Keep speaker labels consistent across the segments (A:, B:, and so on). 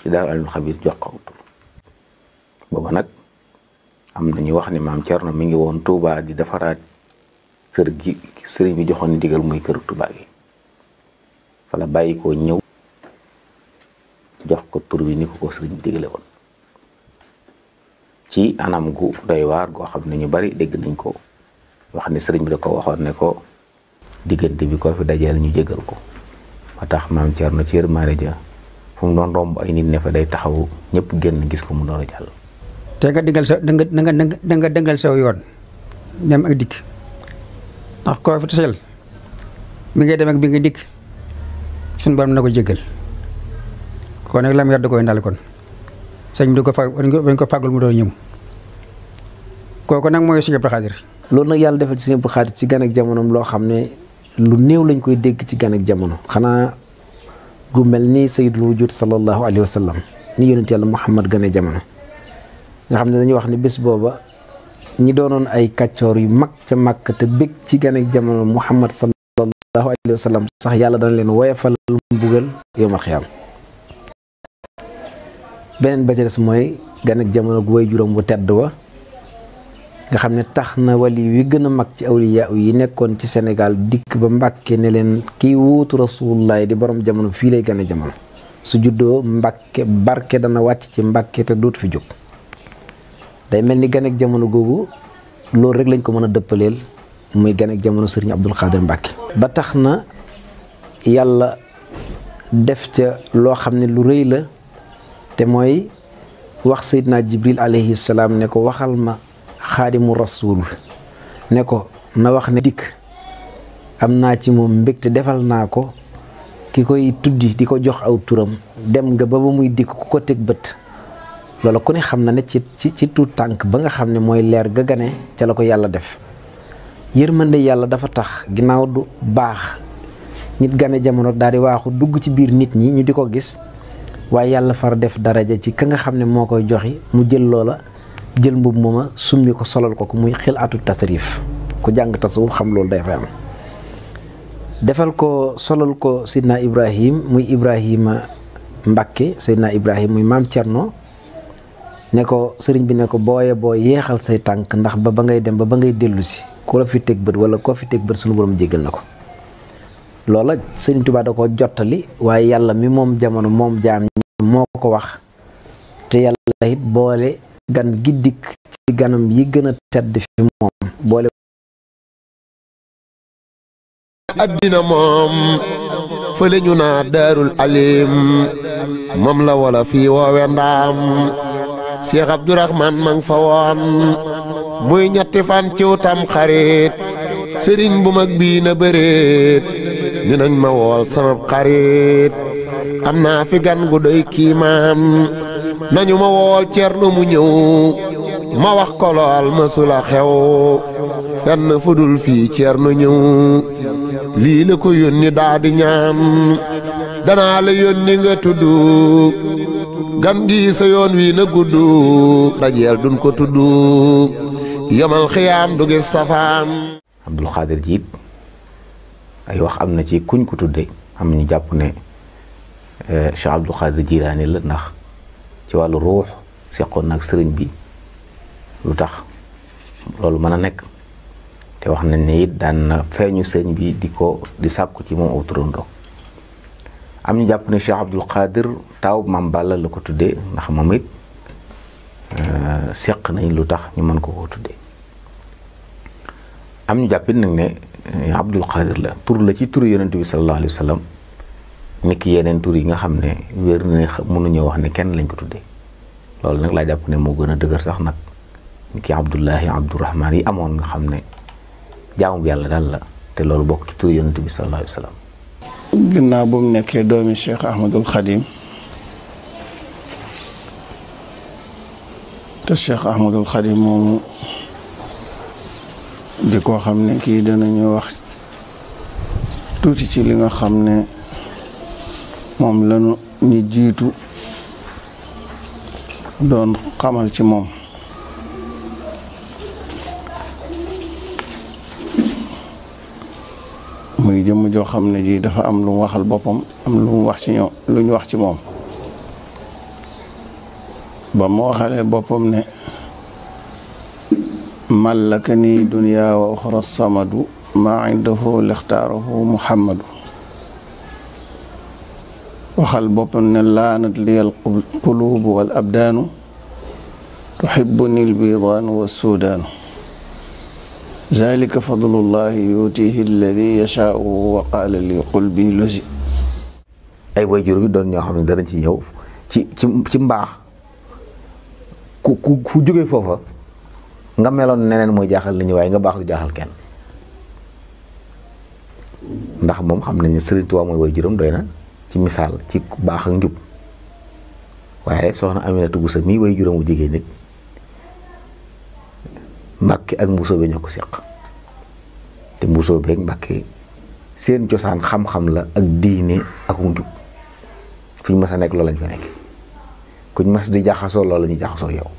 A: ci daal alimul xabir jox ko tur booba nag am na ñu wax ne maam Thierno mi ngi woon Touba di defaraat kër gi sëriñ bi joxoon digal muy kër Touba gi fa la bàyyi koo ñëw jox ko tur bi ni ko ko sëriñ bi digale woon ci anam gu day waar goo xam ne ñu bari dégg nañ ko wax ne sëriñ bi da ko waxoon ne ko diggante bi koo fi dajeel ñu jégal ko ba tax maam Thierno ci yërmaande ja fu mu doon romb ay nit ne day taxaw ñëpp génn gis ko mu doon a jàll.
B: te nga dëngal sa da nga da nga dëngal yoon dem ak dikk ndax koo fi tasel bi ngay dem ak bi nga dikk suñ bon na ko jéggal kon nag la yor da koy ndal kon sëñ bi du ko fag bañ ko fàggul mu doon ñëw
C: kooku nag mooy sëñ Abdou Khadir loolu nag yàlla defal ci sëñ Abdou Khadir ci gan ak jamonoom loo xam ne lu néew lañ koy dégg ci gan ak jamono xanaa gu mel ni sayyidul wujud sallallahu alayhi wa sallam ni yonent yàlla Muhammad gane jamono nga xam ne dañuy wax ne bés booba ñi doonoon ay kàccoor yu mag ca màkk te bég ci gane jamono Muhammad sallallahu alayhi wa sallam sax yàlla dana leen woyafal mbugal yowmal xiyaam beneen ba ca des mooy gane jamono gu way juróom bu tedd wa nga xam ne tax na wali gën a mag ci awliya yi nekkoon ci Sénégal dikk ba Mbàkke ne leen kiy wuutu rasulullah di boroom jamono fii lay gën a jamono su juddoo Mbàkke barke dana wàcc ci Mbàkke te dootu fi jóg day mel ni gan ak jamono googu loolu rek lañ ko mën a dëppaleel muy gan ak jamono sëriñ Abdul Xaadir Mbàkke ba tax na yàlla def ca loo xam ne lu rëy la te mooy wax Seydina Jibril alayhi ne ko waxal ma xaadimu rasul ne ko na wax ne dikk am naa ci moom mbégte defal naa ko ki koy tuddi di ko jox aw turam dem nga ba ba muy dikk ku ko teg bët loolu ku ne xam na ne ci ci ci tuut tànk ba nga xam ne mooy leer ga gane ca la ko yàlla def yërmande yàlla dafa tax ginnaaw du baax nit gane jamono daal di waaxu dugg ci biir nit ñi ñu di ko gis waaye yàlla far def daraja ci ka nga xam ne moo koy joxi mu jël loola jël mbubb mooma summi ko solal ko ko muy xil atu tasrif ku jàng tasawuf xam loolu day fay ko solal ko Seydina Ibrahim muy Ibrahima Mbacke Seydina Ibrahim muy maam Cerno ne ko sëriñ bi ne ko booye boo yeexal say tànk ndax ba ba ngay dem ba ba ngay dellu si ku la fi teg bët wala koo fi teg bët suñu borom jégal na ko loola sëriñ Tuubaa da ko jottali waaye yàlla mi moom jamono moom jaam moo ko wax te yàlla it boole gan gi dikk ci ganam yi gën a tedd fi moom boole addina
D: moom fële ñu naa daarul alim moom la wala woowe ndaam Cheikh Abdourahman ma ngi fa woon muy ñetti fan ciw tam xarit sëriñ bu mag bii na bëreet ni nañ ma wool samab xarit am naa fi gan gu doy kiimaan nañu ma wool Cerno mu ñëw ma wax ko lool xew fenn fudul fii Cerno ñëw lii la ko yónni daa di ñaan danaa la yónni nga tudd gan gi sa yoon wii na gudd dajeel duñ ko tudd yamal xiyaam du gis safaan Abdul Xaadir Jiib ay
A: wax am na ci kuñ ko tudde am ñu jàpp ne eh, Cheikh Abdul Xaadir Jilaani la ndax ci wàllu ruux seqoon nag sëriñ bi lu tax loolu mën a nekk te wax nañ ne it daan na feeñu sëriñ bi di ko di sàkku ci moom aw turandoo am ñu jàpp ne Cheikh Abdul taw maam Balla la ko tuddee ndax moom it euh, seq nañ lu tax ñu mën ko koo tuddee am ñu jàppit nag ne euh, Abdul Qadir la tur la ci turu yonent bi sallallahu alayhi niki yeneen turi yi nga xam ne wér na ne mënuñoo wax ne kenn lañ ko tuddee loolu nag laa jàpp ne moo gën a dëgër sax nag niki Abdullahi Abdurahman yi amoon nga xam ne jaamu yàlla daal la te loolu bokk ci tur yonent bi sallallahu
E: alayhi wa sallam. bu mu nekkee doomi Cheikh Ahmadul Xadim te Cheikh Ahmadul Xadim moomu di koo xam ne kii danañu wax tuuti ci li nga xam ne. moom lañu ñu jiitu doon xamal ci moom muy jëmm joo xam ne jii dafa am lu mu waxal boppam am lu mu wax ci ñoom lu ñu wax ci moom ba mu waxalee boppam ne mallaka nii duniyaa wa uxra samadu maa indahu mu muhammadu waxal boppam ne laanat liyal quluubu wal abdaanu tuhibbuni albiidaanu wassuudaanu zalika fadlullahi yuutihi alladi yashaau wa
A: qaala li qulbi lusi ay waajur doon ñoo xam ne danañ ci ñëw ci ci mbaax ku ku foofa nga meloon neneen mooy jaaxal nit ñi waaye nga baax du jaaxal kenn ndax moom xam nañu Sëriñ Tuubaa mooy waajuram doy na ci misaal ci baax ak njub waaye soxna Aminata Bousso mii way juróom bu jigéen nit Mbàkke ak Mbusoobe ñoo ko seq te Mbusoobe ak Mbàkke seen cosaan xam-xam la ak diine ak njub fu ñu mas a nekk loolu lañ fa nekk kuñ mas di jaxasoo loolu la ñuy jaxasoo yow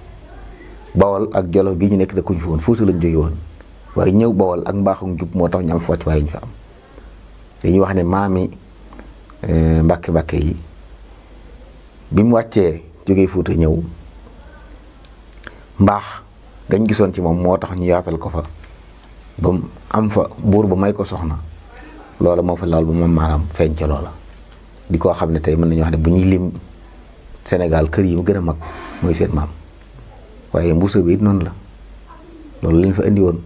A: bawal ak jolof gi ñu nekk da kuñ fi woon Fuuta lañ jóge woon waaye ñëw bawal ak mbaaxum njub moo tax ñu am focc waaye ñu fa am dañuy wax ne maami Eh, mbàkke mbàkke yi bi mu wàccee jógee Fuuta ñëw mbaax gañ gisoon ci moom moo tax ñu yaatal ko fa ba mu am fa buur ba may ko soxna loola moo fa laal ba moom maanaam feeñ ca loola di koo xam ne tey mën nañu wax ne bu ñuy lim Sénégal kër yi mu gën a mag mooy seen maam waaye mbuso bi it noonu la loolu lañ fa indi woon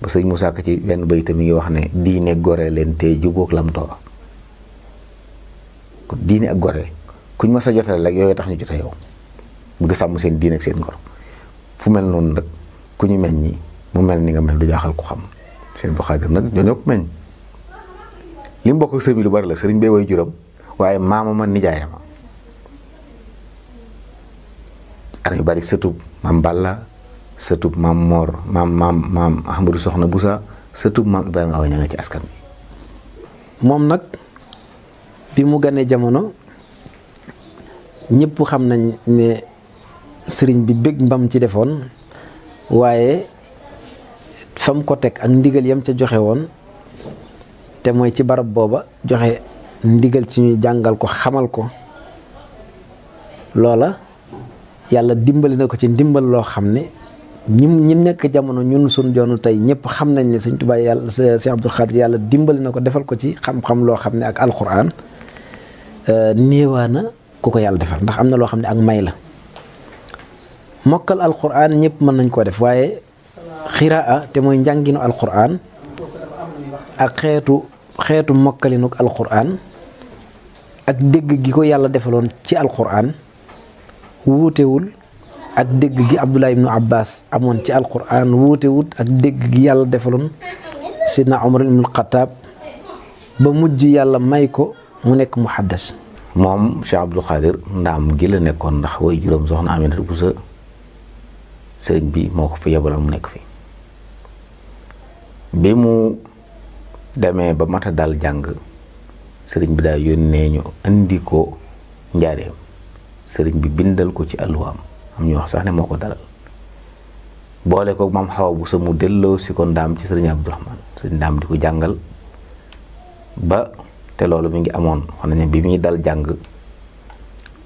A: ba sëñ Moussa Ka ci benn bayta mi ngi wax ne diine gore leen te jubóog lam toora diine ak gore kuñ ma sa jotale rek yooyu tax ñu jote yow bëgg sàmm seen diine ak seen ngor fu mel noonu nag ku ñu meñ ñi mu mel ni nga mel du jaaxal ko xam seen bu xaadir nag ñoo ñoo ko meñ li lu bari la sëriñ bay way juram waaye maama ma nijaayama ana yu bari sëtub maam Balla sëtub maam Mor maam maam maam Ahmadou Soxna Boussa sëtub maam Ibrahima Awa ña nga ci askan bi
C: moom nag bi mu ganee jamono ñëpp xam nañ ne sëriñ bi bég mbam ci defoon waaye fam ko teg ak ndigal yam ca joxe woon te mooy ci barab booba joxe ndigal ci ñuy jàngal ko xamal ko loola yàlla dimbali na ko ci ndimbal loo xam ne ñi ñi nekk jamono ñun suñ joonu tey ñëpp xam nañ ne sëñ Tuubaa yàlla Sëñ Abdul Xaadir yàlla dimbali na ko defal ko ci xam-xam loo xam ne ak alxuraan Euh, néewaana ku ko yàlla defal ndax am na loo xam ne ak may la mokkal alquran ñépp mën nañ koo def waaye xiraa te mooy njànginu alquran ak xeetu xeetu mokkalinuk alquran ak dégg gi ko yàlla defaloon ci alquran wuutewul ak dégg gi Abdullah ibnu Abbas amoon ci alquran wuutewul ak dégg gi yàlla defaloon sidna Omar ibnul Xataab ba mujj yàlla may ko mu nekk muhaddas
A: moom Cheikh Abdou Khadir ndaam gi la nekkoon ndax way juróom soxna Aminata Bousso sëriñ bi moo ko fi yebaloon mu nekk fi bi mu demee ba mata daal jàng sëriñ bi daal yónnee ñu indi ko njaareem sëriñ bi bindal ko ci alluwaam am ñu wax sax ne moo ko dalal boole ko maam xawa bu sa mu delloo si ko ndaam ci sëriñ Abdourahman sëriñ ndaam di ko jàngal ba te loolu mi ngi amoon xam nañ ne bi muy dal jàng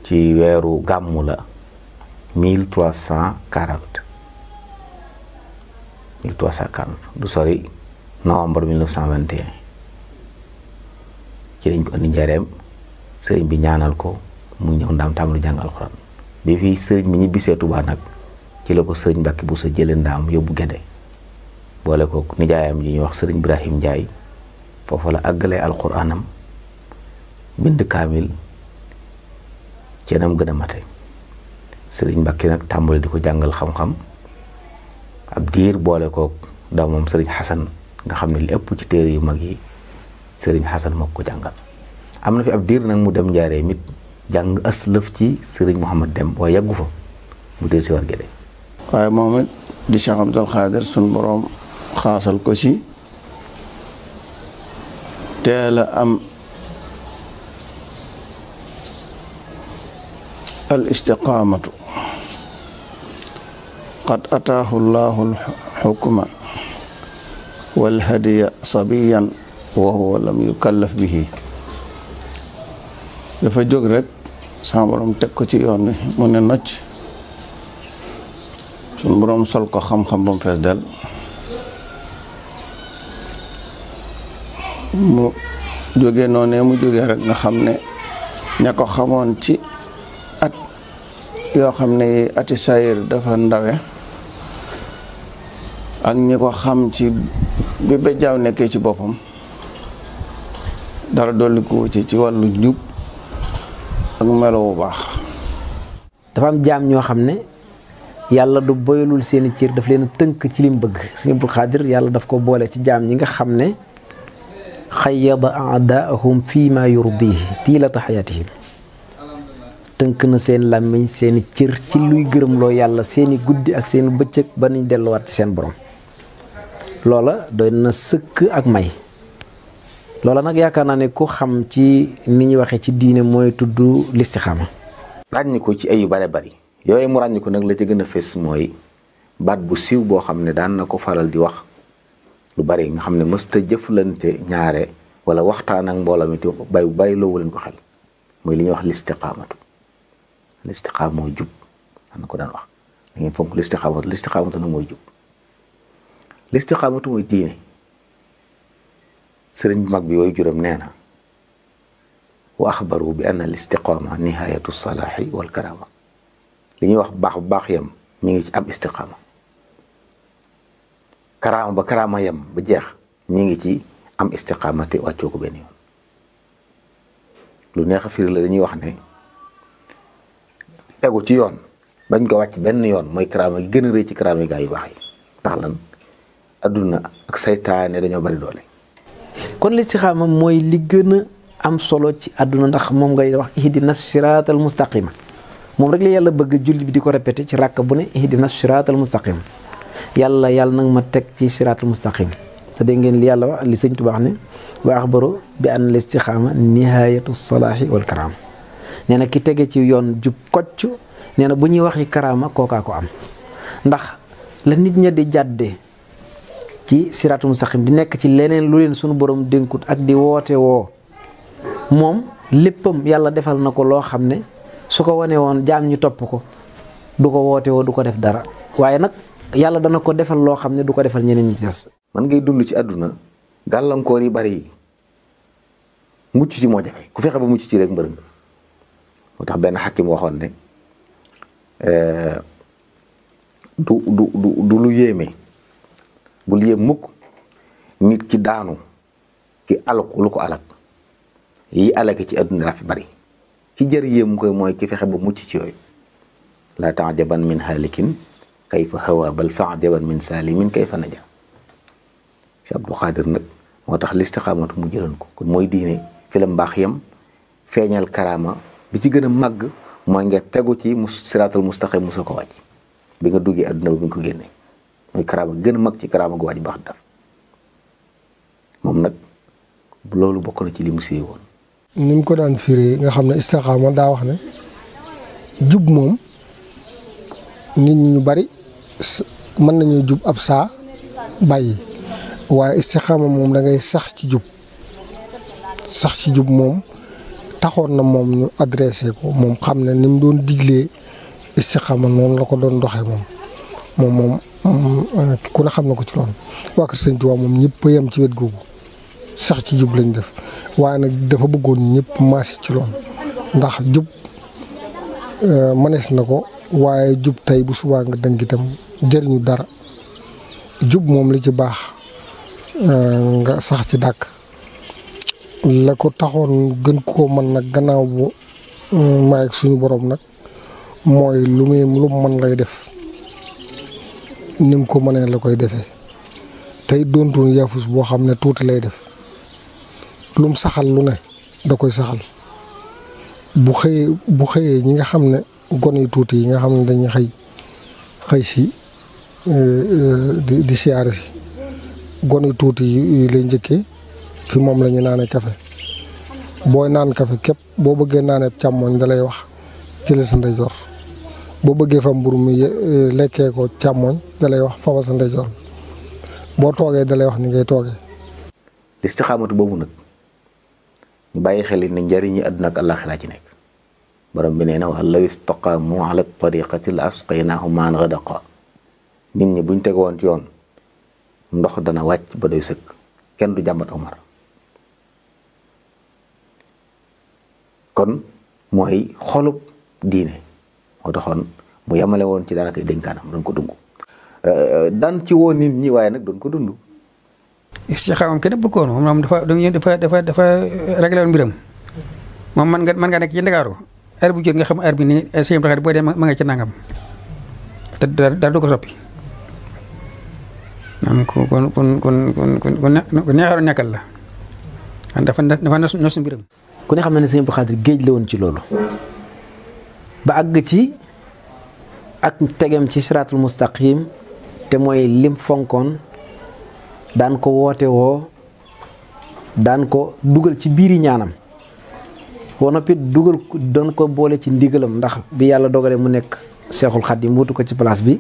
A: ci weeru gàmmu la mille trois cent quarante du sori novembre mille ci lañ ko indi sëriñ bi ñaanal ko mu ñëw ndaam tàmbali jàng alxuraan bi fii sëriñ bi ñibbisee Tuubaa nag ci la ko sëriñ Mbàkke bu sa jëlee ndaam yóbbu gende boole ko nijaayam ji ñuy wax sëriñ Ibrahim Njaay foofu la àggalee alxuraanam bind kaamil ci nam gën a mate sëriñ Mbàkke nag tàmbali di ko jàngal xam-xam ab diir boole kook moom sëriñ Xasan nga xam ne lépp ci téere yu mag yi sëriñ Xasan moo ko jàngal am na fi ab diir nag mu dem njaaree mit jàng aslëf ci sëriñ Muhammad dem waaye yàggu fa mu dee si war
E: gédé waaye moom it di Cheikh Abdul Xaadir sun boroom xaasal ko ci teel a am al istiqaamatu qad ataahu llahu alxukma walhadiya sabiyan wa huwa lam yukallaf bihi dafa jóg rek sama borom teg ko ci yoon wi mu ne nocc suñ borom sol ko xam-xam ba mu fees del mu jóge noonee mu jóge rek nga xam ne ña ko xamoon ci yoo xam ne ati sayir dafa ndawe ak ñi ko xam ci bi bejjaaw nekkee ci boppam
C: dara dolli ko ci ci wàllu jub ak melo bu baax dafa am jaam ñoo xam ne yàlla du boyalul seeni cër daf leen tënk ci lim bëgg Sëriñ Abdul Xaadir yàlla daf ko boole ci jaam ñi nga xam ne xayyada aadaahum fi ma yurdihi tiilata xayaatihim tënk na seen làmmiñ seeni cër ci luy gërëm loo yàlla seeni guddi ak seeni bëccëg ba nuy delluwaat ci seen borom loola doy na sëkk ak may loola nag yaakaar naa ne ku xam ci ni ñuy waxee ci diine mooy tudd listixaama ràññi ko
A: ci ayu bare bari yooyu mu ràññi ko nag la ci gën a fés mooy baat bu siiw boo xam ne daan na ko faral di wax lu bari nga xam ne mësta jëflante ñaare wala waxtaan ak mbooloo mi te bay bay loowu leen ko xel mooy li ñu wax listixaamatu listixaam mooy jub xam na ko daan wax da ngeen fonk listixaamatu listixaamatu nag mooy jub listixaamatu mooy diine sëriñ bu mag bi yooyu juróom nee na wa axbaru bi anna al istiqaama nihayatu salaaxi wal li ñuy wax baax bu baax yam mi ngi ci am istiqaama karaama ba karaama yem ba jeex mi ngi ci am istiqaama te wàccoo ko benn yoon lu neex a firi la dañuy wax ne tegu ci yoon bañ ko wàcc benn yoon mooy karaama gi gën a rëy ci karaama gaa yu baax yi ndax lan adduna ak saytaane dañoo bari doole.
C: kon listixaama mooy li gën a am solo ci adduna ndax moom ngay wax ihdina siraatal mustaqima moom rek la yàlla bëgg julli bi di ko répété ci ràkk bu ne ihdina siraatal mustaqima yàlla yàlla nag ma teg ci siraatal mustaqima te dégg ngeen li yàlla wax li sëñ Tuubaa wax ne wa axbaro bi an listixaama nihaayatu salaahi wal karaama nee na ki tege ci yoon jub kocc nee na bu ñuy waxi karaama kookaa am ndax la nit ña di jàdde ci siraatu mustaqim di nekk ci leneen lu leen sunu borom dénkut ak di woote woo moom léppam yàlla defal na ko loo xam ne su ko wane woon jaam ñu topp ko du ko woote woo du ko def dara waaye nag yàlla dana ko defal loo xam ne du ko defal ñeneen yi ci des man ngay dund ci àdduna gàllankoor yi bari yi
A: mucc ci moo jafe ku fexe ba mucc ci rek mbërëm moo tax benn xakim waxoon ne euh, du du du du lu yéeme bul yéem mukk ki daanu ki alak lu ko alak yi alake ci àdduna daa fi bari ci jër yéem koy mooy ki fexe ba mucc ci yooyu la taajaban min haalikin kayfa hawa bal faajaban min saalimin kayfa naja Cheikh Abdou Khadir nag moo tax listixaamatu mu jëlan ko kon mooy diine fi la mbaax yam feeñal karaama bi ci gën a màgg mooy nga tegu ci mu siraatal mustaqim musu ko wàcc bi nga duggee adduna bi nga ko génnee muy karaama gën a mag ci karaama gu waaj baax def moom nag loolu bokk na ci li mu woon.
F: ni mu ko daan firi nga xam ne istiqaama daa wax ne jub moom nit ñu bari mën nañoo jub ab saa bàyyi waaye istiqaama moom dangay sax ci jub sax ci jub moom. taxoon na moom ñu adressé ko moom xam ne ni mu doon diglee istiqaama noonu la ko doon doxe moom moom moom euh, ku ne xam na ko ci loolu waa kër sëñ moom ñëpp a yem ci wet googu sax ci jub lañ def waaye nag dafa bëggoon ñëpp maas ci loolu ndax jub euh, mënees na ko waaye jub tey bu subaa nga dënk itam jëriñu dara jub moom li ci baax euh, nga sax ci dàkk la ko taxoon gën koo mën nag gannaaw bu mm, maay ak suñu boroom nag mooy lu muy lu mën lay def ni mu ko mënee la koy defee tey doontoon yaafus boo xam ne tuuti lay def lum saxal lu ne da koy saxal bu xëyee bu xëyee ñi nga xam ne gone yu tuuti yi nga xam ne dañuy xëy xëy si eh, eh, di di siyaare si gone yu tuuti yi lay njëkkee ci moom la ñu kafe boo naan kafe képp boo bëggee naanee càmmooñ da lay wax jëlee sa ndeyjoor boo bëggee fa mburu mu eh, lekkee ko càmmooñ da lay wax fabal sa ndeyjoor boo toogee da lay wax ni ngay toogee.
A: listixaamatu boobu nag ñu bàyyi xel ne njariñi àdduna ak àllaaxira ci nekk borom bi nee na wax law istaqaamu ala tariqati la asqaynaahum maan gadaqa nit ñi buñ tegoon ci yoon ndox dana wàcc ba doy sëkk kenn du jàmbat Omar. kon mooy xolub diine moo taxoon mu yemale woon ci daanaka dénkaanam doon ko dund daan ci woo nit ñi waaye nag doon ko dund.
B: istixaara moom kenn bëggoon moom dafa dafa dafa dafa réglé woon mbiram moom man nga mën nga nekk ci Ndakaaru heure bu jot nga xam heure bi nii sëñ bi boo dee ma nga ci nangam te dara du ko soppi. am kon kon kon kon kon kon nekkal la dafa dafa
C: nos mbiram. ku ne xam na ne sëñ Abdou Khadre géej la woon ci loolu ba àgg ci ak tegem ci siraatul mustaqim te mooy lim fonkoon daan ko woote woo daan ko dugal ci biir yi ñaanam ba noppi dugal doon ko boole ci ndigalam ndax bi yàlla dogalee mu nekk seexul xaddim wutu ko ci place bi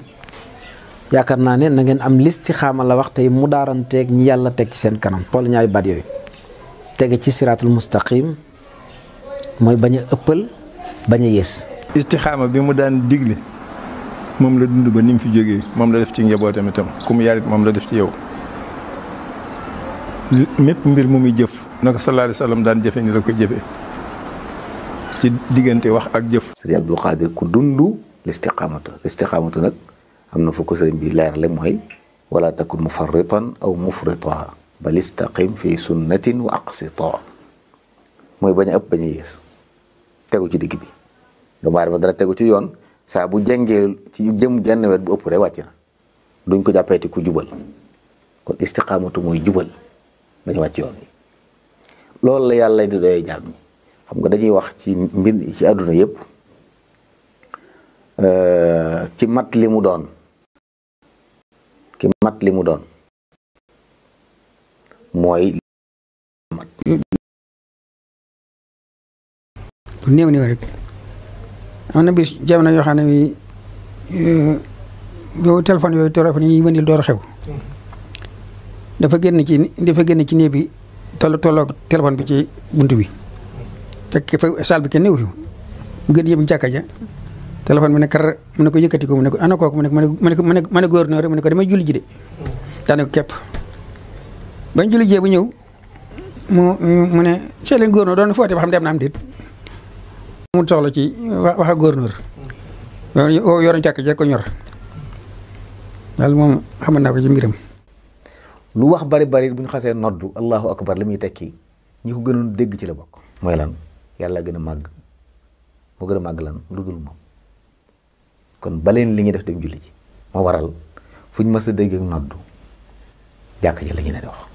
C: yaakaar naa ne na ngeen am listixaama la wax tey mu daaranteeg ñi yàlla teg ci seen kanam xool ñaari baat yooyu tege ci siraatul mustaqim mooy bañ a ëppal bañ a yées. istixaama bi
G: mu daan digle moom la dund ba ni mu fi jógee moom la def ci njabootam itam ku mu yarit moom la def ci yow mépp mbir mu muy jëf nag ko sa alayhi wa sallam daan jëfe ni la koy jëfee ci diggante wax ak jëf. sëriñ Abdul Xaadir ku
A: dund listixaamatu listixaamatu nag am na fu ko sëriñ bi leerle mooy wala takun mufarritan aw mufrita bal istaqim fi sunnatin wa aqsita mooy bañ a ëpp bañ a yées. tegu ci digg bi doomu aadama dana tegu ci yoon saa bu jengee ci jëm genn wet bu ëpp rek wàcc na duñ ko jàppeeti ku jubal kon istiqaamatu mooy jubal dañu wàcc yoon bi loolu la yàlla di doyee jaam ñi xam nga dañuy wax ci mbir ci àdduna yépp euh, ki mat li mu doon ki mat li doon mooy
B: bu néew néew rek am na bis jamono yoo xam eh, yooyu téléphone yi wëndeel door xew dafa génn ci dafa ci néeg bi toll tolloog bi ci bunt bi fekk fa saal bi kenn néew fi mu gën yëm jàkka ja téléphone bi ne kar mu ne yëkkati ko mu ne ko ana kooku mu ne ko mu ne de daanaka képp bañ julli jee ñëw mu mu ne seet leen doon foote ba xam dem na am déet mu soxla ci wax ak gouverneur yoroon càkk jeeg ko ñor daal moom xamal naa ko ci mbiram
A: lu wax bari bari bu ñu xasee noddu allahu akbar li muy tekki ñu ko gënoon dégg ci la bokk mooy lan yàlla gën a màgg moo gën a màgg lan lu dul moom kon baleen li ñuy def dem julli ji moo waral fu ñu mës a dégg noddu jàkk ja la ñu ne di wax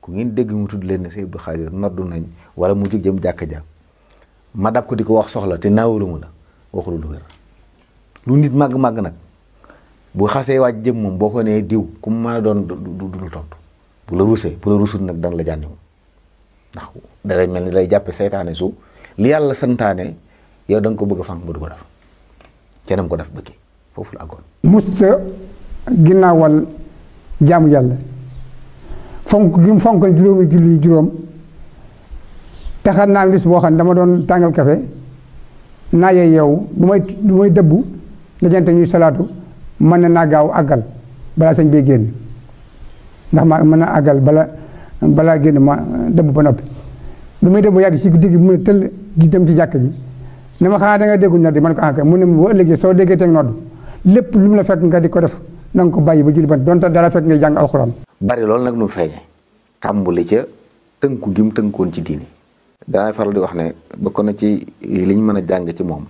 A: ku ngeen dégg mu tudd leen ne Sëñ Abdou noddu nañ wala mu jóg jëm jàkk ja ma dab ko di ko wax soxla te naawaruma la waxul lu wér lu nit màgg-màgg nag bu xasee waaj jëm moom boo ko nee diw ku mu mën a doon du tontu bu la ruusee bu la ruusut nag dana la jànni moom ndax dalay mel ni lay jàppe saytaane su li yàlla santaane yow da ko bëgg a fànq ba du ko def kenn ko def bëgg foofu la àggoon.
H: musta ginnaawal jaamu yàlla fonk gi mu fonk juróomi julli juróom. taxar naa bis boo xam ne dama doon tàngal kafe naaje yow bu may bu may dëbbu dajante ñuy salaatu mën na naa gaaw àggal balaa sañ bee génn ndax ma mën na aggal bala balaa génn ma dëbb ba noppi bu may dëbb yàgg ci digg mu ne tëll gi dem ci jàkk ji ne ma xanaa da nga déggul noddi man ko enquête ah mu ne mu boo ëllëgee soo déggee teg nodd lépp lu mu la fekk nga di ko def na ko bàyyi ba julli ban donte dara fekk ngay jàng alxuraan.
A: bari loolu nag nu mu feeñee tàmbali ca tënku gi mu ci diini daanay faral di wax ne bokk na ci liñ mën a jàng ci moom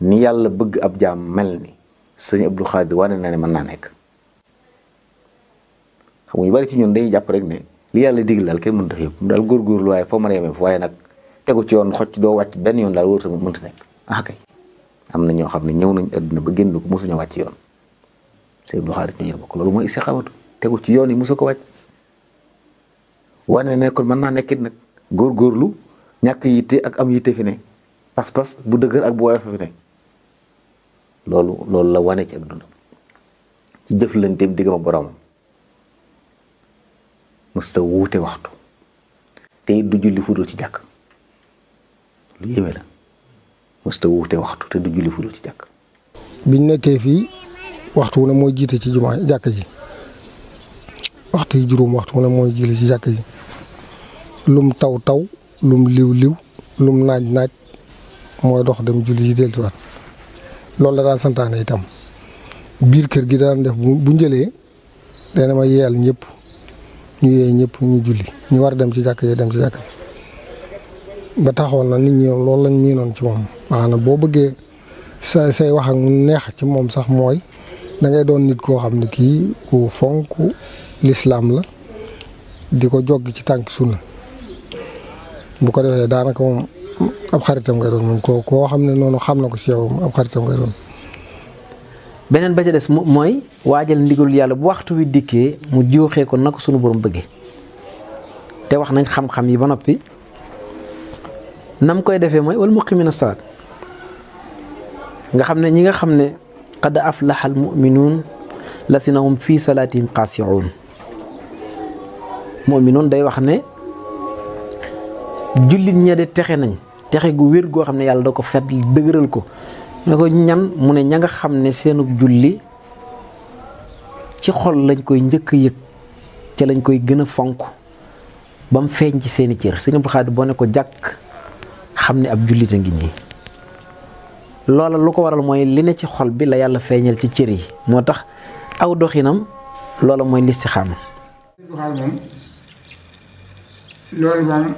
A: ni yàlla bëgg ab jaam mel ni sëñ Abdou Khadir wane na ne mën naa nekk xam ñu bari ci ñun dañuy jàpp rek ne li yàlla digal daal kenn mënut yëpp mu daal góorgóorlu foo mën a waaye nag tegu ci yoon xocc doo wàcc benn yoon daal wóor tamit mënut a nekk ah kay am na ñoo xam ne ñëw nañ àdduna ba génn ko mosuñu wàcc yoon sëñ Abdou Khadir ñu bokk loolu mooy istixaamatu tegu ci yoon yi musu ko wàcc wane ne kon mën naa nekkit nag. góor góorlu ñàkk yitte ak am yitte fi ne pas-pas bu dëgër ak bu woyof fi ne loolu loolu la wane ci ak dund ci jëflanteem diggam ak boroomam musta wuute waxtu te it du julli fudul ci jàkk lu yéeme la wuute waxtu te du julli fudul ci jàkk
F: biñ nekkee fii waxtu wu ne mooy jiite ci jumaa jàkk ji waxtu yi juróom waxtu wu ne mooy julli ci jàkk ji lum taw taw lum liw liw lum naaj naaj mooy dox dem julli yi dellusiwaat loolu la daan santaane itam biir kër gi daan def bu bu njëlee dana ma yeel ñëpp ñu yee ñëpp ñu julli ñu war a dem ci jàkk yi dem ci jàkk bi ba taxoon na nit ñi loolu lañ miinoon ci moom maanaam boo bëggee say say wax ak neex ci moom sax mooy dangay doon nit koo xam ne kii ku fonk lislaam la di ko jog ci tànk sunna bu ko defee daanaka moom ab xaritam nga doon moom koo xam ne noonu xam na ko si yow ab
C: xaritam nga doon. beneen ba ca des mooy waajal ndigalul yàlla bu waxtu wi dikkee mu jooxee ko naka sunu borom bëggee te wax nañ xam-xam yi ba noppi nam koy defee mooy wal muqimina salaat nga xam ne ñi nga xam ne af qad aflaxal muminuun lasinahum fii salaatihim xaasiuun muminuun day wax ne jullit ña de texe nañ texe gu wér goo xam ne yàlla doo ko fet dëgëral ko ne ko ñan mu ne ña nga xam ne seenu julli ci xol lañ koy njëkk a yëg ca lañ koy gën a fonk ba mu feeñ ci seeni cër sëñ Abdou Khadre boo ne ko jàkk xam ne ab jullit a ngi nii loola lu ko waral mooy li ne ci xol bi la yàlla feeñal ci cër yi moo tax aw doxinam loola mooy listixaam
H: loolu moom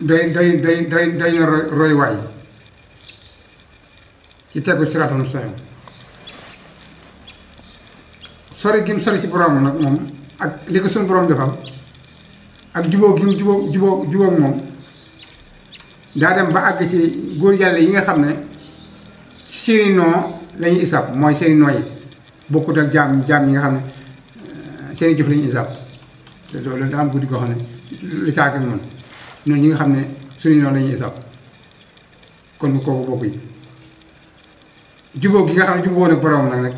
H: doy doy doy doy doy na roy waay ci tegu siraatal mustaqim sori gi mu sori ci borom nag moom ak li ko suñu borom defal ak jubóo gi mu jubóo jubóo jubóo moom daa dem ba àgg ci góor yàlla yi nga xam ne seeni noo lañu isaab mooy seeni noo bokkut ak jaam jaam yi nga xam ne eh, seeni jëf lañuy isaab te daa am guddi goo xam ne lu caag ak noonu ñun ñi nga xam ne suñu noonu la ñuy isaab kon kooku bokkuñ jubóo gi nga xam ne jubóo nag borom nag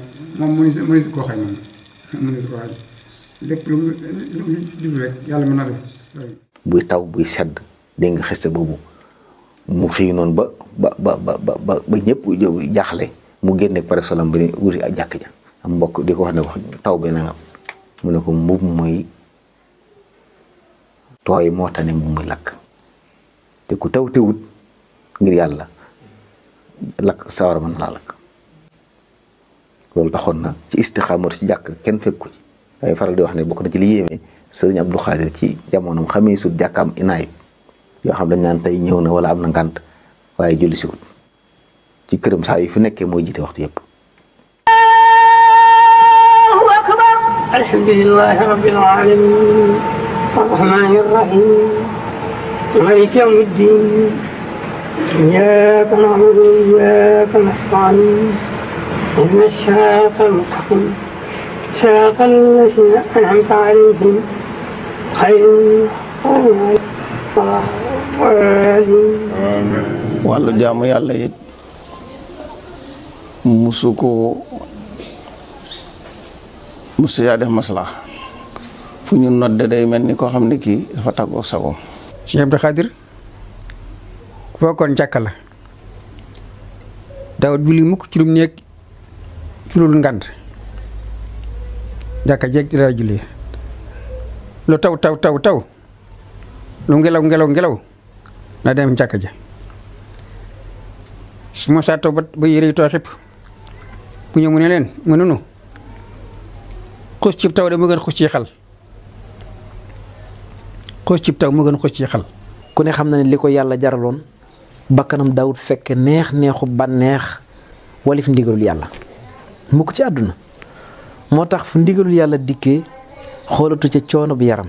H: nag def
A: buy taw buy sedd dégg nga xeste boobu mu xëy noonu ba ba ba ba ba ba jaaxle mu génne pare solam ba ni ak jàkk ja am mbokk di wax ne wax taw bi nangam mu ne ko mbubb muy tooy moo tane moom muy lakk te ku taw tewut ngir yàlla lakk sawar ma na laa lakk loolu taxoon na ci istixaamatu ci jàkk kenn fekku ci damay faral di wax ne bokk na ci li yéeme sëriñ Abdou Khadir ci jamono xamee sut jàkkaam inaayib yoo xam dañ naan tey ñëw na wala am na ngànt waaye julli siwut ci këram saa yu fi nekkee mooy jiite waxtu yépp
I: الرحمن الرحيم مالك يوم الدين إياك نعبد وإياك نستعين إن الشراط المستقيم صراط الذين أنعمت عليهم خير
E: wàllu jaamu yàlla it musu ko musu yaa def maslaa fu ñu nodde day mel ni koo xam ne kii dafa tag tàggoo sagoom Sëñ Abdou Khadir bokkoon jàkka la
B: daawut julli mukk ci lu mu nekk ci lu ngànd jeeg di julli lu taw taw taw taw lu ngelaw ngelaw ngelaw na dem jàkka ja su ma saa taw ba ba yére yi tooy xëpp bu ñëw mu ne leen mu nunu xus ci taw de mu gën xus ci xal
C: xos cib taw moo gën xos ci xal ku ne xam na ne li ko yàlla jaraloon bakkanam daawut fekke neex neexu neex walif ndigalul yàlla mukk ci àdduna moo tax fu ndigalul yàlla dikke xoolatu ca coono bi yaram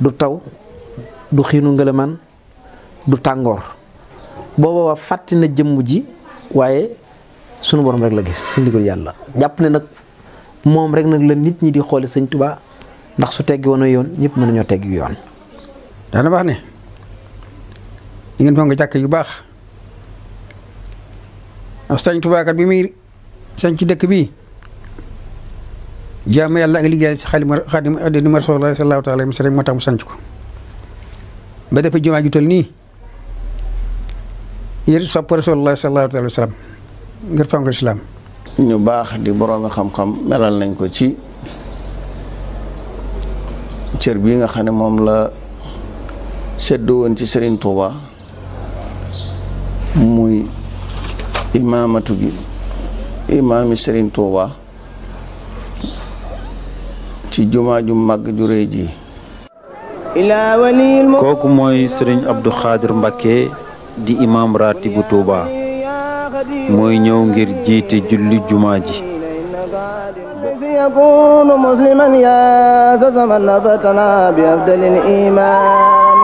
C: du taw du xiinu ngelaman du tàngoor booba waa fàtti na jëmm ji waaye sunu borom rek la gis fu ndigalul yàlla jàpp ne nag moom rek nag la nit ñi di xoole sëñ Tuubaa ndax su teggi woon yoon ñëpp mën nañoo teggi yoon. daana wax ne ñu ngeen fonk jàkk yu baax
B: ndax Sëriñ Tuubaa bi muy sañ ci dëkk bii jaamu yàlla ak liggéeyal si Xaadimu Xaadimu Rasuulillaahi sallallaahu alayhi wa sallam moo tax mu sanc ko ba dafa jumaa ju nii yéen sopp Rasuulillaahi sallallaahu alayhi wa sallam
E: ngir fonk lislaam ñu baax di boroomi xam-xam melal nañ ko ci. cër bi nga xam ne moom la seddoo woon ci Serigne Touba muy imaamatu gi imaami Serigne Touba ci jumaa ju màgg ju rëy ji kooku mooy sëriñ Abdou Khadir Mbacké di imaam raati bu Touba mooy ñëw ngir jiite julli jumaa ji
J: يكون مسلما يا زمن فتنا بأفضل الإيمان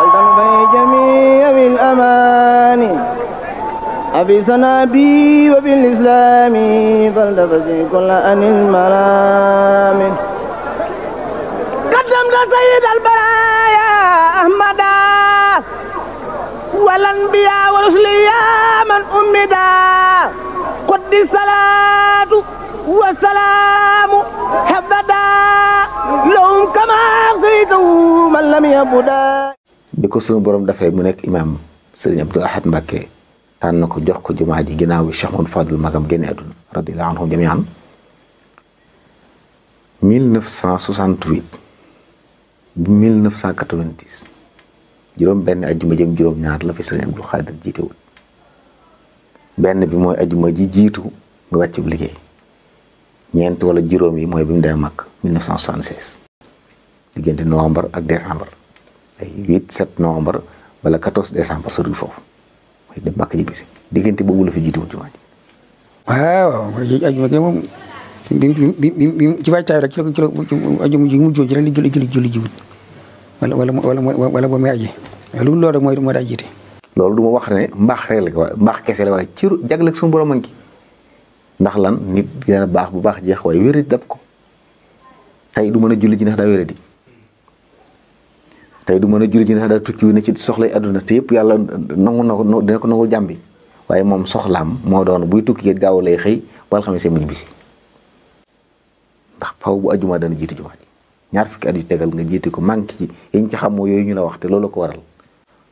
J: ولتنفي جميع بالأمان أبي سنا بي وبالإسلام فلتفزي كل أن المرام
K: قدمت سيد البرايا أحمدا والأنبياء والرسل يا من أمدا قد الصلاة
J: والسلام حبدا لهم كما قيدوا من لم يبدا
A: بكو سونو بروم دا فاي مو نيك امام سيرن عبد الاحد مكي tànn na ko jox ko jumaa ji ginnaaw bi Cheikh Fadil magam génne àdduna radiyallahu anhum jamian 1968 1990 juróom benn ajjuma bi mooy ajjuma ji jiitu mu wàcc bu liggéey ñeent wala juróom yi mooy bi mu demee mag 1976 diggante novembre ak décembre ay 8 7 novembre wala 14 décembre sori foofu mooy dem mag ji bisi diggante boobu la fi jiitu jumaa ji.
B: waaw mooy ajuma ji moom bi bi bi ci waajtaay rek ci la ci la ajuma ji mu jooju rek li julli julli julli jiwut wala wala wala wala ba muy aji loolu loolu rek mooy du ma daa jiite.
A: loolu du ma wax ne mbaax rek la ko mbaax kese la waaye ci jagleel suñu borom a ndax lan nit dina baax bu baax jeex waaye wéradi dab ko tey du mën a julli ji ndax daa wéradi tey du mën a julli ji ndax daa tukki wi ne ci soxlay àdduna te yëpp yàlla nangu na ko dina ko nangul jàmbi waaye moom soxlaam moo doon buy tukki yit gaaw lay xëy wala xam ne see mu ndax faw bu ajuma dana jiite jumaa ñaar fukki at yu tegal nga jiite ko manqué ci yiñ ci xamoo yooyu ñu la wax te loolu ko waral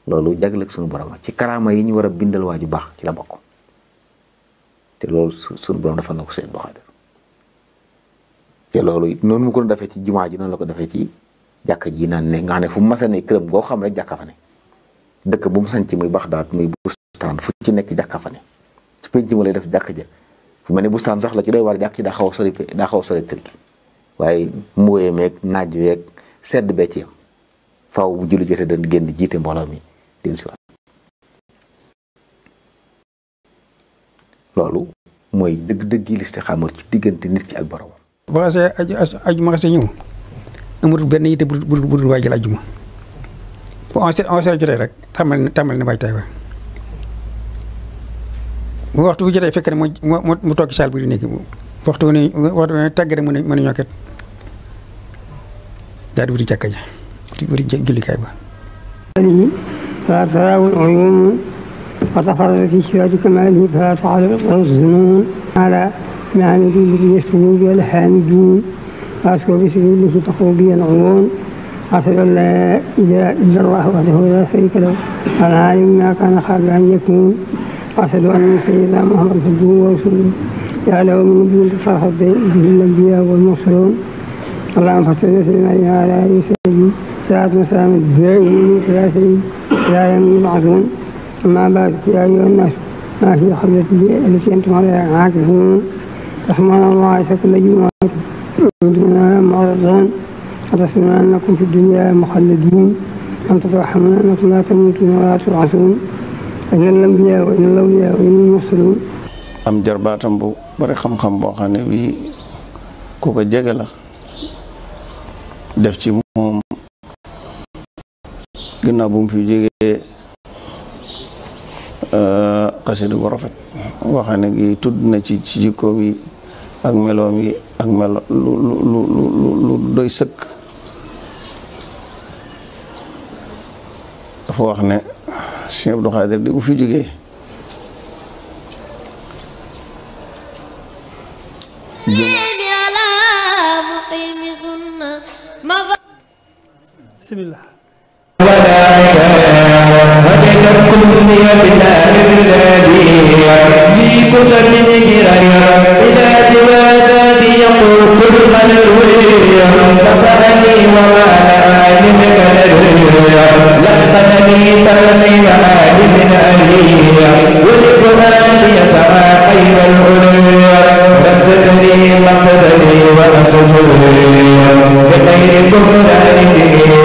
A: loolu jagleel ak sunu borom ci karaama yi ñu war a bindal waa ju baax ci la bokk te loolu suñu borom defal na ko sëñ Abdou Khadre te loolu it noonu mu ko defee ci jumaa ji noonu la ko defee ci jàkk ji naan ne nga xam ne fu mu masa ne këram goo xam rek jàkka fa ne dëkk bu mu sanc muy Baxdaad muy bustaan fu ci nekk jàkka fa ne ci penc ma lay def jàkka ja fu mel ne bustaan sax la ci doy war jàkk ci daa xaw a sori daa xaw a kër gi waaye mbooyee meeg naaj weeg sedd bee ci yam faaw bu julli jotee dañ génn jiite mbooloo mi loolu mooy dëgg-dëgg listixaama ci diggante nit ki ak
B: borom. ba xasee aju ma xasee ñëw amatul benn yitte bu dul bu dul waajal aju ma bu onze onze heures jotee rek tàmbali na tàmbali na waaj taay ba bu waxtu bu jotee fekk ne mu mu toog ci saal bi di nekk waxtu bu ne waxtu bu ne tàgg rek mu ne mu ne ñokket di wuti jàkka ja wuti jullikaay ba.
I: وتفرد في شراج كماله فلا تعرف الظنون على معاني الذي يستمر بها الحامدون وأشكر بسجوده تقوم بها العيون أشهد أن لا إله إلا الله وحده لا شريك له العالم ما كان قبل أن يكون أشهد أن سيدنا محمد عبده ورسوله يعلم من دون تصرف به الأنبياء والمرسلون اللهم صل وسلم على آله وصحبه ساعة مسام الدائم من ثلاثين لا يمين معدوم أما بعد يا أيها الناس ما في قبلتي التي أنتم عليها عاكفون رحمنا الله عيسى كل جمعة ودنا معرضون أتصلنا أنكم في الدنيا مخلدون أن تترحمون أنكم لا تموتون ولا تبعثون أن الأنبياء وإن الأولياء وإن المرسلون
E: am jarbaatam bu bari xam-xam boo xam ne bii ku ko jege la def ci moom gannaaw bu mu fi jógee Euh, xasida gu rafet waxane gi tudd na ci ci jikkoom yi ak meloom yi ak melo lu lu lu doy sëkk dafa wax ne Sëñ Abdou Khadir di bu fi jógee
I: bismillah
L: لكم بيدنا الذي في كل من هرر إلى جماذا بيقول الغنرية فسألني وما لآلمك
K: نرية لقد بيت الغيب آلم ألية ولقراني فما خير العليا رددني مقدري
M: وأسفري بغير كفراني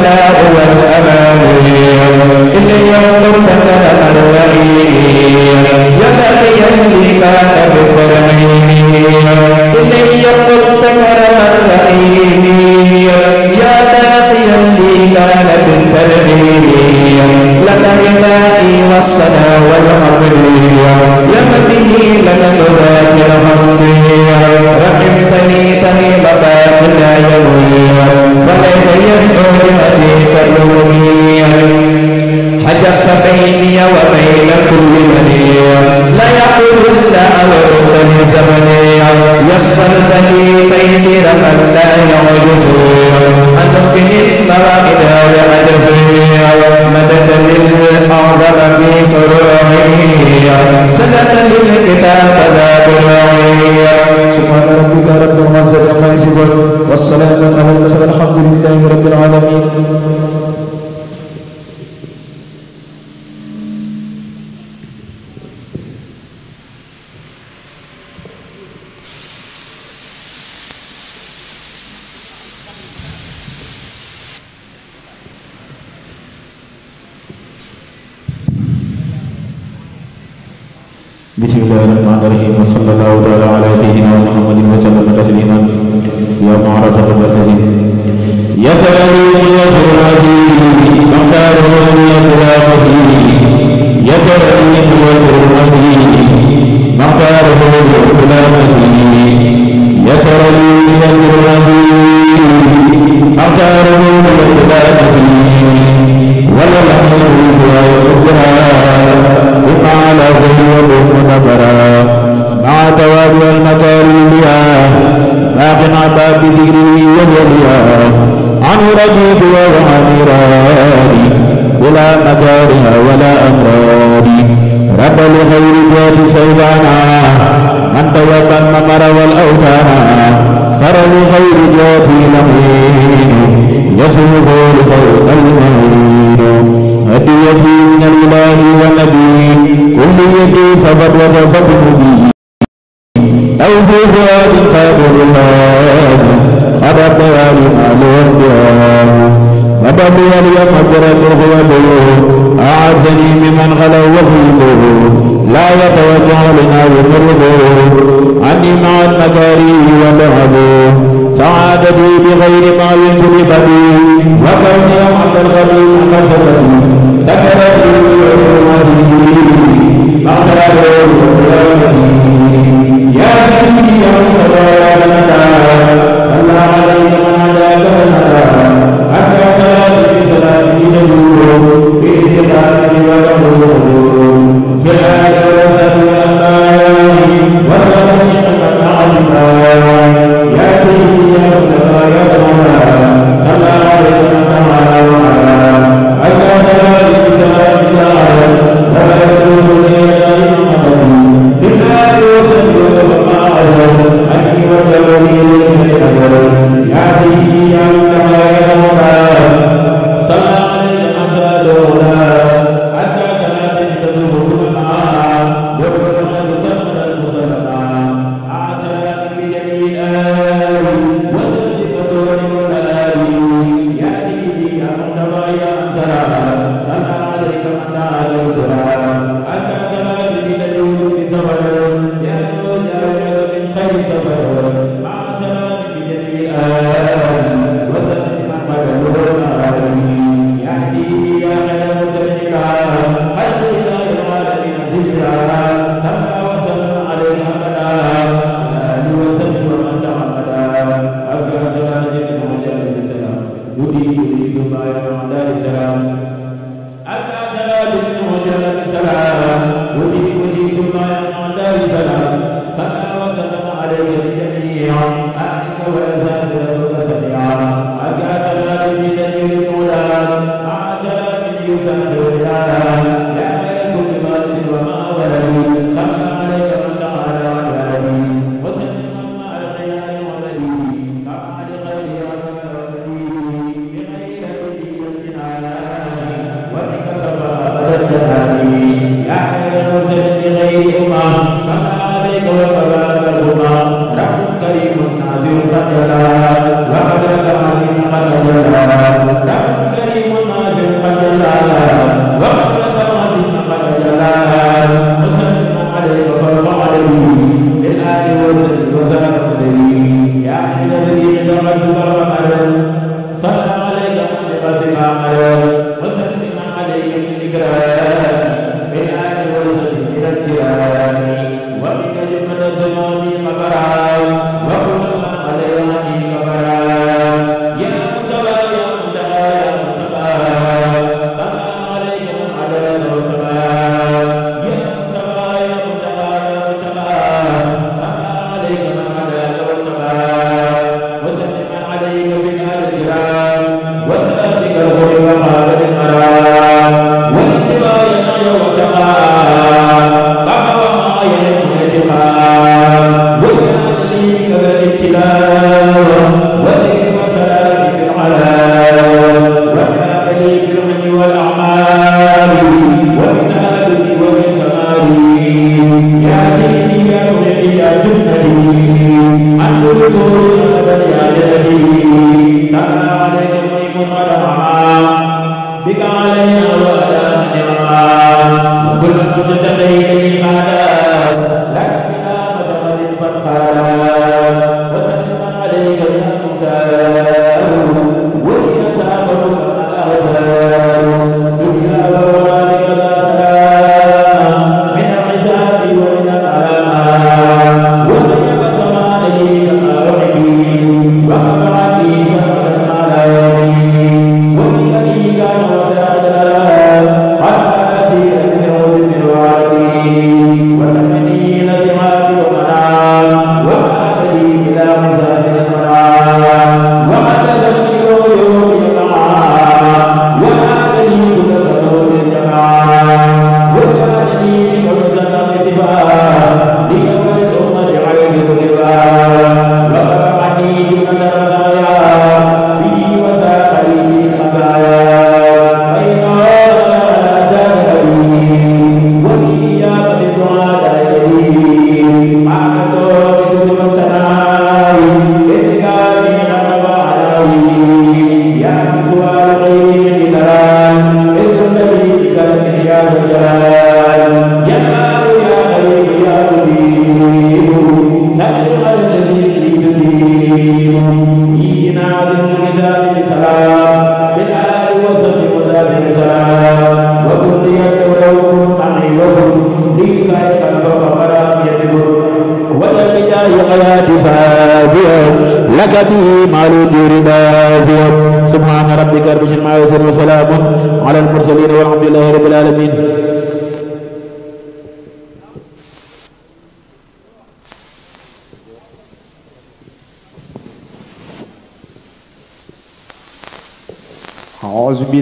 J: الثناء والأماني إلي القربة لنا الرعيم يا بقي الإيمان بقرنين إلي القربة لنا الرعيم يا باقي الإيمان بالتربية لك رضائي والصلاة والعمرية يا به لك نذات الحمدية رحمتني تني مباقي
L: يوميا فليدعو بحديث الرمية حجبت بيني وبين كل منية لا يقول إلا أوردني زمنية يسر لي تيسير من لا يعجزني مدته الفوائد
N: وأجزيا مدة للأعظم في سروريا سنة للكتاب ذات الرعية سبحان
L: ربك رب العزة عما يصفون والسلام على المرسلين الحمد لله رب
M: العالمين
L: عن إرادي بلا مكارها ولا أمرادي رب لخير جاد سيدانا من طيب الممر والأوتانا فر لخير جاد لمين يسر غير
M: فوق المعين هديتي من الإله والنبي كل يدي سبب وصفت به أو في غاد
J: قابل الله أبقى لما لهم أبا بيال يا مقر الروح يدعوه أعاذني ممن غلو وخيله
M: لا يتوجع لنا ومرضه عني مع المداري
L: ولعبه سعادتي بغير ما ينجلبني وكوني عند الغريب كسبني سكرتي بعمري
M: بعد يا سيدي يا مصطفى يا صلى علي من هداك فنادى حتى Thank you.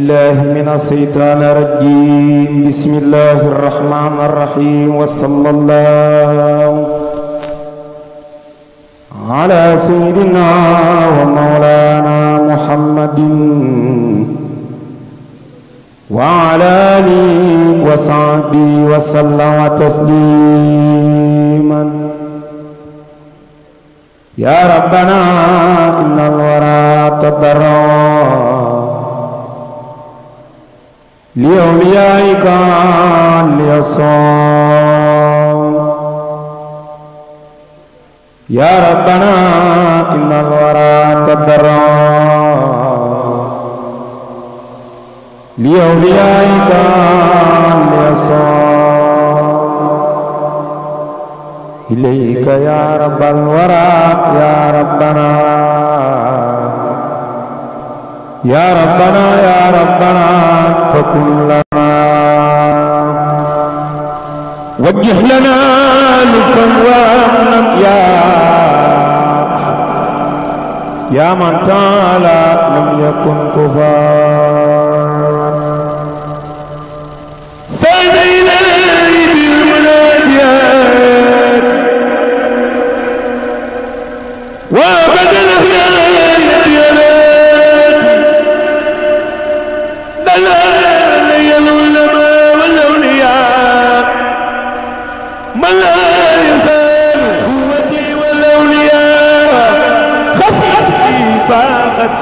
L: بالله من الشيطان الرجيم بسم الله الرحمن الرحيم وصلى الله على سيدنا ومولانا محمد وعلى آله وصحبه وسلم تسليما يا ربنا إن الورى تبرأ لأوليائك ليصوم يا ربنا إن الورى تضرع لأوليائك ليصوم إليك يا رب الورى يا ربنا يا ربنا يا ربنا فكن لنا وجه لنا لطفا وامنا يا يا من تعالى لم يكن كفارا سيدي
K: بالمناديات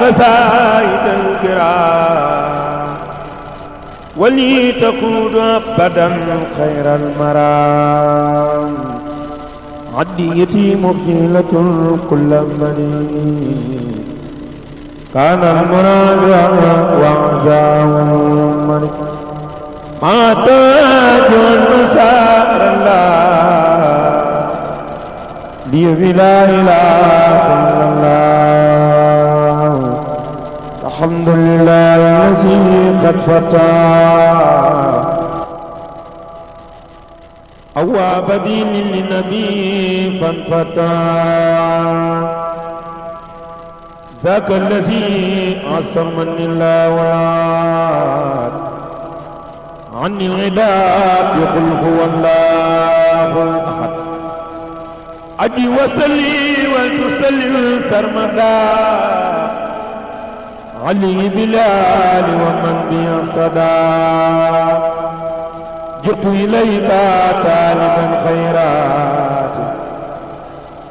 L: قصائد الكرام ولي تقود أبدا خير المرام عديتي مخجلة كل مني كان المراجع وعزاء مني ما تاج المسار الله لي بلا إله إلا الله الحمد لله الذي قد فتح أواب دين للنبي فانفتح ذاك الذي عصم من الله وراد عن العباد يقول هو الله الأحد أجي وسلي وتسلل سرمدا علي بلال ومن بيقتدى جئت إليك طالبا خيرات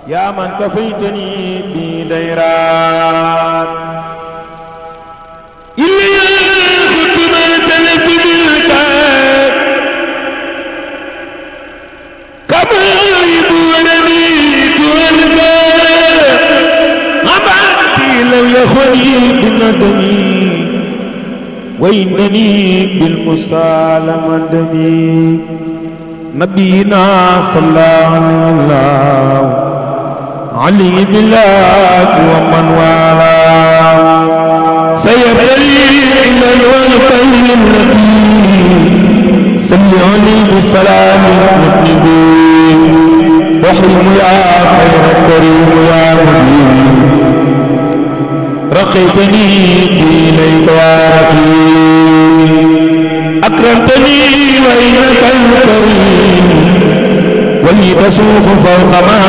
L: يا من كفيتني بديرات إلي
K: كنت ما تلت بالكاد كما يبورني تلقى
L: اليخوي بالندم وإنني بالمسالمة دمي نبينا صلى الله عليه بالله ومن والاه سيبتلي إلى الوقت النبي صل عليه بسلام النبي واحرم يا خير الكريم يا مبين رقيتني إليك يا
M: رقيب أكرمتني
L: وإنك الكريم ولي تسوف فوق ما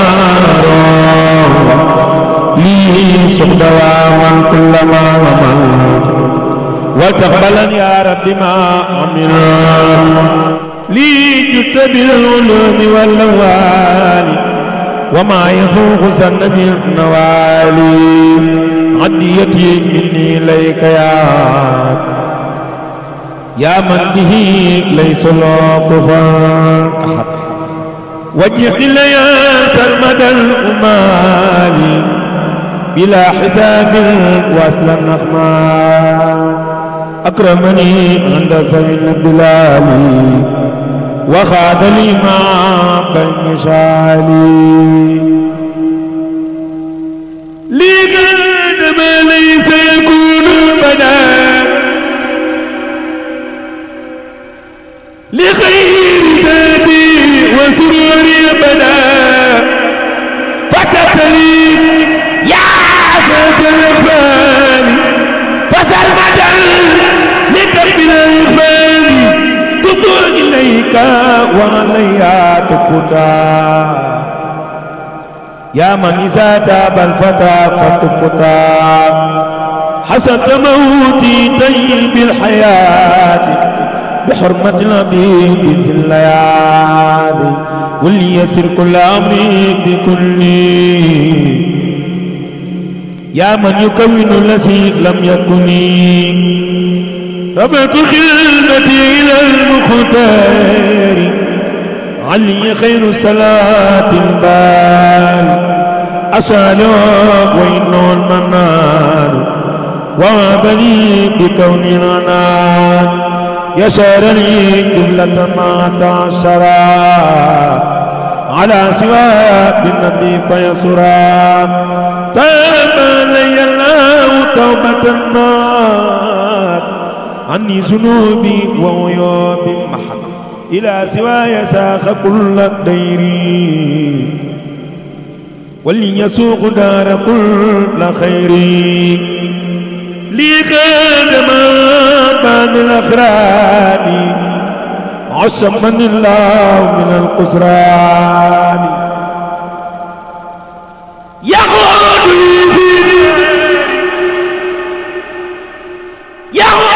L: لي سخط ومن كلما ومن وتقبل يا رب ما عملنا لي جد بالعلوم واللوالي وما يفوق سنة النوالي عديتي مني إليك يا يا من به ليس له كفر أحد واجعل لي سرمد الأمال بلا حساب وأسلم نخما أكرمني عند سبيل الدلال وخاذ لي ما بين شعالي
K: لي ما ليس يكون أبدا لخير ذاتي وسروري أبدا فكتلي يا ذات الإخوان فسرمدا
L: لتقبل إخواني تبت إليك وعليها تقتا يا من إذا تاب الفتى فتقطع حسن موتي طيب الحياة بحرمة الأبي في الليالي وليسر كل أمري بكل يا من يكون الذي لم يكن رمت خلتي إلى المختار علي خير صلاة بال أسأل وإنه المنان وابني بكون رنان يسر لي قبلة ما تعسرا على سوى بالنبي فيسرا تاب لي الله توبة ما عني ذنوبي وعيوبي محرم إلى سواي ساق كل الدير وليسوق دار كل خير لي خادم بان الأخران عصمني الله من القسران يخلد لي فيني يخلد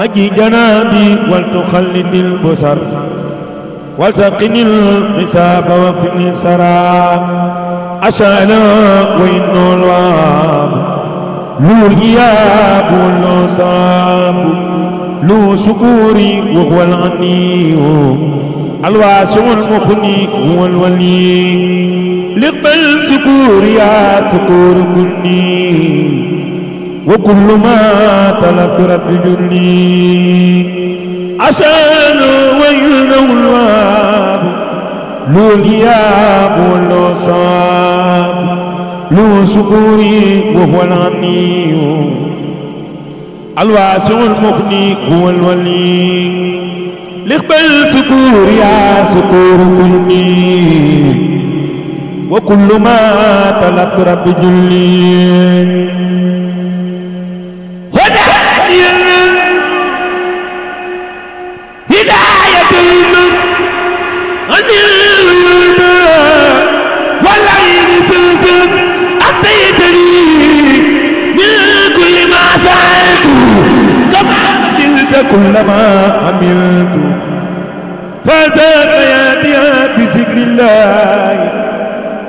L: نجي جنابي ولتخلد البصر والتقني الحساب وفني سرى أشعنا وإن الواب لو غياب لو صاب لو سكوري وهو الغني الواسع المخني هو الولي لقبل سكوري يا ثكور كني wa kullu ma talabtu rabbi julli asaalu wa yulnawu lwaabu luul yaabu walloo saabu luul sukuuri wa huwa alxaniyu alwaasiu almuxni huwa alwali lixbal sukuur yaa sukuur kulli wa kullu ma talabtu rabbi julli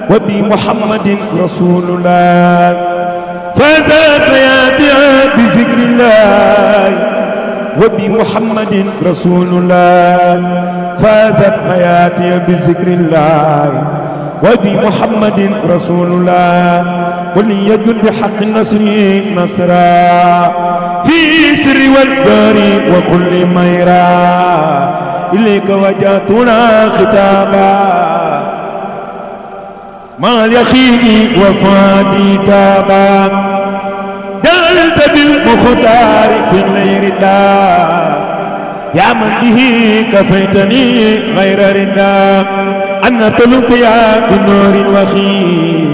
L: وبمحمد رسول الله فذاك ياتيها بذكر الله وبمحمد رسول الله فاذت حياتي بذكر الله وبمحمد رسول الله وليجد بحق النصر نصرا في سر والدار وكل ميرا إليك وجهتنا خطابا مع اليقين وفادي تابا جلت بالمختار في غير الله يا من به كفيتني غير ردا أن تلقيا بنور وخي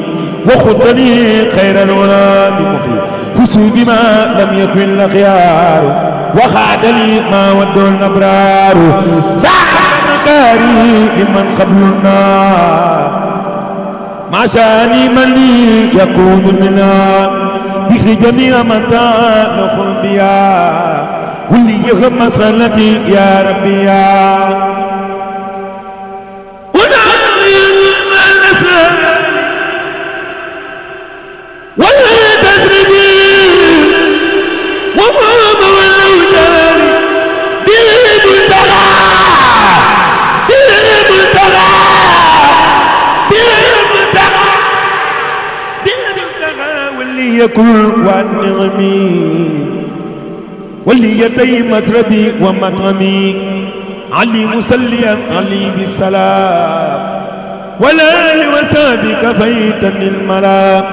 L: وخذني خير الولا بمخي فسوق ما لم يكن الخيار وخادني ما ود الأبرار سعى مكاري من قبلنا ما شاني من لي يقود منا بخي جميع متى نخل بيا ولي يغم مسألتي يا ربي يا ونعلم
K: ما نسأل ولا
M: يكل
L: ونعمي وليتي مطربي ومطعمي علي مسليا علي بالسلام ولا لوسادك فيتني الملا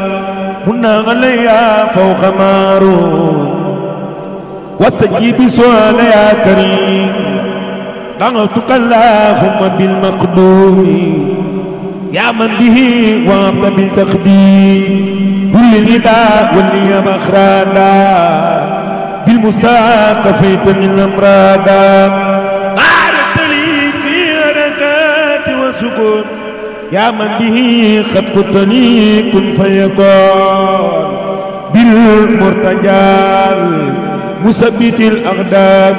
L: منا عليا فوق مارون وسجي بسؤال يا كريم دعوتك اللهم بالمقدور يا من به وابت بالتقدير كل نداء والنية مخرادا بالمساق فيت من أمرادا أعرضت لي في حركات وسكون يا من به قد قلتني كن فيكون بالمرتجال مثبت الأقدام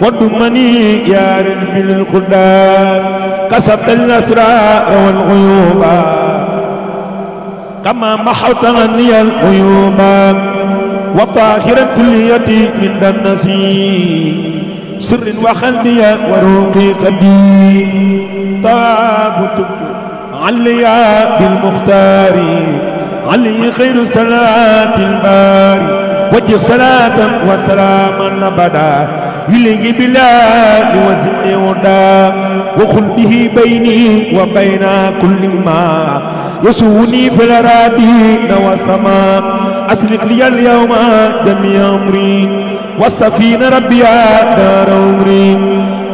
L: ودمني يا رب القدام كسبت النصر والعيوب كما محوت عني العيوب وطاهرا كليتي من النسيم سر وخلدي وروقي خبيث طابت علي بالمختار علي خير صلاة الباري وجه صلاة وسلاما أبدا يلي بلا وزن ودا وخل به بيني وبين كل ما يسوني في الأراضين وسما أسلك لي اليوم جميع أمري والسفينة ربي دار أمري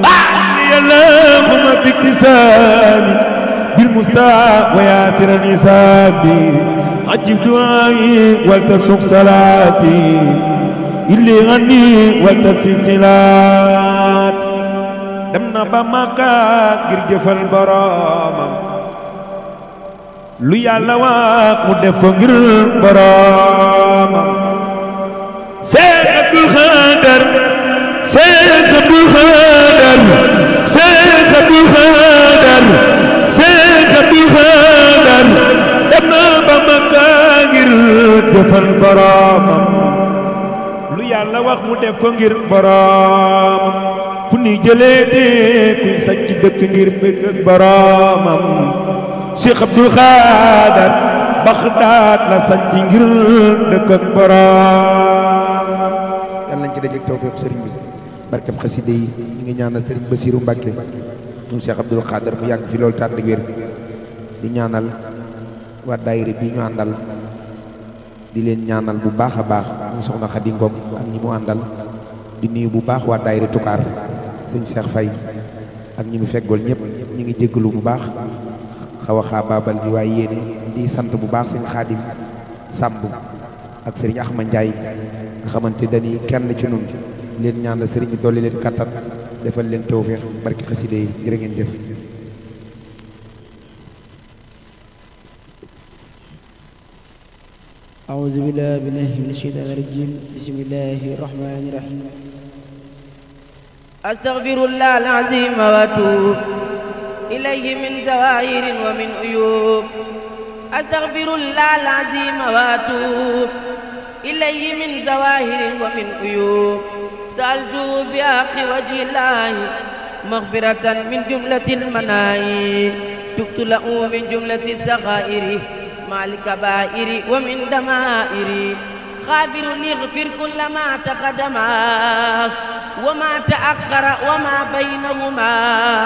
L: أعني اللهم في اكتسابي بالمستوى وياسر نسابي أجب دعائي ولتسوق صلاتي illi anni watasilaat dem na ba Makka ngir jëfal boroomam lu yàlla wax mu def ko ngir boroomam Seex Abdul Xaadir Seex
K: Abdul Xaadir Seex Abdul
L: Xaadir ba Makka ngir jëfal boroomam yàlla wax mu def ko ngir boroomam fu ni jëlee dee kuy sàcc dëkk ngir bëgg ak boroomam Cheikh Abdou Khadar Baxdaad la sàcc ngir dëkk
G: ak boroomam yàlla nañ ci dajeek tawfeex sëriñ bi barkeb xaside yi ñu ngi ñaanal sëriñ Basiiru Mbàkke moom Cheikh Abdou Khadar mu yàgg fi loolu tànn wér
A: di ñaanal bi ñu àndal di leen ñaanal bu baax a baax mu soxna Xadi Ngom ak ñi mu àndal di nuyu bu baax waa daayira Tukaar sëñ Cheikh fay ak ñi mu feggool ñëpp ñi ngi jéggalu bu baax xaw a xaabaabal waaye yéene di sant bu baax sëñ Xaadim Sàmb ak sëriñ Axma Njaay nga xamante dañuy kenn ci nun leen ñaanal sëriñ bi dolli leen kattan
H: defal leen tawféex barki xaside yi jërë ngeen jëf
J: أعوذ بالله من الشيطان الرجيم بسم الله الرحمن الرحيم
O: أستغفر الله العظيم وأتوب إليه من زوائر ومن عيوب أستغفر الله العظيم وأتوب إليه من زواهر ومن عيوب سألت بأخ وجه الله مغفرة من جملة المنايل تقتل من جملة سخائره ما لكبائري ومن دمائري غافر اغفر كل ما تقدم وما تأخر وما بينهما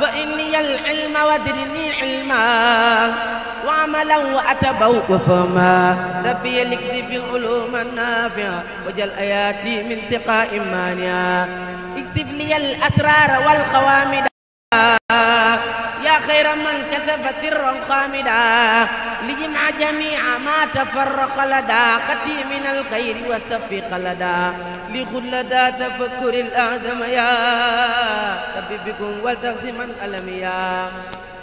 O: فإني العلم وادرني علما وعملا وأتبوء فما ربي لكسب علوما نافعة وجل آياتي من تقاء مانعة اكسب لي الأسرار والخوامد يا خير من كتبت الرخام دا لجمع جميع ما تفرق لدى ختي من الخير وسفق لدى لخلدا تفكر الآدم يا طبيبكم ولتغزمن ألميا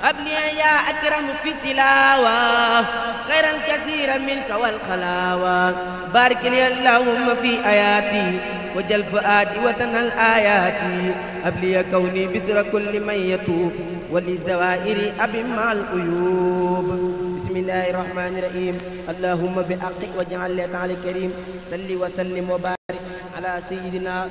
O: أبليا يا أكرم في التلاوة خيرا كثيرا منك والخلاوة بارك لي اللهم في آياتي وجل فؤادي وتنهل آياتي أبلي كوني بسر كل من يتوب وللدوائر أبي مع القيوب بسم الله الرحمن الرحيم اللهم بحقك وجعل لي تعالى كريم صلي وسلم وبارك على سيدنا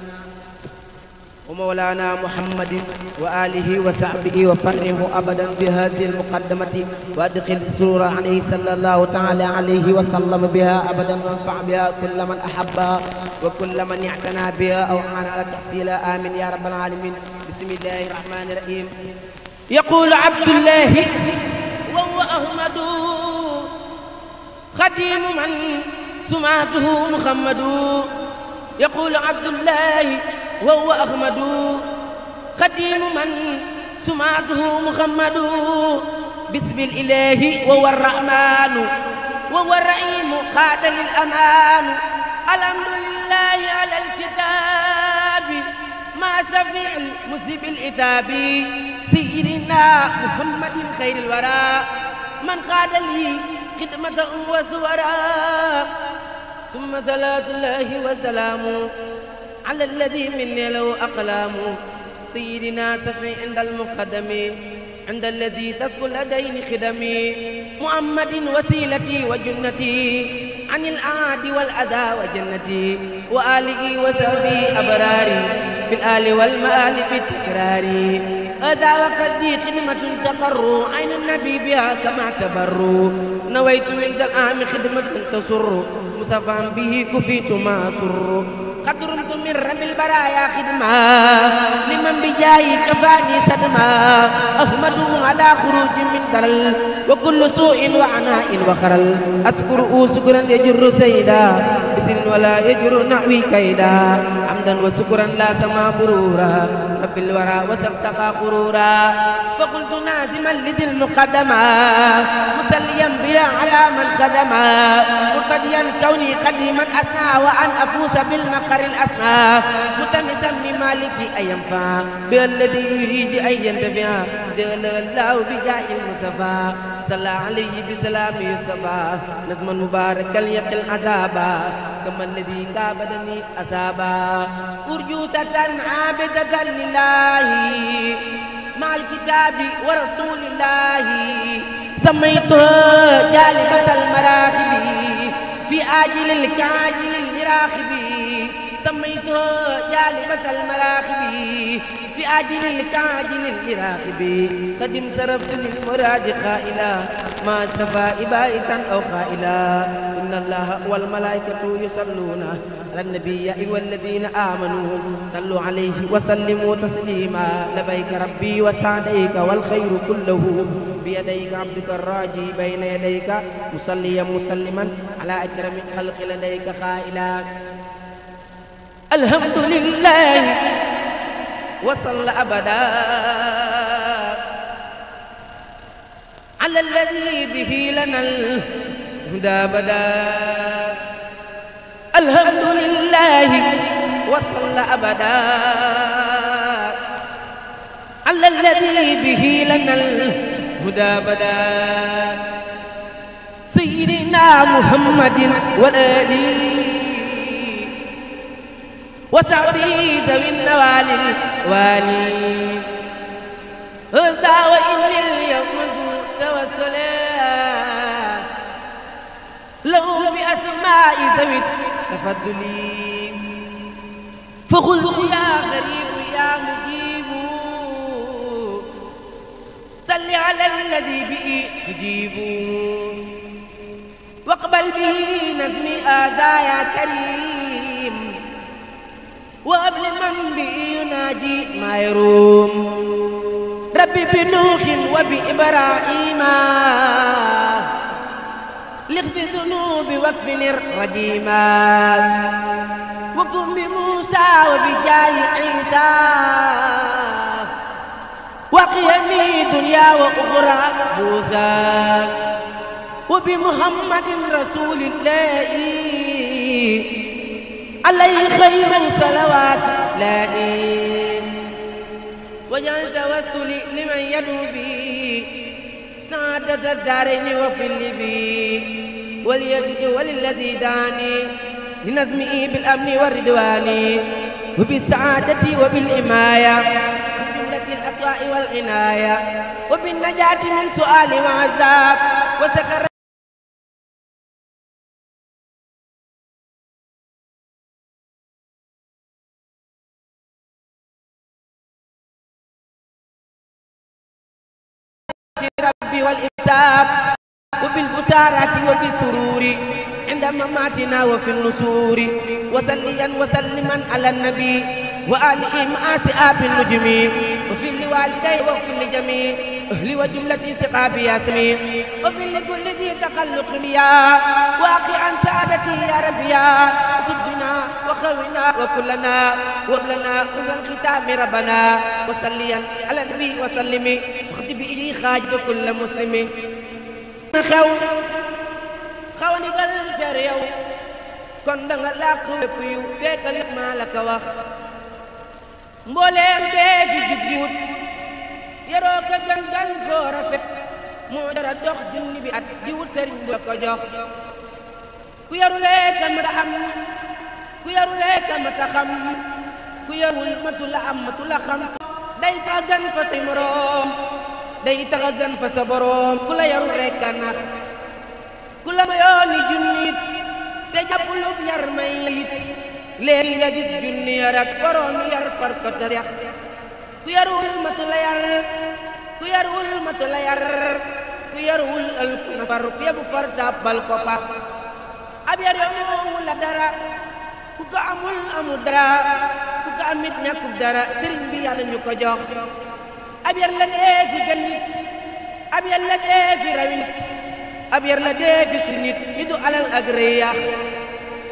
O: ومولانا محمد وآله وصحبه وفرحه أبدا بهذه المقدمة وأدخل السرور عليه صلى الله تعالى عليه وسلم بها أبدا وانفع بها كل من أحبها وكل من اعتنى بها أو عان على تحصيلها آمين يا رب العالمين بسم الله الرحمن الرحيم يقول عبد الله وهو أحمد خديم من سمعته محمد يقول عبد الله وهو أحمد خديم من سماته محمد بسم الإله وهو الرحمن وهو الرحيم خاتم الأمان الحمد لله على الكتاب ما سمع المسيب الإتاب سيدنا محمد خير الورى من خاد لي خدمته وزورا summa salaatullahi wa salaamu ala alladi minni law aqlaamu sayyidina safi inda almuqaddami inda alladi tasbu ladayni xidami muhammadin wasilati wa junnati عن الآد والأذى وجنتي وآله وسوفي أبراري في الآل والمآل في تكراري أذا وقدي خدمة تقر عين النبي بها كما تبر نويت عند الآم خدمة تسر مصطفى به كفيت ما سر خدرمت من رمي البرايا خدما لمن بجاي كفاني صدما أحمده على خروج من درل وكل سوء وعناء وخرل أشكره شكرا يجر سيدا بسر ولا يجر نحوي كيدا حمدا وشكرا لا سما برورا رب الورى وسقسقا غرورا فقلت نازما لذي القدما مسليا بها على من خدما مرتديا كون كوني قديما أسنى وأن أفوز بالمقر الأسنى متمسا بمالك أي ينفع بالذي يريد أن ينتفع جل الله بجاه المصطفى صلى عليه بسلام يصطفى نسما مباركا يقي العذاب كما الذي كابدني أصابا أرجوسة عابدة لله مع الكتاب ورسول الله سميت جالبة المراحب في آجل الكعاجل الإراخ بي سميته جالبة المراخب في آجل الكعاجل الإراخب قد انصرفت للمراد خائلا ما سفى إبائتا أو خائلا إن الله والملائكة يصلون على النبي يا أيها الذين آمنوا صلوا عليه وسلموا تسليما لبيك ربي وسعديك والخير كله بيديك عبدك الراجي بين يديك مصليا مسلما على أكرم الخلق لديك خائلا alhamdulillahi wasalla abada ala alladi bihi lana alhuda abada alhamdulillahi wasalla abada ala alladi bihi lana alhuda abada sayyidina muhammadin wa alihi وسعفي ذوي النوال الوالي هذا وإن اليوم ذو التوسل له بأسماء ذوي
I: التفضل
O: فخذه يا غريب يا مجيب صل على الذي به تجيب واقبل به نزمي آذى يا كريم وهب لمن بي ينادي ما يروم ربي بنوح وبإبراهيم لغف ذنوب وكفن الرجيم وكن بموسى وبجاه عيسى وقيمي دنيا وأخرى بوسى وبمحمد رسول الله عليه خير صلوات لائم واجعل توسلي لمن يدعو به سعادة الدارين وفي لبي وليجد وللذي داني لنزمه بالأمن والرضوان وبالسعادة وبالإماية
M: وبجملة الأسواء والعناية وبالنجاة من سؤال وعذاب وسكر ربي والإسلام وبالبسارة وبالسرور عند مماتنا وفي
O: النسور وسليا وسلما على النبي وآله مع سآب النجم وفي لوالدي وفي لجميع أهلي وجملة سقابي يا سميع وفي لكل ذي تخلق بيا واقعا سعادتي يا ربي يا ضدنا وخونا وكلنا وابلنا خزن ختام ربنا وسليا على النبي وسلمي xaajtu kulla muslimin xew xaw ndigal ca réew kon danga làq wépp yiw teeka maa la ko wax mbooleem dee fi jubliwut yaroo ka gan gan koo rafet moo jara dox junni bi at di wut sëriñ bi ko jox ku yarulee ka mata am ku yarulee ka mata xam ku yarul matu la xam day tàggan fa say moroom day taxa gan fa sa boroom ku la yaru rekk a nax ku la mayoon ni junnit te jàppulub yar may it léegi nga gis junni yar ak boroom yar far ko te ku yaruwul matu matu la yar ku yaruwul ëlku na far ku yebu far tàbbal ko pax ab yar yoo moomu la dara ku ko amul amul dara ku ko amit ñàkkub dara sëriñ bi yàlla ñu ab yar la dee fi gën nit ab yar la dee fi rawi ab yar la dee fi si nit du alal ak rëy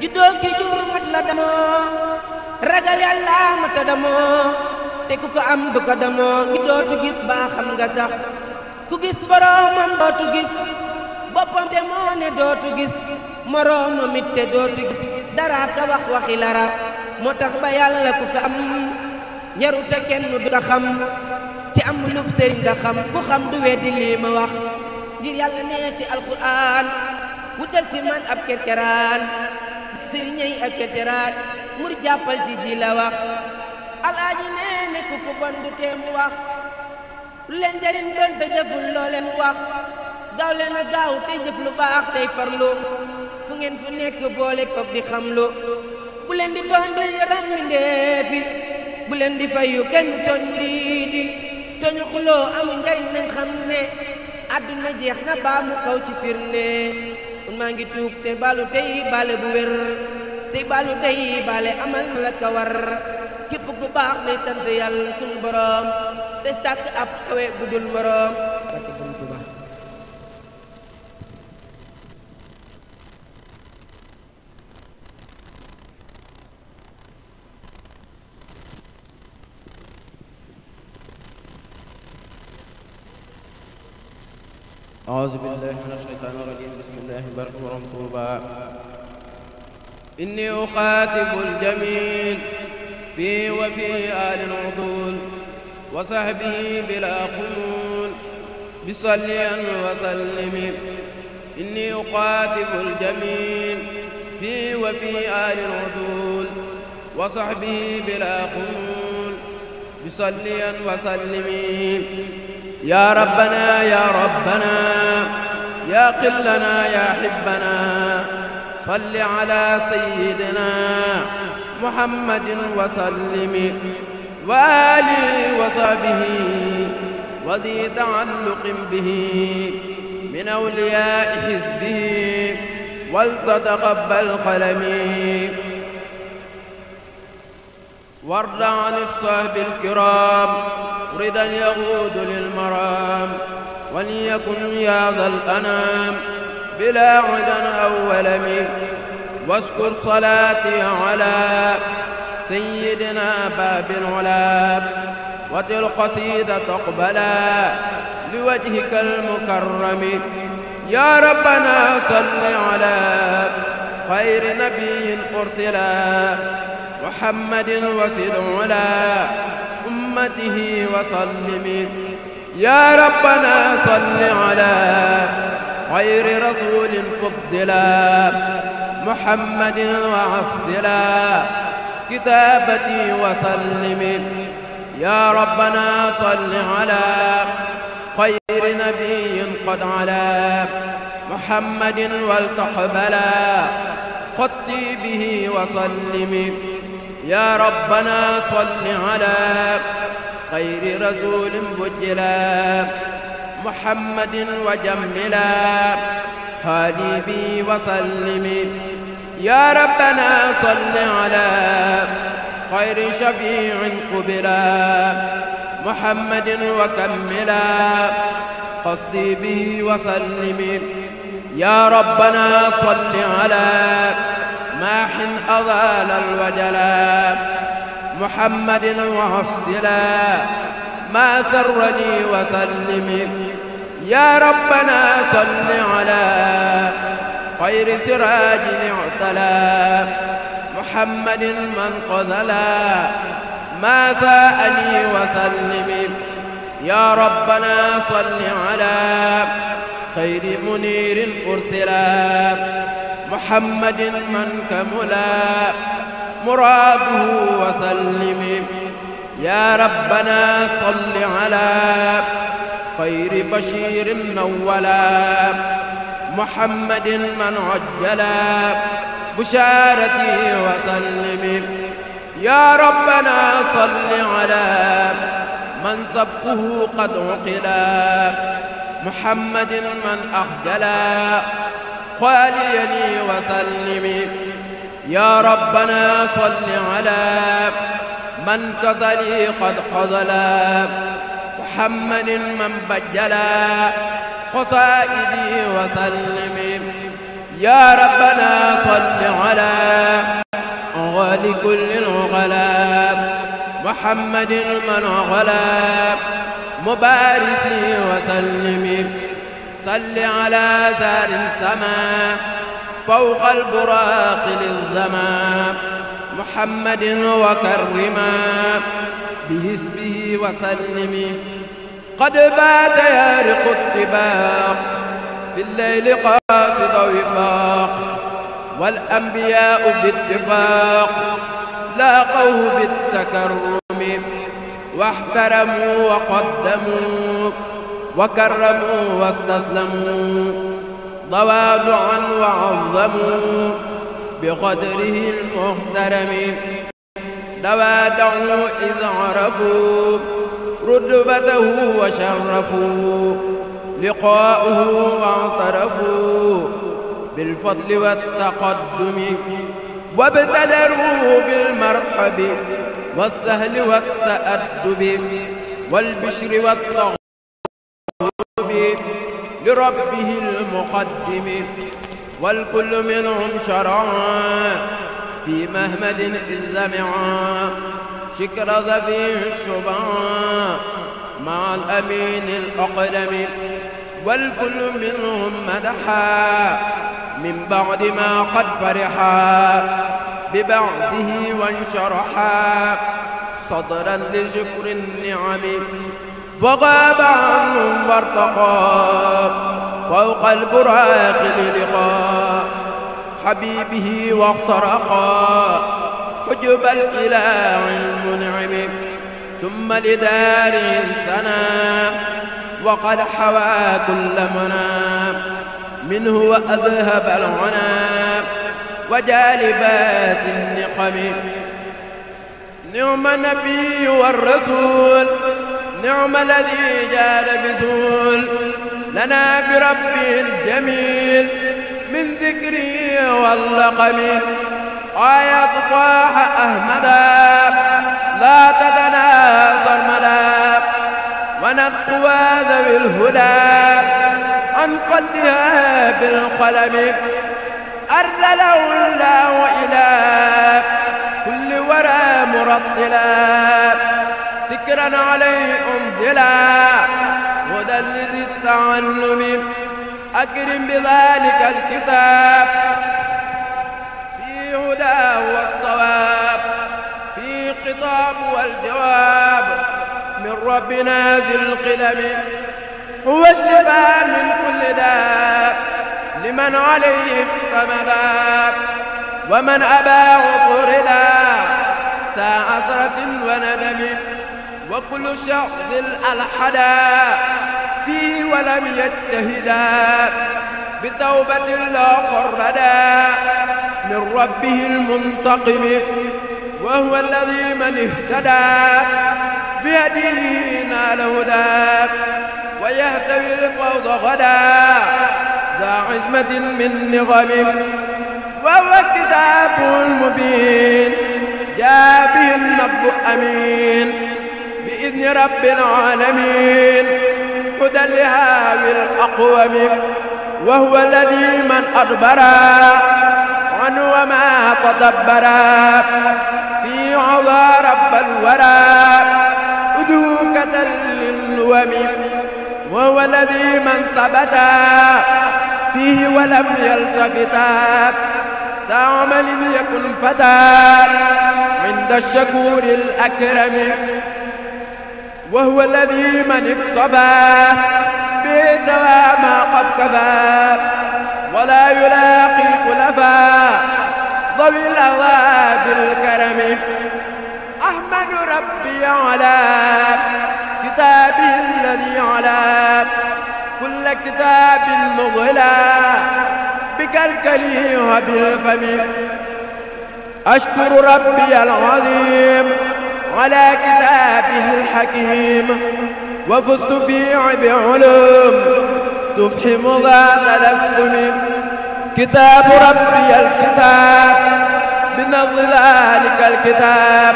O: ji doon ki jur mat la damoo ragal yàlla mat a te ku ko am du ko damoo dootu gis baa xam nga sax ku gis boroomam dootu gis boppam moo ne dootu gis moroomam te dootu gis dara ka wax waxi lara moo tax ba yàlla ku ko am yaru te du ko xam ci am lub sëriñ nga xam ku xam du weddi lii ma wax ngir yàlla nee ci alquran wutal ci man ab kerkeraan sëriñ yi ab kerkeraan mur jàppal ci ji la wax alaaji nee ne ku bëggoon du teem wax lu leen jariñ doon te jëful loo leen wax gaaw leen a gaaw te jëf lu baax tey farlu fu ngeen fu nekk boole koog di xamlu bu leen di doon di mi ndee bu leen di fayu kenn coñ di te ñu xuloo amul njariñ nañ xam ne àdduna jeex na baa mu kaw ci firnde maa ngi tuub te balu tey bale bu wér te balu tey bale amal na la ka baax nay sant yàlla sunu boroom te sàkk ab kawe bu dul moroom
N: أعوذ بالله من الشيطان الرجيم بسم الله الرحمن الرحيم طوبى إني أخاطب الجميل في وفي آل العضول وصحبه بلا خمول بصليا وسلم إني أخاطب الجميل في وفي آل العضول وصحبه بلا خمول بصليا وسلم
P: يا ربنا يا ربنا
N: يا قلنا يا حبنا صل على سيدنا محمد وسلم وآله وصحبه وذي تعلق به من أولياء حزبه ولتتقبل قلمي وارض عن الصحب الكرام ردا يغود للمرام وليكن يا ذا الأنام بلا عدا أول من واذكر صلاتي على سيدنا باب العلا وتالقصيدة تقبلا لوجهك المكرم يا ربنا صل على خير نبي أرسلا محمد وسل على أمته وسلم يا ربنا صل على غير رسول فضلا محمد وعفلا كتابتي وسلم يا ربنا صل على خير نبي قد علا محمد والتحبلا خطي به وسلم يا ربنا صل على خير رسول بجلا محمد وجملا هادي بي وسلم يا ربنا صل على خير شفيع قبلا محمد وكملا قصدي به وسلم يا ربنا صل على ماح أضال الوجلا محمد وحصلا ما سرني وسلم يا ربنا صل على خير سراج اعتلى محمد من قذلا ما ساءني وسلم يا ربنا صل على خير منير أرسلا محمد من كملا مراده وسلم يا ربنا صل على خير بشير مولا محمد من عجلا بشارته وسلم يا ربنا صل على من سبقه قد عقلا محمد من أخجلا خاليني وسلمي يا ربنا صل على من كظلي قد قزلا محمد من بجلا قصائدي وسلمي يا ربنا صل على غالي كل الغلاب محمد من غلاب مبارسي وسلمي صل على زار سما فوق البراق للظما محمد وكرما باسمه وسلم قد بات يارق الطباق في الليل قاصد وفاق والأنبياء باتفاق لاقوه بالتكرم واحترموا وقدموا وكرموا واستسلموا ضوابعا وعظموا بقدره المحترم دوادعوا إذ عرفوا رتبته وشرفوا لقاؤه واعترفوا بالفضل والتقدم وابتدروا بالمرحب والسهل والتأدب والبشر والتغرب لربه المقدم والكل منهم شرعا في مهمد إذ زمعا شكر ذبي الشبع مع الأمين الأقدم والكل منهم مدحا من بعد ما قد فرحا ببعثه وانشرحا صدرا لشكر النعم فغاب عنهم وارتقى فوق البراق للقاء حبيبه واخترقا حجب الإله المنعم ثم لداره ثناء وقد حوى كل منى منه وأذهب العنى وجالبات النقم نعم النبي والرسول نعم الذي جاد بزول لنا بربه الجميل من ذكره واللقم آية طه أحمدا لا تتناسى المدى عن القوى ذوي الهدى عن قدها بالقلم أرسله الله إلى كل ورى مرطلا سكرا عليه أنزلا هدى لذي التعلم أكرم بذلك الكتاب في هدى والصواب في قطاب والجواب من ربنا ذي القلم هو الشفاء من كل داء لمن عليه رمدا ومن أباه طردا ذا عسرة وندم وكل شخص الألحدا فيه ولم يجتهدا بتوبة لا فردا من ربه المنتقم wa huwa alladi man ihtadaa bi hadiihi naala hudaa wa yahtawil fawza ghadaa zaa izmatin min ni'amin wa huwa kitaabun mubiin jaa bihi nabiyyu amiin bi izni rabbil aalamiin hudan li haadhil aqwami wa huwa alladi man adbara anhu wa maa tadabbara في عوى رب الورى أدوكة للنوم وهو الذي من ثبتا فيه ولم يلتفتا ساع من يكن فتى عند الشكور الأكرم وهو الذي من اقتفى به ما قد كفى ولا يلام طويل وادي الكرم أحمد ربي على كتابه الذي على كل كتاب مغلى بكالكلي وبالفم أشكر ربي العظيم على كتابه الحكيم وفزت في بعلوم تفحم ذات تلفم كتاب ربي الكتاب بنظر ذلك الكتاب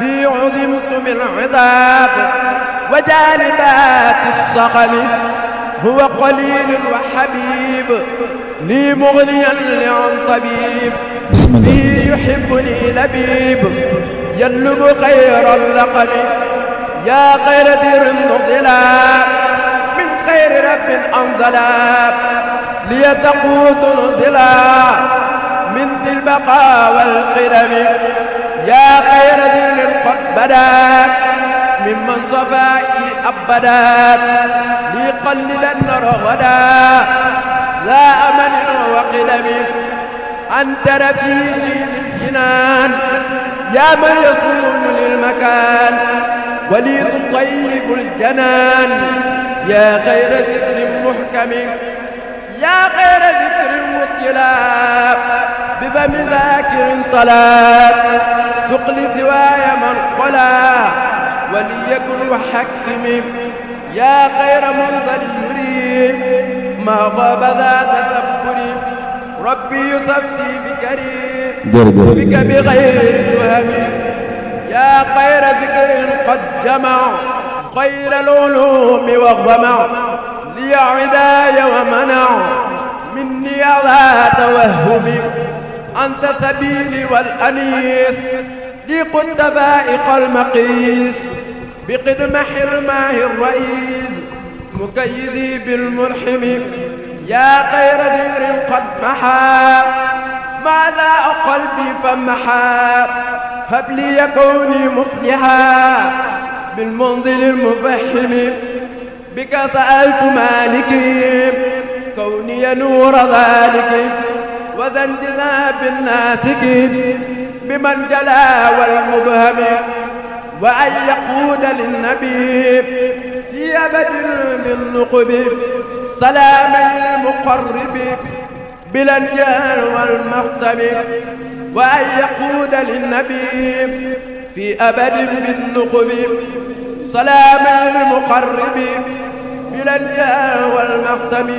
N: بي عدمت من عذاب وجانبات الصقم هو قليل وحبيب لي مغنيا لعن طبيب بسم الله لي يحبني لبيب يلب خير اللقم يا خير دير مضلاب من خير رب انزلاب ليتقوت نزلاب من ذي البقاء والقدم يا خير ذي قد بدا ممن صفائي أبدا ليقلدن رغدا لا أمل وقدم أنت رفيقي للجنان يا من يصوم للمكان ولي طيب الجنان يا خير ذكر محكم yaa xayra zikrin muttilaa bi fami zaakirin talaa suqli siwaaya man xolaa waliyakun wa xakkimin yaa xayra munzalin yuriim maa xaaba daa takabburin rabbi yusaffi bi kariim jërëjëf bika bi xayri tuhamin yaa xayra zikrin qad jama xayra l-uluumi wa لي عداي ومنع مني على توهمي أنت سبيلي والأنيس لي كنت بائق المقيس بقدم حرماه الرئيس مكيدي بالمرحم يا خير ذكر قد محى ماذا قلبي فمحى هب لي كوني مفلحا بالمنظر المفحم بك سألت مالكي كوني نور ذلك وذا انجذاب الناسك بمن جلا والمبهم وأن يقود للنبي في أبد من نقب سلام المقرب بالانجال والمخدم وأن يقود للنبي في أبد من نقب salaama al muqarribi bilal wal maqtami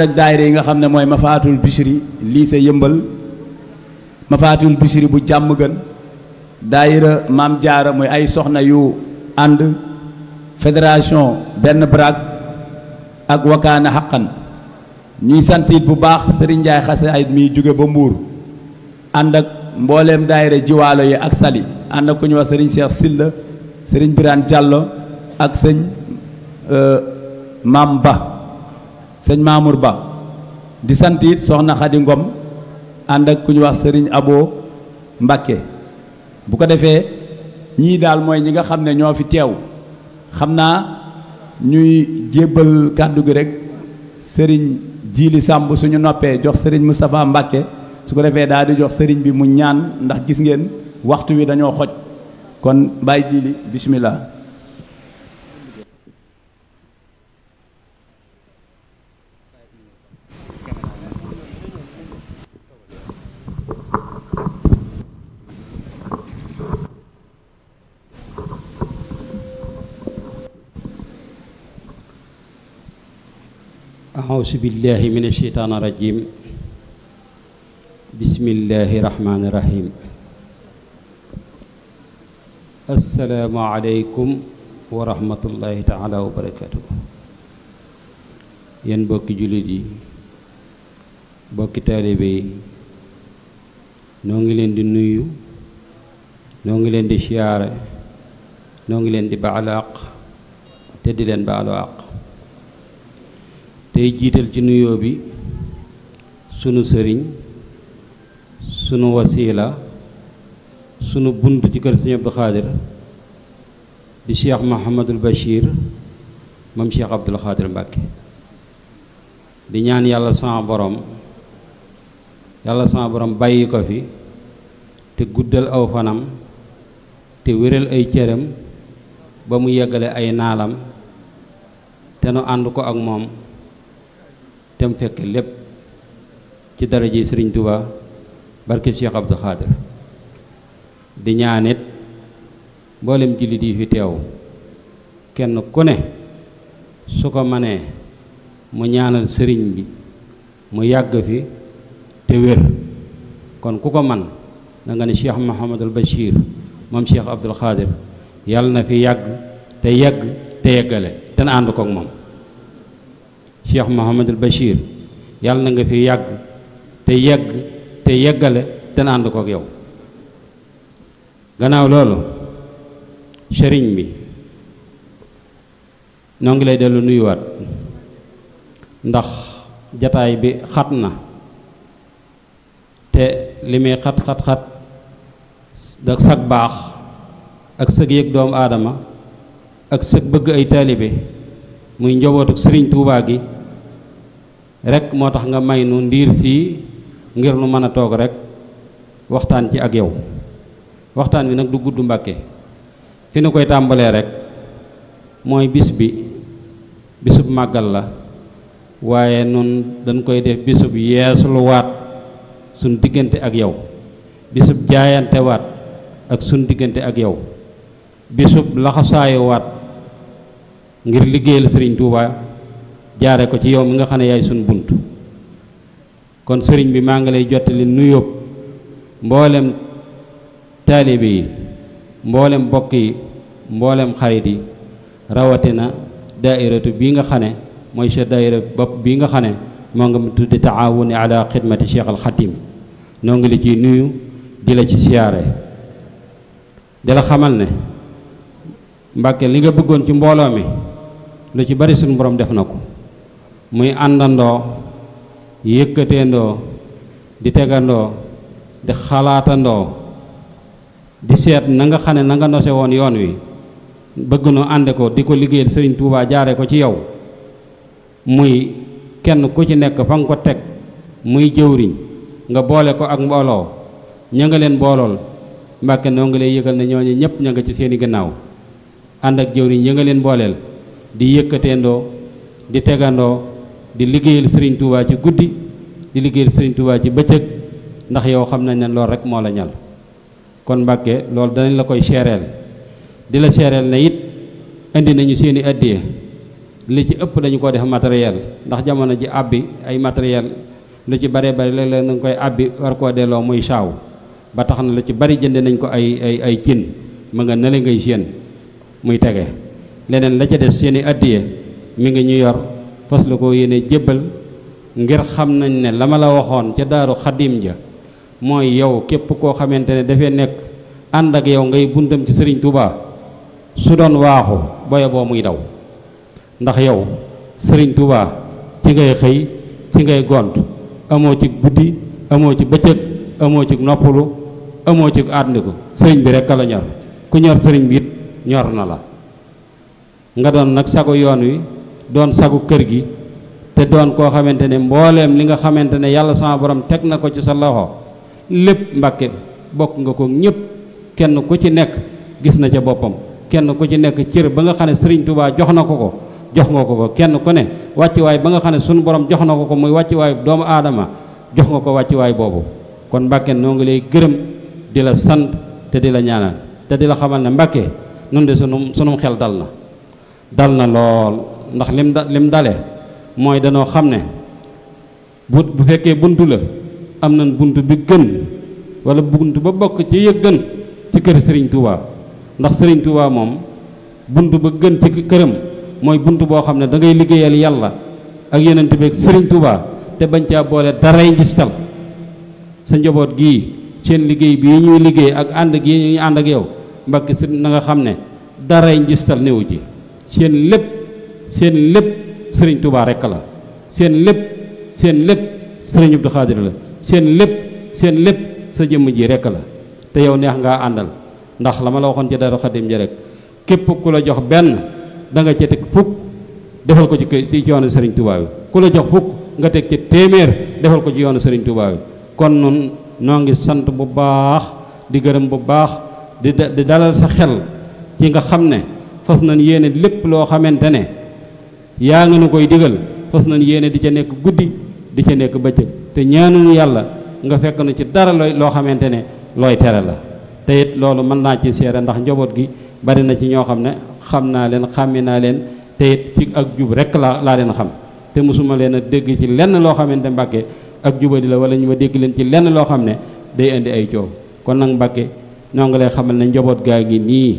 Q: ànd ak daayira yi nga xam ne mooy Mafatul lii sa yëmbal Mafatul Bichri bu jàmm gën daayira maam jaara muy ay soxna yu ànd fédération benn brak ak wakaana xaqan ñuy sant bu baax sëriñ Ndiaye xase ay mi jóge ba mbuur ànd ak mbooleem daayira jiwaalo yi ak sali ànd ak ku ñu wax Serigne Cheikh Silla sëriñ Birane jàllo ak sëñ euh, maam Ba sëñ Mamour Ba di sant it soxna Xadi Ngom ànd ak ku ñu wax sëriñ aboo Mbàkke bu ko defee ñii daal mooy ñi nga xam ne ñoo fi teew xam naa ñuy jébbal kàddu gi rek sëriñ Jiili Sàmb suñu noppee jox sëriñ Moustapha Mbàkke su ko defee daal di jox sëriñ bi mu ñaan ndax gis ngeen waxtu wi dañoo xoj kon bàyyi Jiili bismillah
R: أعوذ بالله من الشيطان الرجيم بسم الله الرحمن bokki jullit yi bokki taalibe yi noo ngi leen di nuyu noo ngi leen di siyaare noo ngi leen di baalu àq te di leen baalu àq tey jiital ci nuyoo bi sunu sëriñ sunu wasiila sunu bunt ci kër sëñ Abdou Khadir di cheikh Mahamadul Bachir moom cheikh Abdou Khadir Mbacke di ñaan yàlla sama boroom yàlla sama boroom bàyyi ko fi te guddal aw fanam te wéral ay cëram ba mu yeggale ay naalam te nu ànd ko ak moom te mu fekk lépp ci daraje sëriñ Touba barke Cheikh Abdou Khadir di ñaanit mboolem jullit yi fi teew kenn ku ne su ko manee mu ñaanal sëriñ bi mu yàgg fi te wér kon ku ko man da nga ne Cheikh Mouhamadul Bachir moom Cheikh Abdou Khadir yàlla na fi yàgg te yàgg te yeggale te na ànd kook moom Cheikh Mouhamadul Bachir yàlla na nga fi yàgg te yegg te yeggale te na ko ak yow gannaaw loolu sëriñ bi noo ngi lay dellu nuyuwaat ndax jataay bi xat na te li muy xat xat xat ak sag baax ak sëg yëg doomu aadama ak sëg bëgg ay taalibe muy njobootuk sëriñ Tuubaa gi rekk moo tax nga may nu ndiir sii ngir nu mën a toog rekk waxtaan ci ak yow waxtaan wi nag du gudd mbàkke fi nu koy tàmbalee rek mooy bis bi bisub màggal la waaye nun dañ koy def bisub yeesuluwaat suñ diggante ak yow bisub jaayantewaat ak suñ diggante ak yow bisub laxasaayuwaat ngir liggéeyal sëriñ Tuubaa jaare ko ci yow mi nga xam ne yaay sunu bunt kon sëriñ bi maa ngi lay jottali nuyoo mboolem taalibe yi mboolem mbokk yi mboolem xarit yi rawatina daairatu bii nga xam ne mooy sa daaira bopp bii nga xam ne moo nga mu tuddi taawuni ala xidmati cheikh xatim noo ngi la ciy nuyu di la ci siyaare di la xamal ne mbàkke li nga bëggoon ci mbooloo mi lu ci bari suñu borom def na ko muy àndandoo yëkkateendoo di tegandoo di xalaatandoo di seet na nga xam ne na nga nose woon yoon wi bëgg nu ànd ko di ko liggéeyal sëriñ tuubaa jaare ko ci yow muy kenn ku ci nekk fa nga ko teg muy jëwriñ nga boole ko ak mbooloo ña nga leen boolool Mbàkke noo ngi lay yëgal na ñooñu ñëpp ña nga ci seeni gannaaw ànd ak jëwriñ ya nga leen booleel di yëkkateendoo di tegandoo di liggéeyal Serigne Touba ci guddi di liggéeyal Serigne Touba ci bëccëg ndax yow xam nañ ne loolu rek moo la ñal kon Mbàkke loolu danañ la koy seereel di la seereel na it indi nañu seeni addiye li ci ëpp dañu ko def matériel ndax jamono ji àbbi ay matériel lu ci bare bari léeg-léeg nañ koy àbbi war koo delloo muy saaw ba tax na lu ci bari jënde nañ ko ay ay cin ma nga nele ngay séen muy tege leneen la ca des seeni addiye mu ngi ñu yor fas la ko yéene jébbal ngir xam nañ ne la ma la waxoon ca daaru xadim ja mooy yow képp koo xamante ne dafee nekk ànd ak yow ngay buntam ci sëriñ Touba su doon waaxu boye boo muy daw ndax yow sëriñ Touba ci ngay xëy ci ngay gont amoo ci guddi amoo ci bëccëg amoo ci noppalu amoo ci àddiku sëriñ bi rek a la ñor ku ñor sëriñ bi it ñor na la nga doon nag sago yoon wi doon sagu kër gi te doon koo xamante ne mbooleem li nga xamante ne yàlla sama borom teg na ko ci sa loxo lépp mbàkke bokk nga ko ñëpp kenn ku ci nekk gis na ca boppam kenn ku ci nekk cër ba nga xam ne Sëriñ Tuubaa jox na ko ko jox nga ko ko kenn ku ne wàccuwaay ba nga xam ne sunu borom jox na ko ko muy wàccuwaay doomu aadama jox nga ko wàccuwaay boobu kon mbàkke noo ngi lay gërëm di la sant te di la ñaanal te di la xamal ne mbàkke nun de sunu sunum xel dal ndax lim da lim dalee mooy danoo xam ne bu bu fekkee bunt la am nañ bunt bi gën wala bunt ba bokk ci yëg ci kër sëriñ Touba ndax Serigne Touba moom bunt ba gën ci këram mooy bunt boo xam ne dangay liggéeyal yàlla ak yeneen beeg Serigne Touba te bañ caa boole daray ngistal sa njaboot gii seen liggéey bii ñuy liggéey ak ànd gi ñuy ànd ak yow mbakki si na nga xam ne daray ngistal néew ji seen lépp. seen lépp sëriñ tubaa rekk la seen lépp seen lépp sëriñ Abdou la seen lépp seen lépp sa jëmm ji rekk la te yow neex ngaa àndal ndax la ma la waxoon ci dara xadim ji rek képp ku la jox benn da nga ca teg fukk defal ko ci ci yoonu sëriñ Touba bi ku la jox fukk nga teg ci téeméer defal ko ci yoonu sëriñ Touba bi kon nun noo ngi sant bu baax di gërëm bu baax di dalal sa xel ci nga xam ne fas nañ yéene lépp loo xamante ne yaa nga nu koy digal fos nañ yéene di ca nekk guddi di ca nekk bëccëg te ñaanunu yàlla nga fekk nu ci dara looy loo xamante ne looy tere la te it loolu mën naa ci seere ndax njaboot gi bari na ci ñoo xam ne xam naa leen xàmmi naa leen te it ci ak jub rek laa laa leen xam te mosuma leen a dégg ci lenn loo xamante mbàkke ak juba jubadi la wala ñu ma dégg leen ci lenn loo xam ne day indi ay coow kon nag mbàkke ñoo ngi lay xamal ne njaboot gaa ngi nii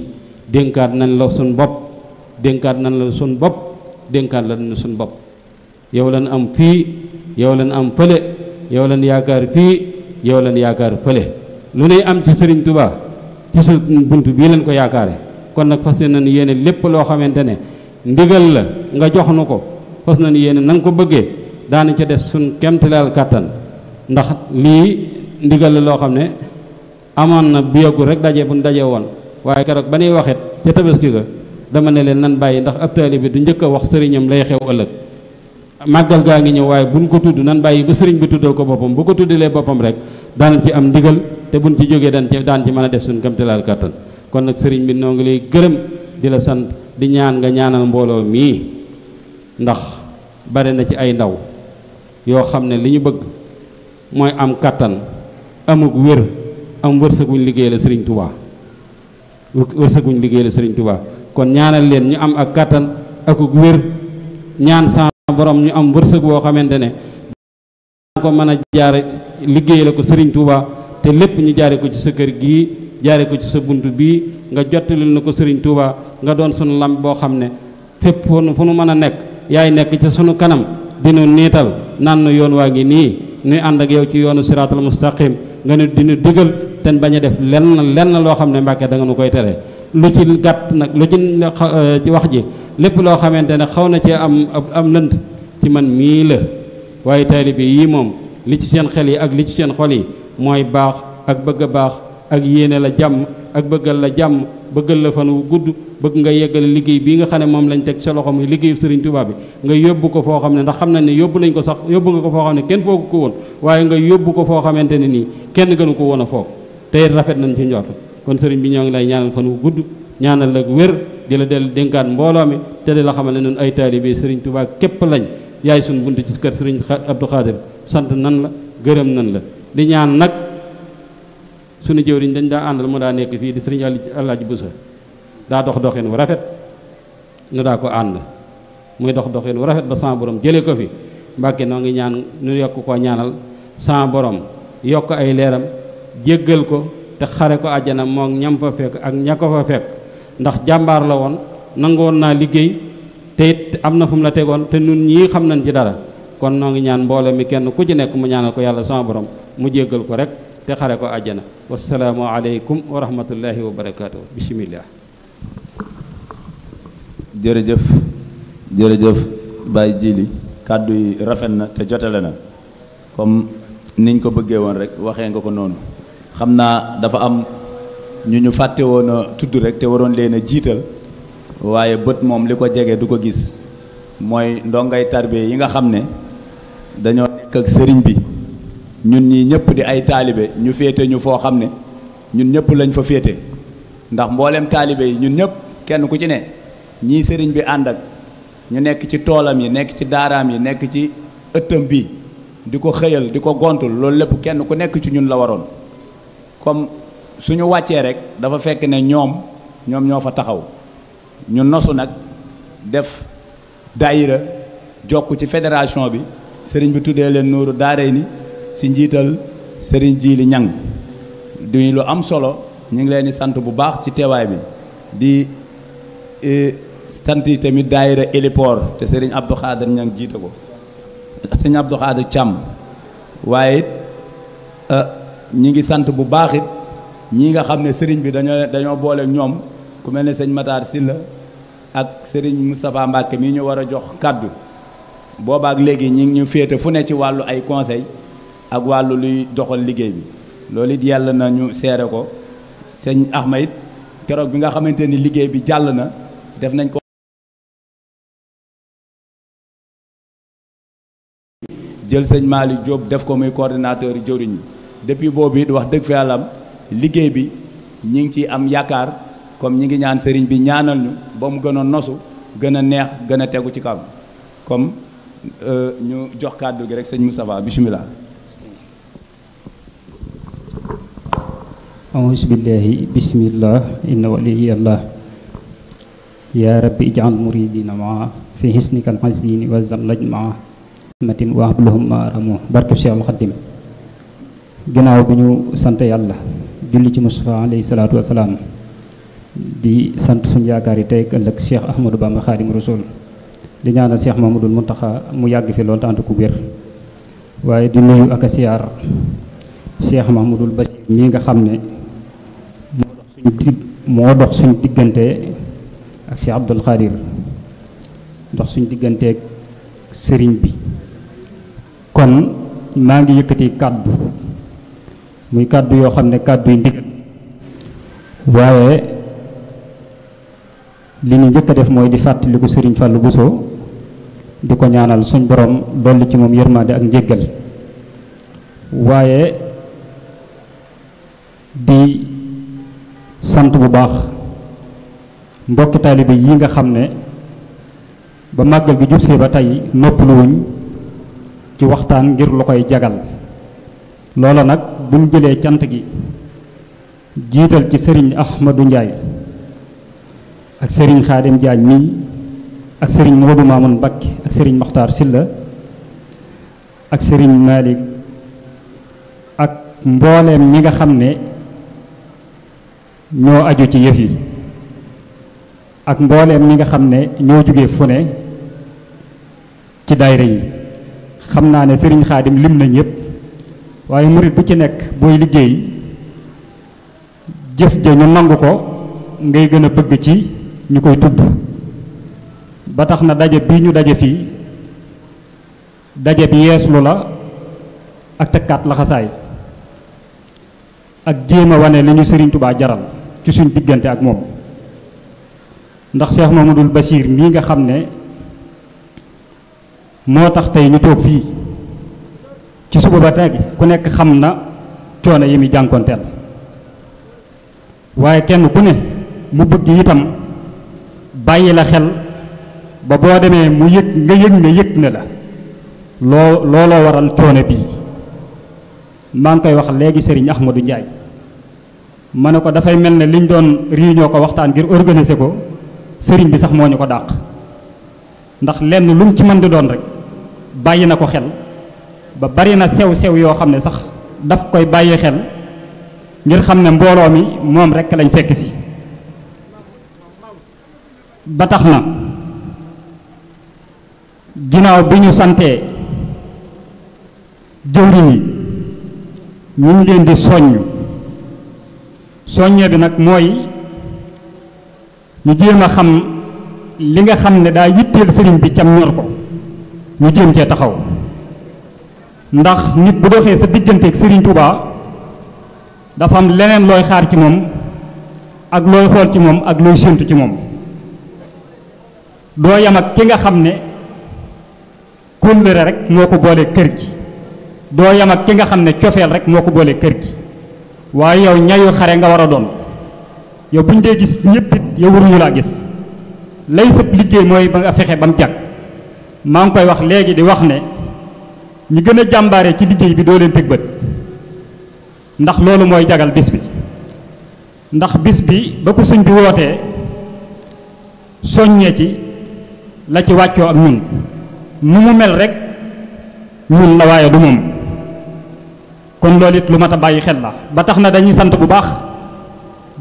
R: dénkaat nañ la suñ bopp dénkaat nañ la suñ bopp dénkaan la ñu suñ bopp yow lan am fii yow leen am fële yow lan yaakaar fii yow lan yaakaar fële lu nuy am ci sëriñ Tuubaa ci sa bunt bii leen ko yaakaare kon nag fas nañ yéene lépp loo xamante ne ndigal la nga jox nu ko fas nañ yéene na nga ko bëggee daana ca def suñ kemtilaal kàttan ndax lii ndigal la loo xam ne amoon na bu yàggul rek daje bu ñu daje woon waaye keroog ba nuy waxit ca tabaski ga dama ne leen nan bàyyi ndax ab taalibe du njëkk a wax sëriñam lay xew ëllëg màggal gaa ngi ñëw waaye buñ ko tudd nan bàyyi ba sëriñ bi tuddal ko boppam bu ko tuddalee boppam rek daan ci am ndigal te buñ ci jógee daan ci daan ci mën a def suñ kamtilaal kàttan kon nag sëriñ bi noo ngi lay gërëm di la sant di ñaan nga ñaanal mbooloo mii ndax bare na ci ay ndaw yoo xam ne li ñu bëgg mooy am kàttan amuk wér am wërsëguñ liggéey la sëriñ tubaa wërsëguñ liggéey sëriñ tubaa kon ñaanal leen ñu am ak kàttan akuk wér ñaan sa borom ñu am wërsëg woo xamante ne ko mën a jaare liggéey la ko sëriñ Touba te lépp ñu jaare ko ci sa kër gii jaare ko ci sa bunt bi nga jottalil na ko sëriñ Touba nga doon sunu lam boo xam ne fépp fu nu fu nu mën a nekk yaay nekk ca sunu kanam dinu niital naan nu yoon waa ngi nii nuy ànd ak yow ci yoonu siraatal mustaqim nga ne dinu digal ten bañ a def lenn lenn loo xam ne Mbàkke da nga nu koy tere lu ci gàtt nag lu euh, ci wax ji lépp loo xamante ne xaw na cee am am lënd ci man mii la waaye taalibe yii moom li ci seen xel yi ak li ci seen xol yi mooy baax ak bëgg a baax ak yéene la jàmm ak bëggal la jàmm bëggal la fan wu gudd bëgg nga yeggale liggéey bii nga xam ne moom lañ teg sa loxo muy liggéeyu Sëriñ tubaab bi nga yóbbu ko foo xam ne ndax xam nañ ne yóbbu nañ ko sax yóbbu nga ko foo xam ne kenn foogu ko woon waaye nga yóbbu ko foo xamante ne nii kenn gënu ko woon a foog te rafet nañ ci njort kon sëriñ bi ñoo ngi lay ñaanal fan wu gudd ñaanal ak wér di la del dénkaat mbooloo mi te di la xamal ne nun ay taalibe sëriñ Tuubaa képp lañ yaay suñ bunt ci kër sëriñ Abdou Khadir sant nan la gërëm nan la di ñaan nag suñu jëwriñ dañ daa àndal mu daa nekk fii di sëriñ Alaaji sa daa dox doxin wu rafet nu daa ko ànd muy dox doxin wu rafet ba sama borom jëlee ko fi Mbàkke noo ngi ñaan nu yokk koo ñaanal sama borom yokk ay leeram jéggal te xare ko àjjana moom ñam fa fekk ak ña ko fa fekk ndax jàmbaar la woon nangoon naa liggéey te it am na fu la tegoon te nun ñii xam nañ ci dara kon noo ngi ñaan mboole mi kenn ku ci nekk mu ñaanal ko yàlla sama borom mu jéggal ko rek te xare ko àjjana wasalaamu aleykum wa rahmatullahi wa barakaatu bisimilah.
Q: jërëjëf jërëjëf Baye Djili kàddu yi rafet na te jotale na comme niñ ko bëggee woon rek waxee nga ko noonu xam naa dafa am ñu ñu fàtte woon a tudd rek te waroon leen a jiital waaye bët moom li ko jege du ko gis mooy ndongay tarbiya yi nga xam ne dañoo nekk ak sëriñ bi ñun ñii ñëpp di ay taalibe ñu féete ñu foo xam ne ñun ñëpp lañ fa féete ndax mbooleem taalibe yi ñun ñëpp kenn ku ci ne ñii sëriñ bi ànd ak ñu nekk ci toolam yi nekk ci daaraam yi nekk ci ëttam bi di ko xëyal di ko gontul loolu lépp kenn ku nekk ci ñun la waroon comme suñu wàccee rek dafa fekk ne ñoom ñoom ñoo fa taxaw ñu nosu nag def daayira jokk ci fédération bi sëriñ bi tuddee leen nuuru daaray ni si njiital sëriñ Jili Ñang duñu lu am solo ñu ngi leen di sant bu baax ci teewaay bi di e, sant yi tamit daayira héliport te sëriñ Abdou Khader Ñang jiite ko sëriñ Abdou Khader Càmm waaye e, ñi ngi sant bu baaxit ñii nga xam ne sëriñ bi dañoo dañoo boole ñoom ku mel ne sëñ Matar Sylla ak sëriñ Moustapha Mbacke mii ñu war a jox kàddu boobaak léegi ñi ngi ñu féete fu ne ci wàllu ay conseil ak wàllu luy doxal liggéey bi loolu it yàlla na ñu seere ko sëñ Axma it keroog bi nga xamante ni liggéey bi jàll na def nañ ko jël sëñ Malick Diop def ko muy coordinateur jëwriñ bi depuis boobu it wax dëgg fa yàlla liggéey bi ñi ngi ciy am yaakaar comme ñi ngi ñaan sëriñ bi ñaanal ñu ba mu gën a nosu gën a neex gën a tegu ci kaw comme euh, ñu jox kàddu gi rek sëñ Moustapha bisimilah.
S: auzu billahi bismillah inna waliyallah yaa rabbi ij'al muridina maa fi hisnika al-hazini wa zallaj maa matin wa hablahum ma ramu barke Cheikh Al Khadim ginnaaw bi ñu sant yàlla julli ci Mustafa alayhi salaatu wasalaam di sant suñu yaakaar yi tey ëllëg Cheikh Ahmadou Bamba Xaadim Rasul di ñaanal Cheikh Mamadul Muntaxa mu yàgg fi loolu te ku wér waaye di nuyu ak a siyaar Cheikh Mahmadul Basir mii nga xam ne moo dox suñu dig moo dox suñu diggante ak Cheikh Abdoul Khadir dox suñu diggante ak sëriñ bi kon maa ngi yëkkati kàddu muy kàddu yoo xam ne kàddu yu ndigal waaye li ñu njëkk def mooy di fàttaliku Serigne bu Bousso di ko ñaanal suñ borom dolli ci moom yërmande ak njéggal waaye di sant bu baax mbokki taalibe yi nga xam ne ba màggal gi jubsee ba tey noppaluwuñ ci waxtaan ngir lu koy jagal loola nag bu jëlee cant gi jiital ci sëriñ Ahmadou Ndiaye ak sëriñ Xaadim Diagne mii ak sëriñ Modou Mamoun Mbakke ak sëriñ Makhtar Silla ak sëriñ Malick ak mbooleem ñi nga xam ne ñoo aju ci yëf yi ak mbooleem ñi nga xam ne ñoo jóge fu ne ci daayira yi xam naa ne sëriñ Xaadim lim na ñëpp waaye murit bu ci nekk booy liggéey jëf ja ñu nangu ko ngay gën a bëgg ci ñu koy tudd ba tax na daje bii ñu daje fii daje bi yeeslu la ak tëkkaat laxasaay ak jéem a wane li ñu Sëriñ Tubaa jaral ci suñ diggante ak moom ndax seex Cheikh Mamadou Bachir mii nga xam ne moo tax tey ñu toog fii ci suba ba tey ku nekk xam na coono yi muy jànkonteel waaye kenn ku ne mu bëgg itam bàyyi la xel ba boo demee mu yëg nga yëg ne yëg na la loo looloo waral coono bii maa ngi koy wax léegi Serigne Ahmadou Ndiaye ma ne ko dafay mel ne liñ doon riiñoo ko waxtaan ngir organiser ko sëriñ bi sax moo ñu ko dàq ndax lenn lu ci mën di doon rek bàyyi na ko xel. ba bari na sew-sew yoo xam ne sax daf koy bàyyi xel ngir xam ne mbooloo mi moom rekk lañ fekk ci ba tax na ginnaaw bi ñu santee jëwriñ yi ñu ngi leen di soññ soññee bi nag mooy ñu jéem a xam li nga xam ne daa yitteel sëriñ bi cam ñor ko ñu jéem cee taxaw ndax nit bu doxee sa digganteeg Serigne Touba dafa am leneen looy xaar ci moom ak looy xool ci moom ak looy séentu ci moom doo yam ak ki nga xam ne kóllëre rek moo ko boolee kër gi doo yam ak ki nga xam ne cofeel rek moo ko boolee kër gi waaye yow ñayu xare nga war a doon yow buñ ñu dee gis ñëpp it yow waruñu laa gis lay sëb liggéey mooy ba nga fexe ba mu jàkk maa ngi koy wax léegi di wax ne ñi gën a jàmbaare ci liggéey bi doo leen teg bët ndax loolu mooy jagal bis bi ndax bis bi ba ko sëñ bi wootee soññee ci la ci wàccoo ak ñun nu mu mel rek ñun la waaye du moom kon loolu it lu mat a bàyyi xel la ba tax na dañuy sant bu baax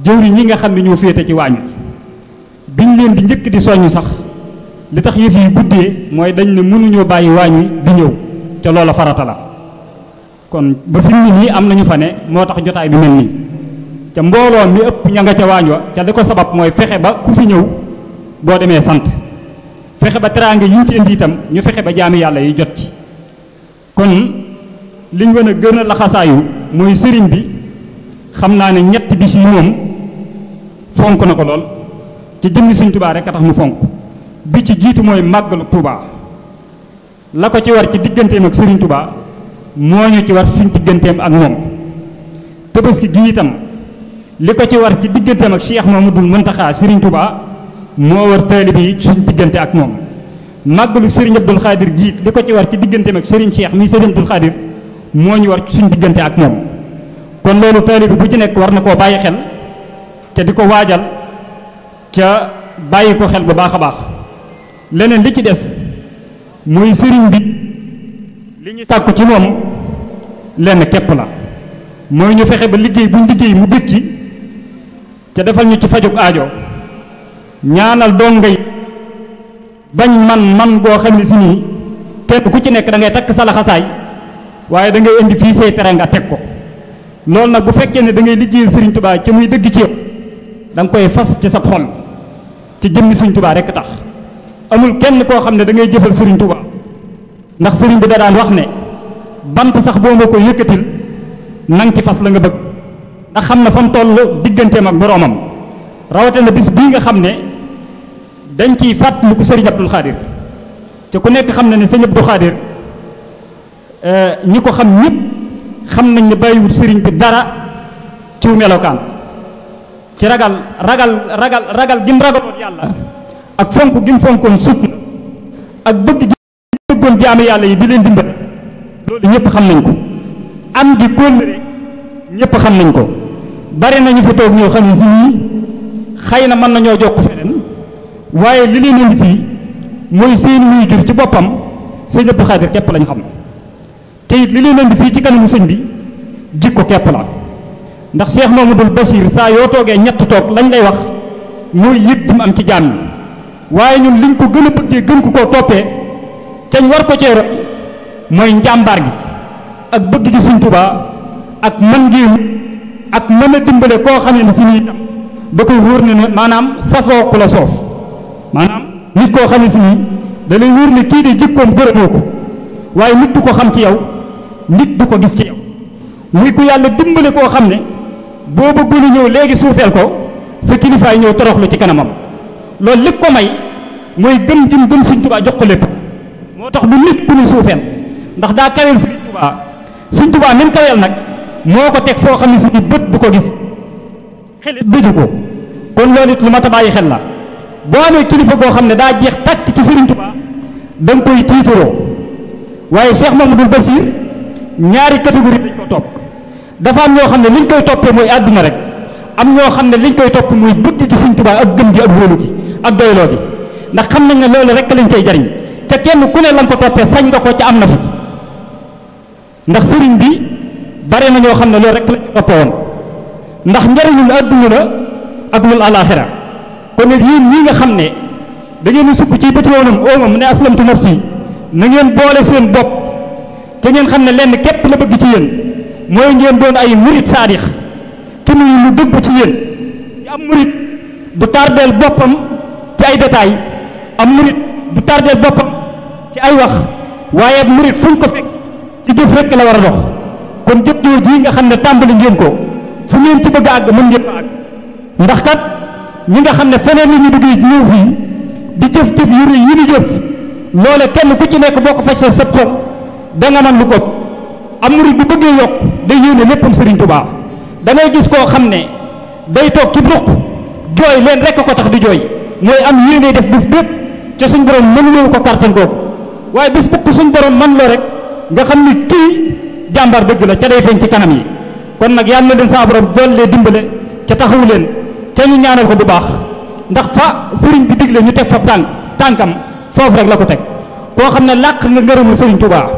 S: jëwri ñi nga xam ne ñoo féete ci waañ wi biñ leen di njëkk di soññ sax li tax yëf yi guddee mooy dañ ne mënuñoo bàyyi waañ wi di ñëw ca loola farata la kon ba fi mu nii am nañu fa ne moo tax jotaay bi mel nii ca mbooloo mi ëpp ña nga ca waañ wa te li ko sabab mooy fexe ba ku fi ñëw boo demee sant fexe ba teraange yi fi indi itam ñu fexe ba jaami yàlla yi jot ci kon liñ wan a gën a laxasaayu mooy sëriñ bi xam naa ne ñett bi yi moom fonk na ko lool ci jëmmi suñ tubaa rek a tax mu fonk bi ci jiitu mooy màggalu tubaa la ko ci war ci digganteem ak Serigne tubaa moo ñu ci war suñ digganteem ak moom tabaski gi itam li ko ci war ci digganteem ak Cheikh Mamadou Mountakha Serigne tubaa moo war taalibe yi suñ diggante ak moom màggalu Serigne Abdoul Khadir gi li ko ci war ci digganteem ak Serigne Cheikh mi Serigne Abdoul Khadir moo ñu war suñ diggante ak moom kon loolu taalibe bu ci nekk war na koo bàyyi xel te di ko waajal ca bàyyi ko xel bu baax a baax leneen li ci des. mooy sëriñ bi li ñu tàkku ci moom lenn képp la mooy ñu fexe ba liggéey buñ liggéey mu bëkki te defal ñu ci fajug aajo ñaanal donga yi bañ man man boo xam ne si nii kenn ku ci nekk da ngay takk sa laxasaay waaye dangay ngay indi fii say tere nga teg ko loolu nag bu fekkee ne dangay ngay liggéeyal sëriñ tubaa ci muy dëgg ci yow da koy fas ci sa xol ci jëmmi sëriñ tubaa rekk tax amul kenn koo xam ne da ngay jëfal sëriñ Touba ndax sëriñ bi da daan wax ne bant sax boo ma ko yëkkatil nang ci fas la nga bëgg ndax xam na fa mu toll digganteem ak boroomam rawatina bis bii nga xam ne dañ ciy fàttaliku sëriñ Abdul Xaadir te ku nekk xam na ne sëriñ Abdul Xaadir eh, ñi ko xam ñëpp xam nañ ne bàyyiwul sëriñ bi dara ciw melokaan ci ragal ragal ragal ragal mu ragaloon yàlla ak fonk gi mu fonkoon sukk ak bëgg gi bëggoon yàlla yi di leen dimbale loolu ñëpp xam nañ ko am di kóllëre ñëpp xam nañ ko bari nañu fa toog ñoo xam ne si ñii xëy na mën nañoo jox feneen waaye li leen fii mooy seen wuy jur ci boppam sëñ Abdou Khadre képp lañ xam te it li leen indi fii ci kanamu sëñ bi jikko képp la ndax Cheikh Mamadou Bachir saa yoo toogee ñett toog lañ lay wax mooy yëg di am ci jaam yi waaye ñun liñ ko gën a bëggee gën ko koo toppee cañ war ko cee mooy njàmbaar gi ak bëgg gi Sëriñ Tuubaa ak man gi ak mën a dimbale koo xam ne si nii tam da koy wóor ne maanaam safoo ku la soof maanaam nit koo xam ne si nii da lay wóor ne kii de jikkoom gërëmoo ko waaye nit du ko xam ci yow nit du ko gis ci yow muy ku yàlla dimbale koo xam ne boo bëggul ñëw léegi suufeel ko sa kilifaay ñëw toroxlu ci kanamam loolu li ko may mooy gëm gëm gëm Sëñ Tuubaa jox ko lépp moo tax du nit ku ni suufeen ndax daa kaweel Sëñ Tuubaa Sëñ Tuubaa même kaweel nag moo ko teg foo xam ne si bët bu ko gis xelit bëju ko kon loolu it lu mat xel la boo amee boo xam ne daa jeex tàkk ci Sëriñ Tuubaa da nga koy tiitaroo waaye Cheikh Mamadou Bassir ñaari catégorie dañ ko topp dafa am ñoo xam ne liñ koy toppee mooy àdduna rek am ñoo xam ne liñ koy topp mooy bëgg ci Sëriñ Tuubaa ak gëm gi ak wóolu gi ak doyloo gi ndax xam nañ ne loolu rek lañ cay jariñ ca kenn ku ne la nga ko toppee sañ nga ko ca am na fi ndax sëriñ bi bare na ñoo xam ne loolu rek lañ toppee woon ndax njariñul adduna la ak lul alaxira kon nag yéen ñii nga xam ne da ngeen di sukk ci bëti woonam oomam ne aslamtu nafsi na ngeen boole seen bopp te ngeen xam ne lenn képp la bëgg ci yéen mooy ngeen doon ay murit saadix te muy lu dëgg ci yéen ci am murit du tardeel boppam ci ay détails am murit du tardeel boppam ci ay wax waaye ab murit fuñ ko fekk ci jëf rekk la war a dox kon jëf jooju nga xam ne tàmbali ngeen ko fu ngeen ci bëgg àgg mën ngeen fa àgg nga xam ne feneen la ñu di jëf jëf yu rëy yi ñu jëf loole kenn ku ci nekk boo ko fajsal sa xol danga man lu ko am murit bu bëggee yokk day yéene léppam Sëriñ Tuubaa da gis koo xam ne day toog ci ruq jooy leen rekk ko tax di jooy mooy am yéene def bis bépp ca suñ borom mën loo ko kàttan waaye bis suñ borom man la rek nga xam ni kii jàmbaar dëgg la ca day feeñ ci kanam yi kon nag yàlla na leen saa borom dollee dimbale ca taxawu leen ca ñu ñaanal ko bu baax ndax fa sëriñ bi digle ñu teg fa tànk tànkam foofu rek la ko teg koo xam ne làq nga ngërëmul sëriñ Tuubaa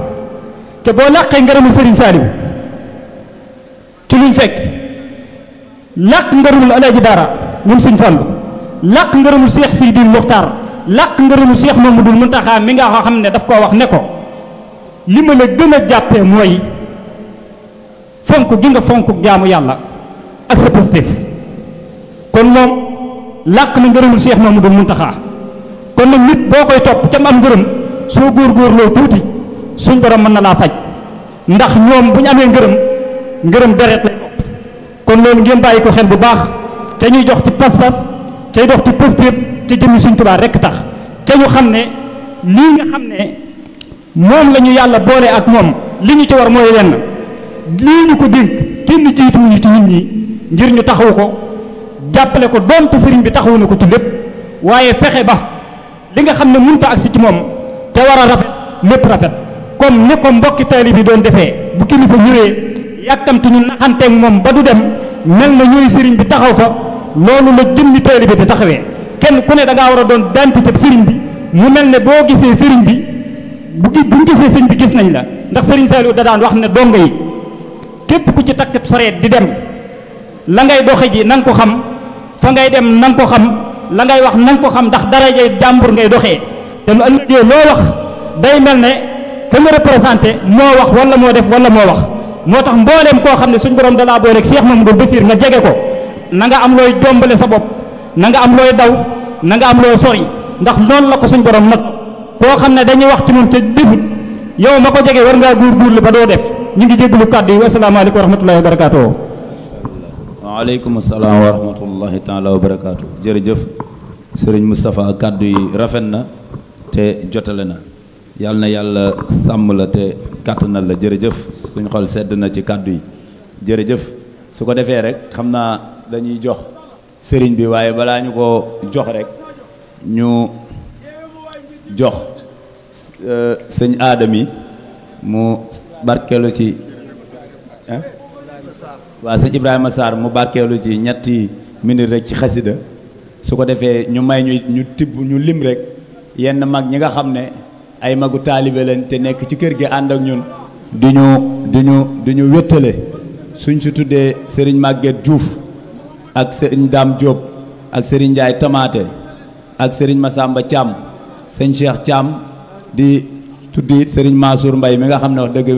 S: te boo làqee ngërëmul sëriñ Saaliw ci luñ fekk làq ngërëmul Alaaji Daara ñoom suñ fàllu làq ngërëmul seex Sidi Muxtaar làq ngërëmul seex moom Mamadul Muntaxa mi nga xam ne daf koo wax ne ko li ma la gën a jàppee mooy fonk gi nga fonk jaamu yàlla ak sa positif kon moom làq na ngërëmul seex Mamadul Muntaxa kon nag nit boo koy topp cam am ngërëm soo góorgóorloo tuuti suñ borom mën na laa faj ndax moom bu ñu amee ngërëm ngërëm deret la kon loolu ngeen bàyyi ko xel bu baax te ñuy jox ci pas-pas cay dox ci pëstéef ce jëmmi suñ Tuubaa rekk tax ca ñu xam ne lii nga xam ne moom lañu yàlla boole ak moom li ñu ci war mooy lenn lii ñu ko dénk kenn jiituwuñu ci nit ñi ngir ñu taxaw ko jàppale ko doonte sëriñ bi taxawu na ko ci lépp waaye fexe ba li nga xam ne mënta agsi ci moom ca war a rafet lépp rafet comme ni ko mbokki taali bi doon defee bu kilifa ñëwee yàkkamti ñu naxanteeg moom ba du dem mel na ñooy sëriñ bi taxaw fa loolu la jëmmi taalibe bi di taxawee kenn ku ne da ngaa war a doon dentité sëriñ bi mu mel ne boo gisee sëriñ bi bu gi buñ gisee sëriñ bi gis nañ la ndax sëriñ Saliou da daan wax ne dongo yi képp ku ci takk sareet di dem la ngay doxe ji na ko xam fa ngay dem nan nga ko xam la ngay wax na nga ko xam ndax darajay jàmbur ngay doxee te lu ëllëgee loo wax day mel ne fa nga représenté moo wax wala moo def wala moo wax moo tax mbooleem koo xam ne suñ borom dalaa boo rek Cheikh Mamadou Bassir nga jege ko na nga am looy jombale sa bopp na nga am looy daw na nga am loo sori ndax noonu la ko suñ borom nag koo xam ne dañuy wax ci moom te defut yow ma ko jege war ngaa góorgóorlu ba doo def ñu ngi jégalu kàddu yi asalaamaaleykum wa rahmatullahi wa barakaatu.
Q: waaleykum salaam wa rahmatullahi taala wa barakaatu jërëjëf sëriñ Moustapha kàddu yi rafet na te jotale na yal na yàlla sàmm la te kàttanal la jërëjëf suñ xol sedd na ci kàddu yi jërëjëf su ko defee rek xam naa. dañuy jox sëriñ bi waaye balaa ñu ko jox rek ñu jox euh, sëñ aadami mu barkeelu ci waa sëñ Ibrahima Sarr mu barkeelu ci ñetti minute rek ci xasida su ko defee ñu may ñu ñu tibb ñu lim rek yenn mag ñi nga xam ne ay magu taalibe leen te nekk ci kër gi ànd ak ñun du ñu du ñu du ñu wéttale suñ si tuddee sëriñ Maguette juuf ak sëriñ Dame Diop ak sëriñ njaay Tamaate ak sëriñ Massamba Thiam sëñ Cheikh Thiam di tudd it sëriñ Mansour mbay mi nga xam ne wax dëgg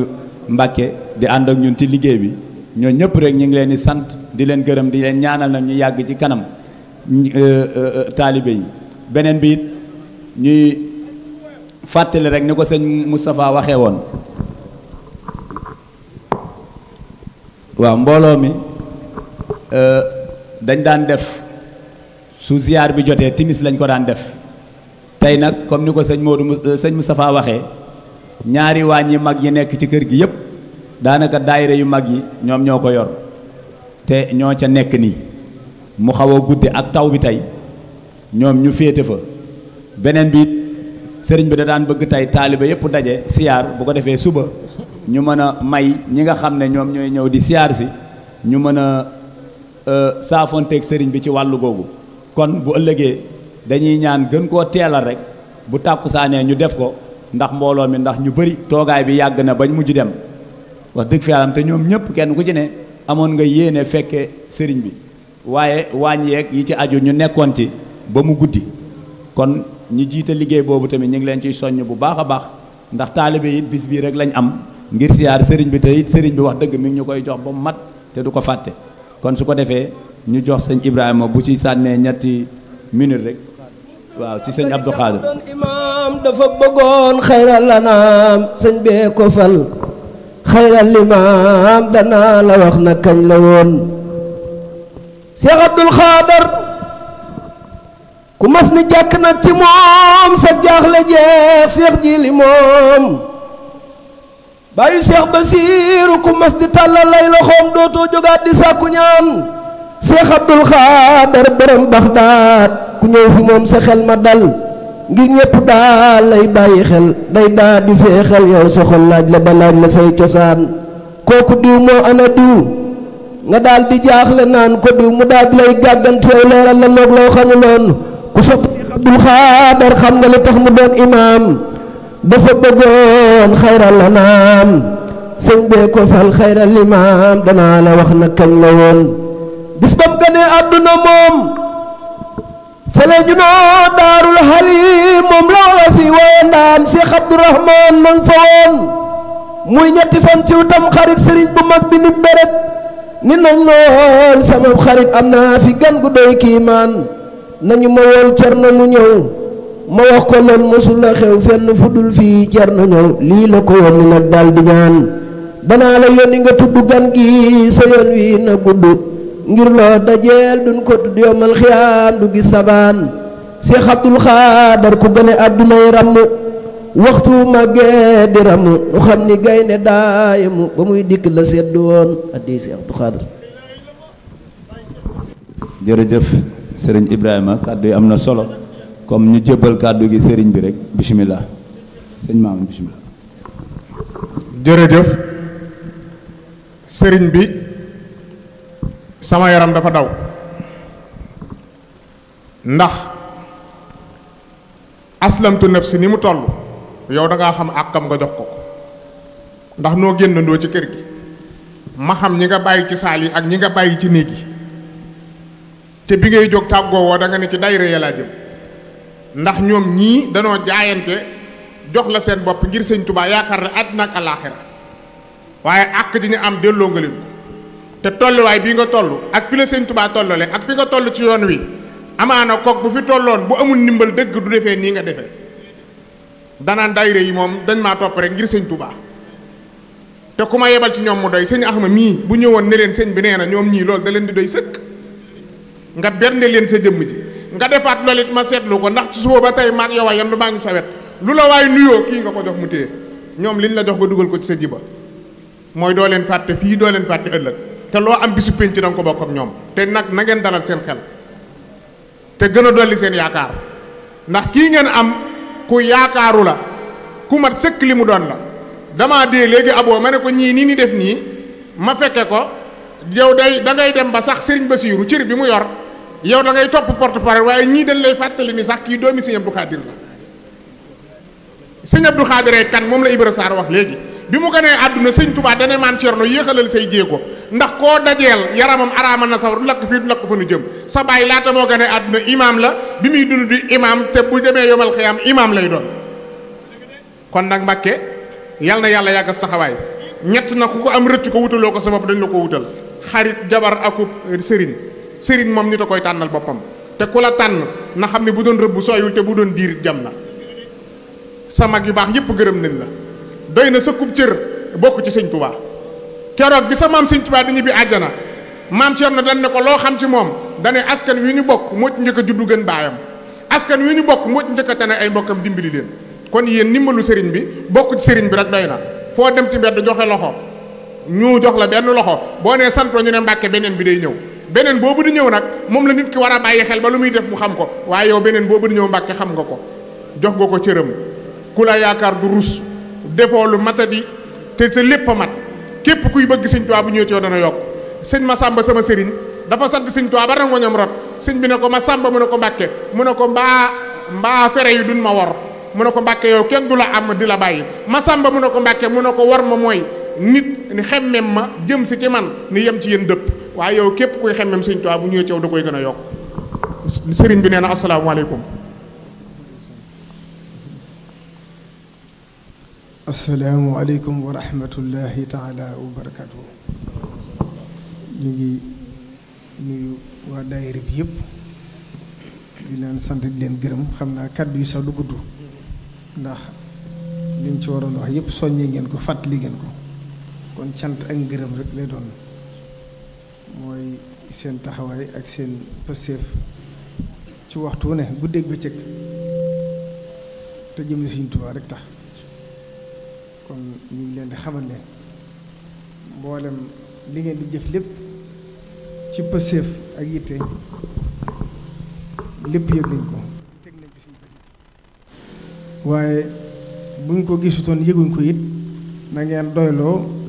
Q: Mbàkke di ànd ak ñun ci liggéey bi ñoo ñëpp rek ñu ngi leen di sant di leen gërëm di leen ñaanal na ñu yàgg ci kanam euh, euh, taalibe yi beneen bi it ñuy fàttali rek ni ko sëñ Moustapha waxee woon waaw mbooloo mi euh, dañ daan def su ziar bi jotee timis lañ ko daan def tey nag comme ni ko sëñ Modou euh, sëñ Moustapha waxee ñaari waañ yi mag yi nekk ci kër gi yëpp daanaka daayira yu mag yi ñoom ñoo ko yor te ñoo ca nekk nii mu xaw a guddi ak taw bi tey ñoom ñu féete fa beneen bi sëriñ bi da daan bëgg tey taaliba yëpp daje siyaar bu ko defee suba ñu mën a may ñi nga xam ne ñoom ñooy ñëw di siyaar si ñu mën a Euh, saafonteeg sëriñ bi ci wàllu googu kon bu ëllëgee dañuy ñaan gën koo teelal rek bu tàkkusaanee ñu def ko ndax mbooloo mi ndax ñu bëri toogaay bi yàgg na bañ mujj dem wax dëgg fi te ñoom ñëpp kenn ku ci ne amoon nga yéene fekke sëriñ bi waaye waañ yeeg yi ci aju ñu nekkoon ci ba mu guddi kon ñi jiite liggéey boobu tamit ñu ngi leen ciy soññ bu baax a baax ndax taalibe yi bis bii rek lañ am ngir siyaar sëriñ bi te it sëriñ bi wax dëgg mi ñu koy jox ba mu mat te du ko fàtte kon su ko defee ñu jox sëñ Ibrahima bu ci sànnee ñetti minute rek waaw ci sëñ Abdou Khadir doon
J: imaam dafa bëggoon xayral anaam sëñ bee ko fal xayral limaam danaa la wax na kañ la woon Cheikh Abdoul Khadir ku mas ni jàkk nag ci moom sa jaaxle jeex Cheikh ji li moom bàyyi Cheikh Basiiru ku mas di tàllal loxoom dootoo jógaat di sàkku ñaan Cheikh Abdul Xaadar borom Baxdaad ku ñëw fi moom sa xel ma dal ngir ñëpp daal lay bàyyi xel day daa di feexal yow sa xol laaj la ba laaj la say cosaan kooku diw moo ana diw nga daal di jaaxle naan ko diw mu daal di lay leeral la loog loo xamuloon ku sopp Abdul Xaadar xam nga li tax mu doon imaam dafa bëggoon xayral anaam sëñ bee ko fal xayral limaam danaa la wax na kañ la woon bis ba mu gënee àdduna moom fële ñu noo daarul xalim moom la wala fi woon ndaam Cheikh Abdourahman ma nga fa woon muy ñetti fan tam xarit sëriñ bu mag bi beret nit nañ ma sama xarit am naa fi gan gu kiimaan nañu ma wool cer na mu ñëw ma wax ko lool mosula xew fenn fu dul fii cer na ñëw lii la ko yónni nag daal ñaan danaa la yónni nga tudd gan gi sa yoon wi na gudd ngir loo dajeel duñ ko tudd yomal xiyaam du gis sabaan Seex Xaadar ku gëne àddunay ràmm waxtu màggee di ràmm nu xam ni gaynde daayamu ba muy dikk la sedd woon addi Seex Abdul Xaadar
Q: jërëjëf sëriñ Ibrahima kàddu yi am na solo comme ñu jébbal kàddu gi sëriñ bi rek bisimilah sëñ maam bisimilah.
T: jërëjëf sëriñ bi sama yaram dafa daw ndax aslamtu nafsi ni mu toll yow da ngaa xam àkkam nga jox ko ndax noo génnandoo ci kër gi ma xam ñi nga bàyyi ci saal yi ak ñi nga bàyyi ci néeg yi te bi ngay jóg tàggoo woo da nga ne ci dayre ya ndax ñoom ñii danoo jaayante jox la seen bopp ngir sëñ tubaa yaakaar ne àddina ak alaaxira waaye àq ji ñu am delloo nga leen ko te tolluwaay bii nga toll ak fi la sëñ tubaa tollale ak fi nga toll ci yoon wi amaana kook bu fi tolloon bu amul ndimbal dëgg du defee nii nga defe danaan daayira yi moom dañ maa topp rek ngir sëñ tubaa te ku ma yebal ci ñoom mu doy sëñ ma mii bu ñëwoon ne leen sëñ bi nee na ñoom ñii lool da leen di doy sëkk nga bernde leen sa jëmm ji nga defaat loolu it ma seetlu ko ndax ci suba ba tey maag yow a yendu maa ngi sa lu la waay nuyoo kii nga ko jox mu téye ñoom liñ la jox ba dugal ko ci sa jiba mooy doo leen fàtte fii doo leen fàtte ëllëg te loo am bisu penc da nga ko bokk ak ñoom te nag na ngeen dalal seen xel te gën a dolli seen yaakaar ndax kii ngeen am ku yaakaaru la ku mat sëkk li mu doon la damaa dee léegi aboo ma ne ko ñii nii ni def nii ma fekke ko yow day da ngay dem ba sax sëriñ Basiiru cër bi mu yor yow da ngay topp porte parole waaye ñii dañ lay fàttali ni sax kii doomi sëñ Abdou Khadir la sëñ Abdou Khadir kan moom la Ibra Sarr wax léegi bi mu gënee àdduna sëñ Touba dane maam Cerno yéexalal say jéego ndax koo dajeel yaramam araama na sawar du lakk fii du lakk fa nu jëm sa baay laata moo gënee àdduna imaam la bi muy dund di imaam te bu demee yomal xiyaam imaam lay doon kon nag Mbàkke yal na yàlla yàgg taxawaay ñett na ku ko am rëcc wutaloo ko sa dañ la ko wutal xarit jabar akub sëriñ moom nit a koy tànnal boppam te ku la tànn na xam ne bu doon rëbb sooyul te bu doon diir jam na sa mag yu baax yëpp gërëm nañ na doy na sa kub cër bokk ci sëñ tubaa keroog bi sa maam sëñ tubaa dañu bi àjjana maam na dañ ne ko loo xam ci moom dane askan wi ñu bokk moo ci njëkk a juddu gën baayam askan wi ñu bokk moo njëkk a tane ay mbokkam dimbali leen kon yéen ndimbalu sëriñ bi bokk ci sëriñ bi rek doy na foo dem ci mbedd joxe loxo ñu jox la benn loxo boo nee santoo ñu ne bi day ñëw beneen boobu di ñëw nag moom la nit ki war a bàyyi xel ba lu muy def mu xam ko waaye yow beneen boobu di ñëw mbàkke xam nga ko jox nga ko cëram ku la yaakaar du rus defoo lu mata matadi te sa lépp a mat képp kuy bëgg sëñ Tuubaa bu ñëwee ci yow dana yokk sëñ Masamba sama sëriñ dafa sant sëñ Tuubaa ba rangoñam rot sëñ bi ne ko ma Masamba mu ne ko mbàkke mu ne ko mbaa mbaa fere yi duñ ma wor mu ne ko mbàkke yow kenn du la am di la bàyyi Masamba mu ne ko mbàkke mu ne ko war ma mooy nit xemmem ma jëm si ci man ni yem ci yéen dëpp waaye yow képp kuy xemmem sëñ Tuubaa bu ñëwee caw da koy gën a yokk sëriñ bi nee na asalaamaaleykum.
U: asalaamualeykum wa rahmatullahi taala wa barakaatu. ñu ngi nuyu waa daayira bi yëpp di leen sant di leen gërëm xam naa kàddu yi sax du gudd ndax liñ ci waroon wax yëpp soññee ngeen ko fàttali ngeen ko kon cant ak ngërëm rek lay doon. mooy seen taxawaay ak seen pësteef ci waxtu wu ne guddeeg bëccëg te jëm Sëriñ Tuubaa rek tax kon ñu leen di xamal ne mboolem li ngeen di jëf lépp ci pësteef ak yitte lépp yëg nañ ko waaye buñ ko gisutoon yëguñ ko it na ngeen doyloo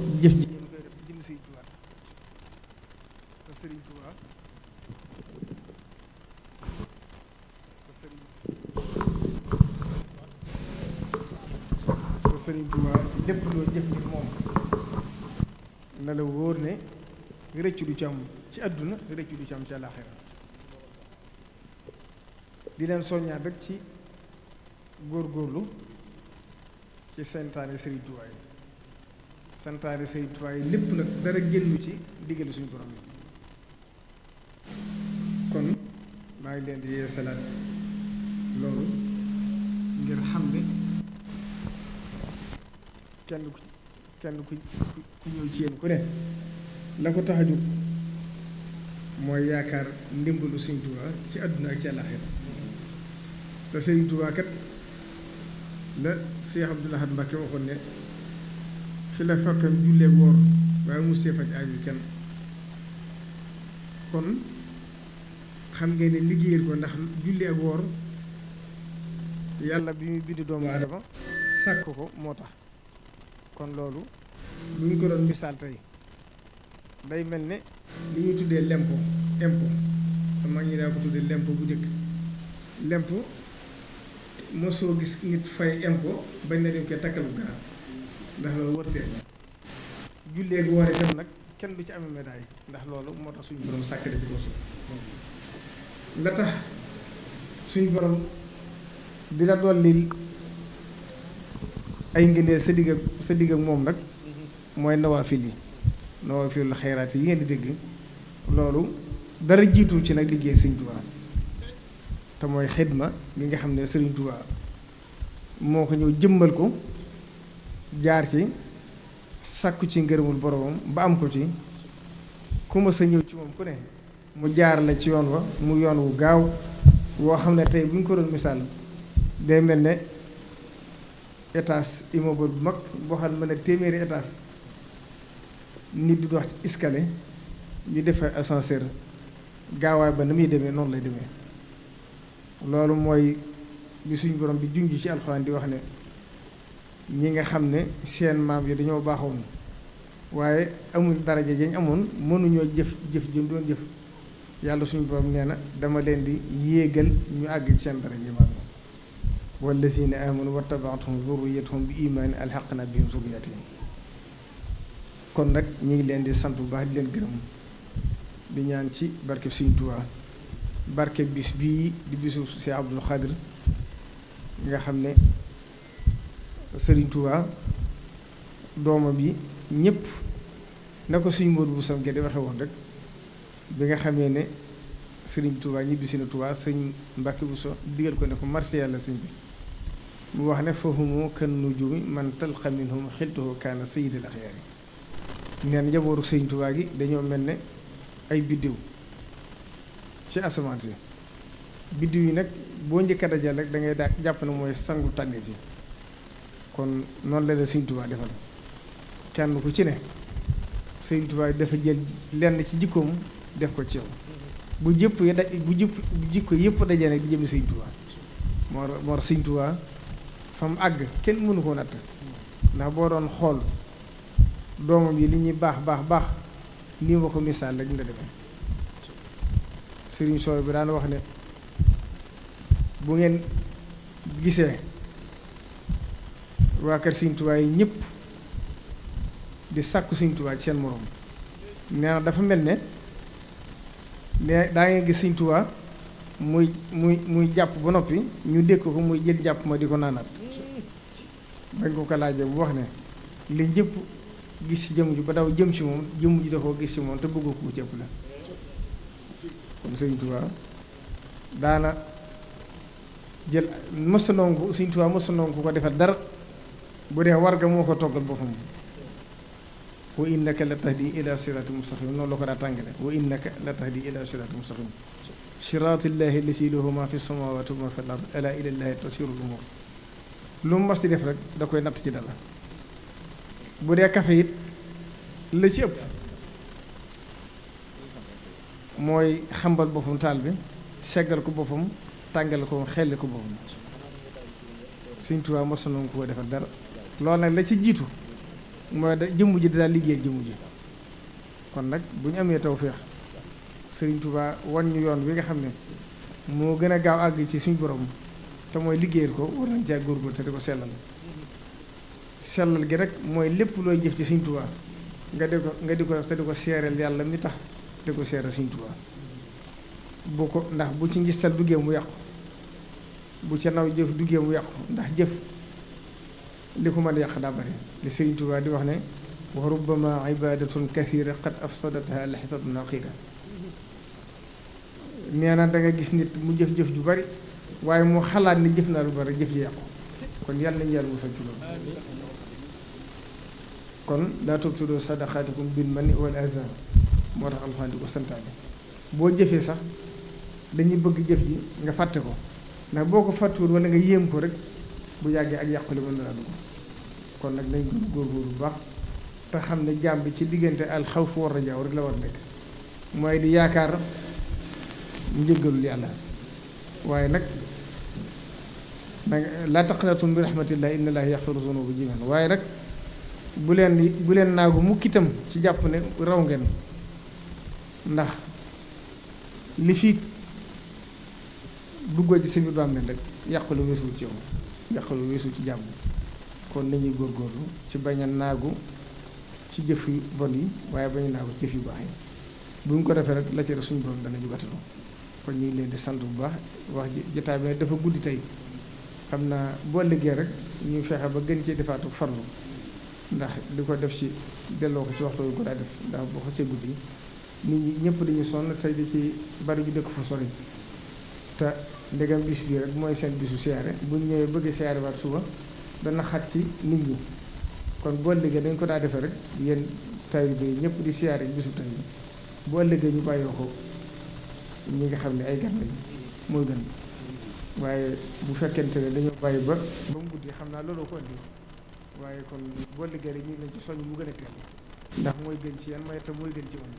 U: ci am ci àdduna réccu du ci am ci àllaaxira di leen soññaat rek ci góorgóorlu ci santaane Sëriñ Tuubaa yi santaane Sëriñ lépp nag dara génnu ci diggalu suñu borom yi kon maa ngi leen di yee salaat loolu ngir xam ne kenn ku kenn ku ku ñëw ci yéen ku ne la ko tax a mooy yaakaar ndimbalu Sëriñ Tuubaa ci àdduna ak ci àllaaxira te Sëriñ Tuubaa kat la Cheikh Abdoul Ahad waxoon ne fi la faqam jullee woor waaye mu see faj aaju kenn kon xam nga ne liggéeyal ko ndax julli ak woor yàlla bi muy bind doomu aadama sàkk ko moo tax kon loolu bu ñu ko doon misaal tey day mel ne li ñuy tuddee lempo impo te mag ñi daa ko tuddee lempo bu njëkk moo soo gis nit fay impo bañ na dem koy takkal bu garab ndax loolu wërtee jullee gu war itam nag kenn du ci amee médaille ndax loolu moo tax suñu borom sàkk si ko suuf la tax suñu borom di la dolli ay ngëneel sa digg sa digg ak moom nag
M: mm-hmm.
U: mooy nawaafil yi noo fi lu xayraat yi ngeen di dégg loolu dara jiitu ci nag liggéey sëñ Tuubaa te mooy xidma li nga xam ne sëriñ Tuubaa moo ko ñëw jëmmal ko jaar ci sàkku ci ngërëmul boromam ba am ko ci ku ma sa ñëw ci moom ku ne mu jaar la ci yoon wa mu yoon wu gaaw woo xam ne tey bu ko doon misaal day mel ne étage immeuble bu mag boo xam ne mën a téeméeri étage nit di dox ci iskale ñu defee ascenseur gaawaay ba na muy demee noonu lay demee loolu mooy li suñu borom bi junj ci alxuraan di wax ne ñi nga xam ne seen maam yi dañoo baaxoon waaye amul daraja jañ amoon mënuñoo jëf jëf jëm doon jëf yàlla suñu borom nee na dama leen di yéegal ñu àgg ci seen daraja maam wallazina amanu wattaba'athum zurriyyatuhum bi imanin alhaqna bihim zurriyyatahum kon nag ñu ngi leen di sant bu baax di leen gërëm di ñaan ci barke Sëriñ Tuubaa barke bis bii di bisu Cheikh Abdoul Khadir nga xam ne Sëriñ Tuubaa dooma yi ñëpp na ko suñu mbóot bu sam ge di woon rek bi nga xamee ne Sëriñ Tuubaa ñibbi si na Tuubaa sëñ Mbàkke bu so digal ko ne ko marché yàlla sëñ bi mu wax ne fahumu kën nujuumi man talqa minhum xiltuhu kaana sayyidal axyaari neen njabootu sëñ Tuubaa gi dañoo mel ne ay biddiw ci asamaan si biddiw yi nag boo njëkk a dajal rek da ngay daa jàpp ne mooy sangu tànneef yi kon noonu la la sëñ Tuubaa defal kenn ku ci ne sëñ Tuubaa dafa jël lenn ci jikkoom def ko ci yow bu jëpp yi da bu jëpp jikko yëpp dajee nag di jëm sëñ Tuubaa moo moo sëñ Tuubaa fa àgg kenn mënu koo natt ndax boo doon xool doomam yi li ñuy baax baax baax nii ma ko misaal rek nga demee sëriñ sooy bi daan wax ne bu ngeen gisee waa kër Sëriñ Tuubaa yi ñëpp di sàkku Sëriñ Tuubaa ci seen moroom nee na dafa mel ne ne daa ngay gis Sëriñ Tuubaa muy muy muy jàpp ba noppi ñu dékk ko muy jël jàpp ma di ko naanaat bañ ko ko laajee bu wax ne li ñëpp gis ci jëmm ji ba daw jëm ci moom jëmm ji da koo gis ci moom te bëgg ko cëpp la kon sëñ Tuubaa daana jël mës a nangu sëñ Tuubaa mës a ko defal dara bu dee warga moo ko toggal boppam wa innaka la tahdi ila sirati mustaqim noonu la ko daa tàngale wa innaka la tahdi ila sirati mustaqim sirati llahi lasi lahu ma fi samawati wa ma fi al ard ala tasiru l umur lu mu mas di def rek da koy natt ci dala bu dee café it la ci ëpp mooy xambal boppam taal bi seggal ko boppam tàngale ko xelli ko boppam Sëñ Tuubaa mos na ko defal dara loolu nag la ci jiitu mooy da jëmm ji daal liggéey jëmm ji kon nag bu ñu amee tawféex Sëriñ Tuubaa wan ñu yoon wi nga xam ne moo gën a gaaw àgg ci suñu borom te mooy liggéeyal ko war nañ caa góorgóorlu te di ko sellal sellal gi rek mooy lépp looy jëf ci Sëriñ Tuubaa nga di ko nga di ko def te di ko seereel yàlla mi tax di ko seereel Sëriñ Tuubaa bu ko ndax bu ci ngistal duggee mu yàqu bu ca naw jëf duggee mu yàqu ndax jëf li ko mën yàq daa bari li Sëriñ Tuubaa di wax ne wa rubbama ibadatun kathira qad afsadatha alxisatun aqiira nee na danga gis nit mu jëf-jëf ju bari waaye moo xalaat ni jëf naa lu bari jëf ji yàqu kon yàlla nañu yàlla musal ci loolu kon laa tubtilu sadaqaatikum bil manni wal azaa moo tax alxuraan di ko santaane boo jëfee sax dañuy bëgg jëf ji nga fàtte ko ndax boo ko fàttuwul wala nga yéem ko rek bu yàggee ak yàqule mën na dugg kon nag nañ gën góorgóorlu bu baax xam ne jaam bi ci diggante al xawf war rajaa rek la war nekk mooy di yaakaar njëggalul yàlla waaye nag laa taqnatum bi rahmatillah inna allaha yaxfiru zunuba jamiian waaye nag bu leen bu leen naagu mukk itam ci jàpp ne raw ngeen ndax li fi duggoo ci sa biir bàmmeel rek yàqulu weesul ci yow yàqulu weesul ci jàmm kon nañuy góorlu ci bañ a naagu ci jëf yu bon yi waaye bañ a naagu ci jëf yu baax yi bu ñu ko defee rek la ci suñu borom danañu gàttalu kon ñu ngi leen di sant bu baax wax jotaay bi dafa guddi tey xam naa boo liggéey rek ñu fexe ba gën cee defaatu farlu ndax li ko def ci delloo ko ci waxtu yu ko daa def ndax boo xasee guddi nit ñi ñëpp dañu sonn tey di ci bari ñu dëkk fu sori te ndegam bis bii rek mooy seen bisu siyaare bu ñu ñëwee bëgg siyaare waat suba dana xat ci nit ñi kon boo liggéey dañ ko daa defee rek yéen taalibe yi ñëpp di siyaare bisu tey boo liggéey ñu bàyyi bàyyoo ko ñi nga xam ne ay gan lañ mooy gën waaye bu fekkente ne dañoo bàyyi ba ba mu guddi xam naa looloo ko indi waaye kon boo liggéey rek ñu ngi leen ci soñ mu gën a teel ndax mooy gën ci yan may tam mooy gën ci moom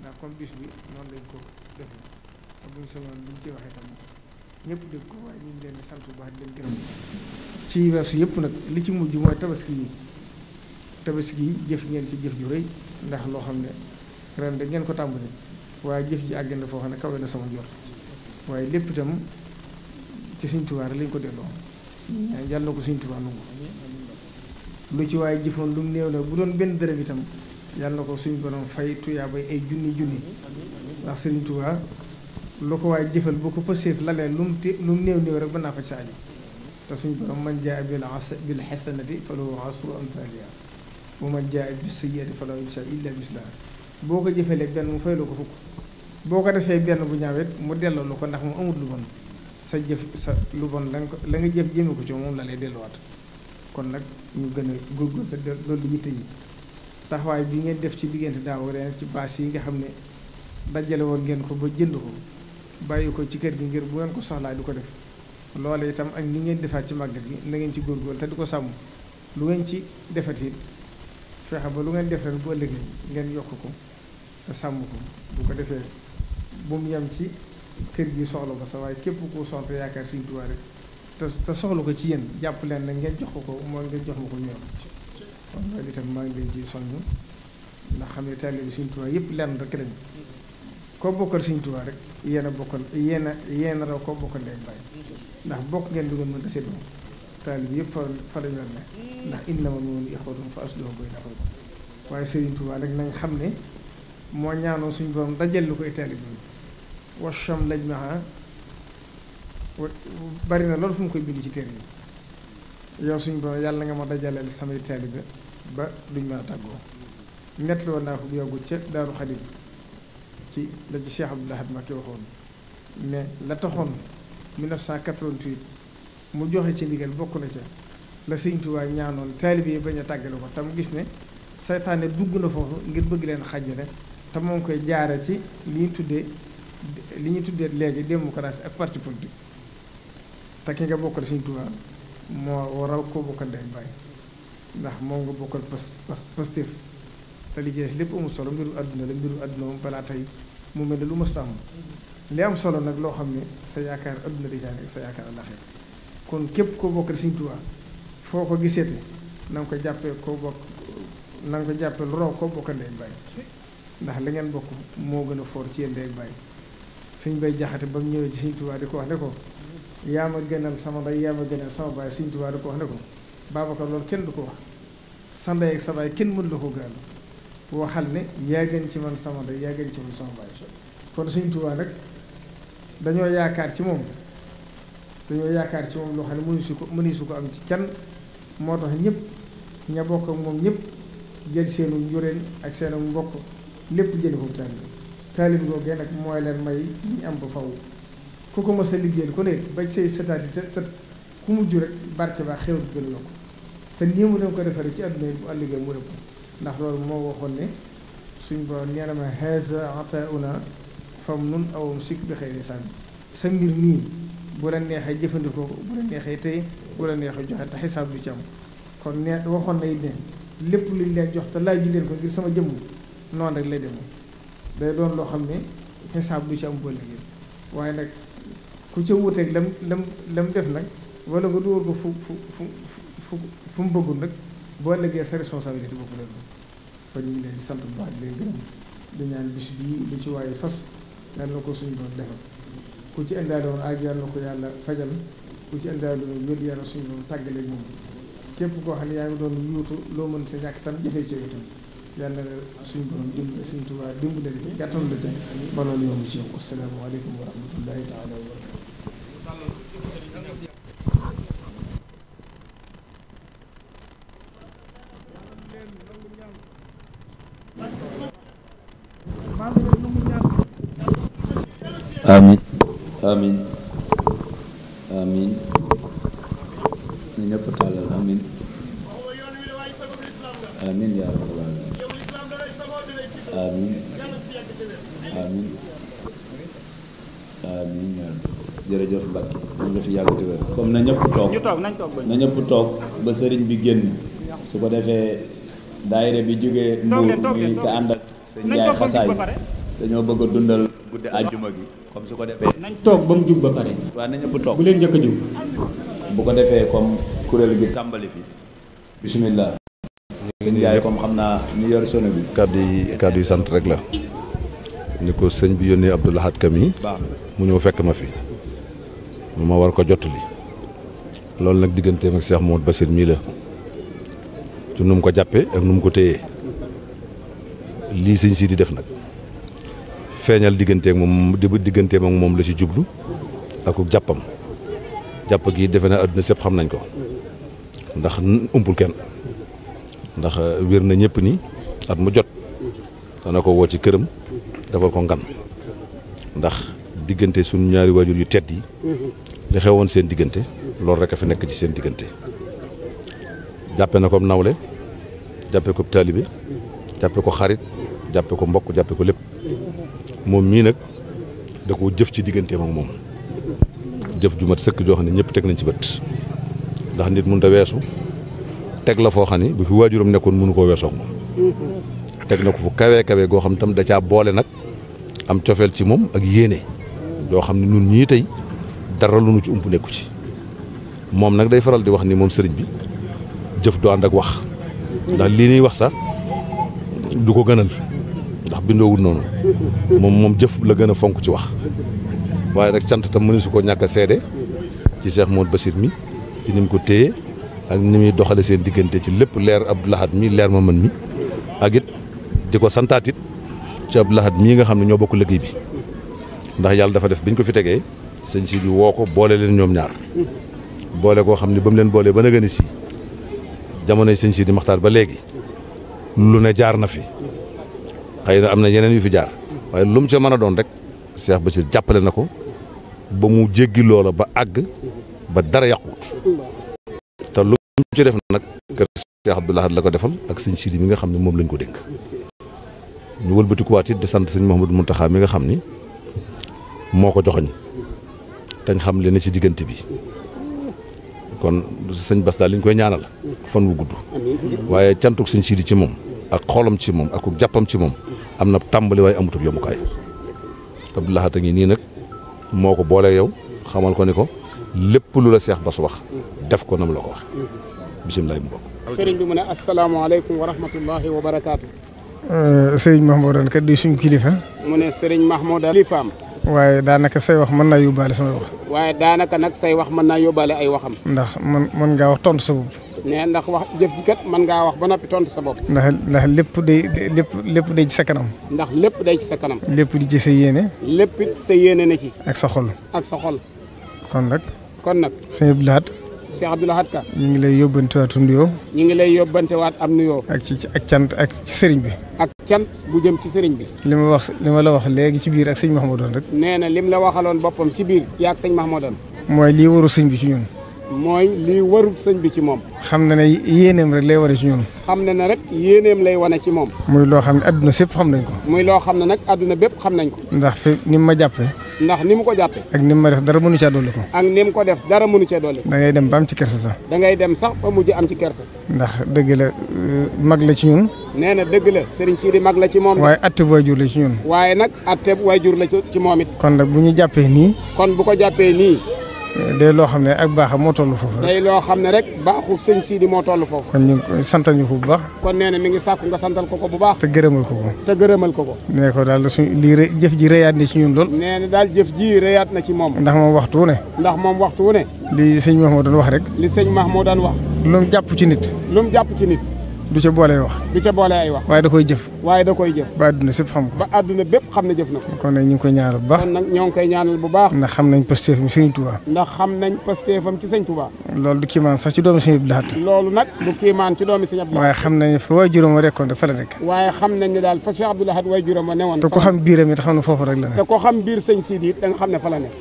U: ndax comme bis bi noonu lañ ko defee te buñ soñoon liñ ci waxee tam ñëpp dégg ko waaye ñu ngi leen di sant bu baax di leen gërëm ci weesu yëpp nag li ci mujj mooy tabaski yi tabaski yi jëf ngeen ci jëf ju rëy ndax loo xam ne ren ngeen ko tàmbali waaye jëf ji àgg na foo xam ne kawe na sama jort waaye lépp itam ci Sëñ Tuubaa lañ ko delloo yàlla na ko Sëñ Tuubaa nangu lu ci waaye jëfoon lu mu néew la bu doon benn dërëm itam yàlla na ko suñu borom fay tuyaabay ay junni junni ndax Sëriñ Tuubaa lu ko waaye jëfal boo ko pëseef lalee lu mu té lu mu néew néew rek mën naa faj sa te suñu borom man jaa bil bil xasanati falahu asru amthaliha wa man jaa bis sayyiati falahu yujza illa mislaha boo ko jëfalee benn mu fay la ko fukk boo ko defee benn bu ñaawet mu delloo lu ko ndax mu amul lu bon sa jëf sa lu bon la nga jëf jëme ko ci moom la lay delluwaat kon nag ñu gën a góorgóorlu te loolu yitte yi taxawaay bi ngeen def ci diggante daaw ren ci baas yi nga xam ne dajale woon ngeen ko ba jënd ko bàyyi ko ci kër gi ngir bu ngeen ko soxlaa di ko def loole itam ak ni ngeen defaat ci màggat gi na ngeen ci góorgóorlu te di ko sàmm lu ngeen ci defat it fexe ba lu ngeen def ren bu ëllëgee ngeen yokk ko te sàmm ko bu ko defee bu mu ci kër gi soxla ko sa waaye képp koo soxla yaakaar Sëriñ Tuubaa te te soxla ko ci yéen jàpp leen ne ngeen jox ko ko mooy ngeen jox ma ko ñoom kon loolu itam maa ngi leen ciy soññ ndax xam ne taalibe Sëriñ Tuubaa yëpp lenn rek lañ koo bokkal Sëriñ Tuubaa rek yéen a bokkal yéen a yéen a raw koo bokkal day bàyyi ndax bokk ngeen du ngeen mën a séddoo taalibe yëpp fa fa la ñu ne ndax innamal mu'minuuna ixwatun fa aslihu bayna axawaykum waaye Sëriñ Tuubaa rek nañ xam ne moo ñaanoo suñu borom dajal lu koy taalibe bi washam lajmaha bari na loolu fu mu koy bind ci téere yi yow suñu borom yàlla nga ma dajaleel samay taalibe ba duñ mën a tàggoo nett woon naa ko bu yàggu ca Daaru Xadim ci la ci Cheikh Abdoul Ahad Mbacké waxoon ne la taxoon 1988 mu joxe ci ndigal bokk na ca la Sëñ Tuubaa ñaanoon taalibe yi bañ a tàggale ko tam gis ne saytaane dugg na foofu ngir bëgg leen xajjale te moom koy jaare ci li ñu tuddee li ñu tuddee léegi démocratie ak parti politique te ki nga bokkal Sëriñ Tuubaa moo waral koo bokkal day bàyyi ndax moom nga bokkal pas Pastef te li ci des lépp amul solo mbiru àdduna la mbiru àdduna moom balaa tey mu mel ne lu ma a li am solo nag loo xam ne sa yaakaar àdduna di jaane sa yaakaar àllaaxira kon képp koo bokkal Sëriñ Tuubaa foo ko giseete na nga ko jàppee koo na nga ko jàppee lu raw koo bokkal day bàyyi ndax la ngeen bokk moo gën a foor ci yéen day bàyyi suñ bay jaxate ba ñëwee ci Sëriñ Tuubaa di ko wax ne ko yaa ma gënal sama ndey yaa ma gënal sama baay Sëriñ Tuubaa da ko wax ne ko Babacar loolu kenn du ko wax sa ndey ak sa baay kenn mënula la ko gënal waxal ne yaa gën ci man sama ndey yaa gën ci man sama baay kon suñu Tuubaa nag dañoo yaakaar ci moom dañoo yaakaar ci moom loo xam ne mënu su ko mënu su ko am ci kenn moo tax ñëpp ña bokk ak moom ñëpp jël seenu njureen ak seenu mbokk lépp jëli ko taalib taalib gen nag mooy leen may ñu am ba faw ku ko mos a liggéeyal ko ne ba say setaati set ku mu mujj rek barke ba xew gën a yokk te nii mu doon ko defaree ci àdduna bu àlligéey mu ëpp ndax loolu moo waxoon ne suñ borom nee na ma haza ataauna fam nun awam sik bi xëy na sa mbir mii bu la neexee jëfandikoo ko bu la neexee tey bu la neexee joxe te xisaab du ci am kon nee waxoon na it ne lépp luñ leen jox te laaj ju leen ko ngir sama jëmm noonu rek lay demee day doon loo xam ne xisaab du ci am bële gi ku ca wuuteeg lam lam lam def nag wala nga dóor ko fu fu fu fu fu mu bëggul nag boo léegi sa responsabilité boobu la kon ñu ngi leen di sant bu baax ñaan bis bii lu ci waaye fas yàlla na ko suñu doon defal ku ci indaale woon aaj yàlla na ko yàlla fajal ku ci indaale woon wér yàlla suñu doon tàggaleeg moom képp koo xam ne yaa ngi doon yuutu loo mën te ñàkk tam jëfee ci itam yàlla na suñu borom dimbali suñu tubaab dimbali la ci gàttal la ci ba loolu yomb ci yow asalaamaaleykum wa rahmatullahi taala wa
Q: amin amin amin ñu ñëpp tàllal amin amin yaa rabbal alamin amin amin jërëjëf Mbacke ñu fi yàgg te wér comme na ñëpp toog na ñëpp toog ba sëriñ bi génn su ko defee daayira bi jógee Mbuur muy ka ànd ak sëñ Njaay Xasaay dañoo bëgg a dundal guddi àjjuma gi comme su ko defee nañ toog ba mu jub ba pare ñëpp toog bu leen njëkk a bu ko defee comme kuréel gi tàmbali fi bismillah
V: sëñ Njaay comme xam naa ñu yor sono bi kàddu yi kàddu yi sant rek la ni ko sëñ bi yónnee Abdou Lahad Kam yi mu ñëw fekk ma fi ma war ko jottali loolu nag digganteem ak Cheikh Mouhamed Bassir mii la ci nu mu ko jàppee ak nu mu ko téye lii sëñ si di def nag feeñal digganteek moom digganteem ak moom la ci jublu ak jàppam jàpp gi defe na àdduna sépp xam nañ ko ndax umpul kenn ndax euh, wér na ñëpp ni at mu jot dana ko woo ci këram defal ko ngan ndax diggante suñu ñaari waajur yu tedd yi mm-hmm. li xewoon seen diggante loolu rek a fi nekk ci seen diggante jàppe na ko nawle jàppe ko taalibe jàppe ko xarit jàppe ko mbokk jàppe ko lépp moom mii nag da koo jëf ci diggante ak moom jëf ju mat sëkk joo xam ne ñëpp teg nañ ci bët ndax nit mun ta weesu teg la foo xam ne bu fi waajuram nekkoon mënu koo weesoo ak moom
M: mm-hmm.
V: teg na ko fu kawee kawe goo xam tam da caa boole nag am cofeel ci moom ak yéene yoo xam ne ñun ñii tey dara lu nu ci ump nekku ci moom nag day faral di wax ni moom sëriñ bi jëf du ànd ak wax ndax lii ñuy wax sax du ko gënal ndax bindoowul noonu moom moom jëf la gën a fonk ci wax waaye nag sant tam mënu su koo ñàkk a seede ci Cheikh Modou Bassir mi ci ni mu ko téye ak ni muy doxale seen diggante ci lépp leer Abdou Lahad mi leer ma mën mi ak it di ko santaatit it ci Abdou Lahad mii nga xam ne ñoo bokk liggéey bi ndax yàlla dafa def biñ ko fi tegee sëñ si di woo ko boole leen ñoom ñaar boole koo xam ne ba mu leen boolee ba na gën a si jamonoy sëñ si di maxtaar ba léegi lu ne jaar na fi xëy na am na yeneen yu fi jaar waaye lu mu ca mën a doon rek Cheikh Bassir jàppale na ko ba mu jéggi loola ba àgg ba dara yàquut te lu mu def nag kër Cheikh Abdoul Ahad la ko defal ak sëñ Sidi mi nga xam ne moom lañ ko dénk ñu wëlbatikuwaat it di sant sëñ Mouhamadou Mountakha mi nga xam ni moo ko joxoñ tañ xam li ne ci diggante bi kon sëñ Bass daal li koy ñaanal fan wu gudd waaye cantuk sëñ Sidi ci moom ak xoolam ci moom ak jàppam ci moom am na tàmbali waaye amutub yomukaay Abdou Lahad a ngi nii nag moo ko boolee yow xamal ko ni ko lépp lu la Seex Bass wax def ko nam la ko wax bisimilah mu bokk
W: sëriñ bi mu ne asalaamaaleykum wa rahmatullahi wa barakaatu
U: euh, sëriñ Mahmoudane kat di suñu kilifa
W: mu sëriñ Mahmoudane kilifaam
U: waaye daanaka say wax mën naa yóbbaale sama wax.
W: waaye daanaka nag say wax mën naa yóbbaale ay waxam.
U: ndax man mën ngaa wax tontu sa bopp.
W: nee ndax wax jëf ji kat mën ngaa wax ba noppi tontu sa bopp.
U: ndax ndax lépp day lépp lépp day ci sa kanam.
W: ndax lépp day ci sa kanam.
U: lépp di ci sa yéene.
W: lépp sa yéene na ci. ak sa xol. ak sa xol. kon nag. kon nag. sëñ Abdou Lahad. Cheikh Abdou Lahad Ka
U: ñu ngi lay yóbbantewaat nuyoo
W: ñu ngi lay yóbbantewaat am nuyoo
U: ak ci ak cant ak ci sëriñ bi
W: ak cant bu jëm ci sëriñ bi
U: li ma wax li ma la wax léegi ci biir ak sëñ Mahamadoon rek
W: nee na lim la waxaloon boppam ci biir yaa ak sëñ Mahamadoon
U: mooy lii waru sëñ bi ci ñun
W: mooy lii warul sëñ bi ci moom.
U: xam na ne yéeneem rek lay wane ci ñoom.
W: xam na ne rek yéeneem lay wane ci moom.
U: muy loo xam ne adduna sépp xam nañ ko.
W: muy loo xam ne nag adduna bépp xam nañ ko.
U: ndax fi ni ma jàppee.
W: ndax ni mu ko jàppee.
U: ak ni ma def dara mënu caa dolli ko.
W: ak ni mu ko def dara mënu caa dolli.
U: da ngay dem ba am ci kersa sax.
W: da ngay dem sax ba mujj am ci kersa.
U: ndax dëgg la euh, mag la ci ñun.
W: nee na dëgg la Serigne Sidi mag la ci moom. waaye
U: atteb waajur la ci ñun.
W: waaye nag atteb waajur la ci
U: moom it. kon nag bu ñu jàppee nii.
W: kon bu ko jàppee nii.
U: day loo xam ne ak baaxam moo toll foofu. day
W: loo xam ne rek baaxu sëñ Sidi moo toll foofu.
U: kon ñu ngi santal ñu ko bu baax.
W: kon nee na mi ngi sàkku nga santal ko ko bu baax.
U: te gërëmal ko ko.
W: te gërëmal ko ko.
U: nee ko daal suñ lii jëf ji rëyaat na ci ñun lool.
W: nee na daal jëf ji rëyaat na ci moom.
U: ndax moom waxtu wu ne.
W: ndax moom waxtu wu ne.
U: li sëñ Mahmoud doon
W: wax rek. li sëñ moo doon wax. lu jàpp
U: ci nit. lu jàpp ci nit. du ca boole wax.
W: du ca boole ay wax. waaye da koy jëf. waaye da koy jëf.
U: ba àdduna sépp xam ko. ba àdduna bépp xam ne jëf nag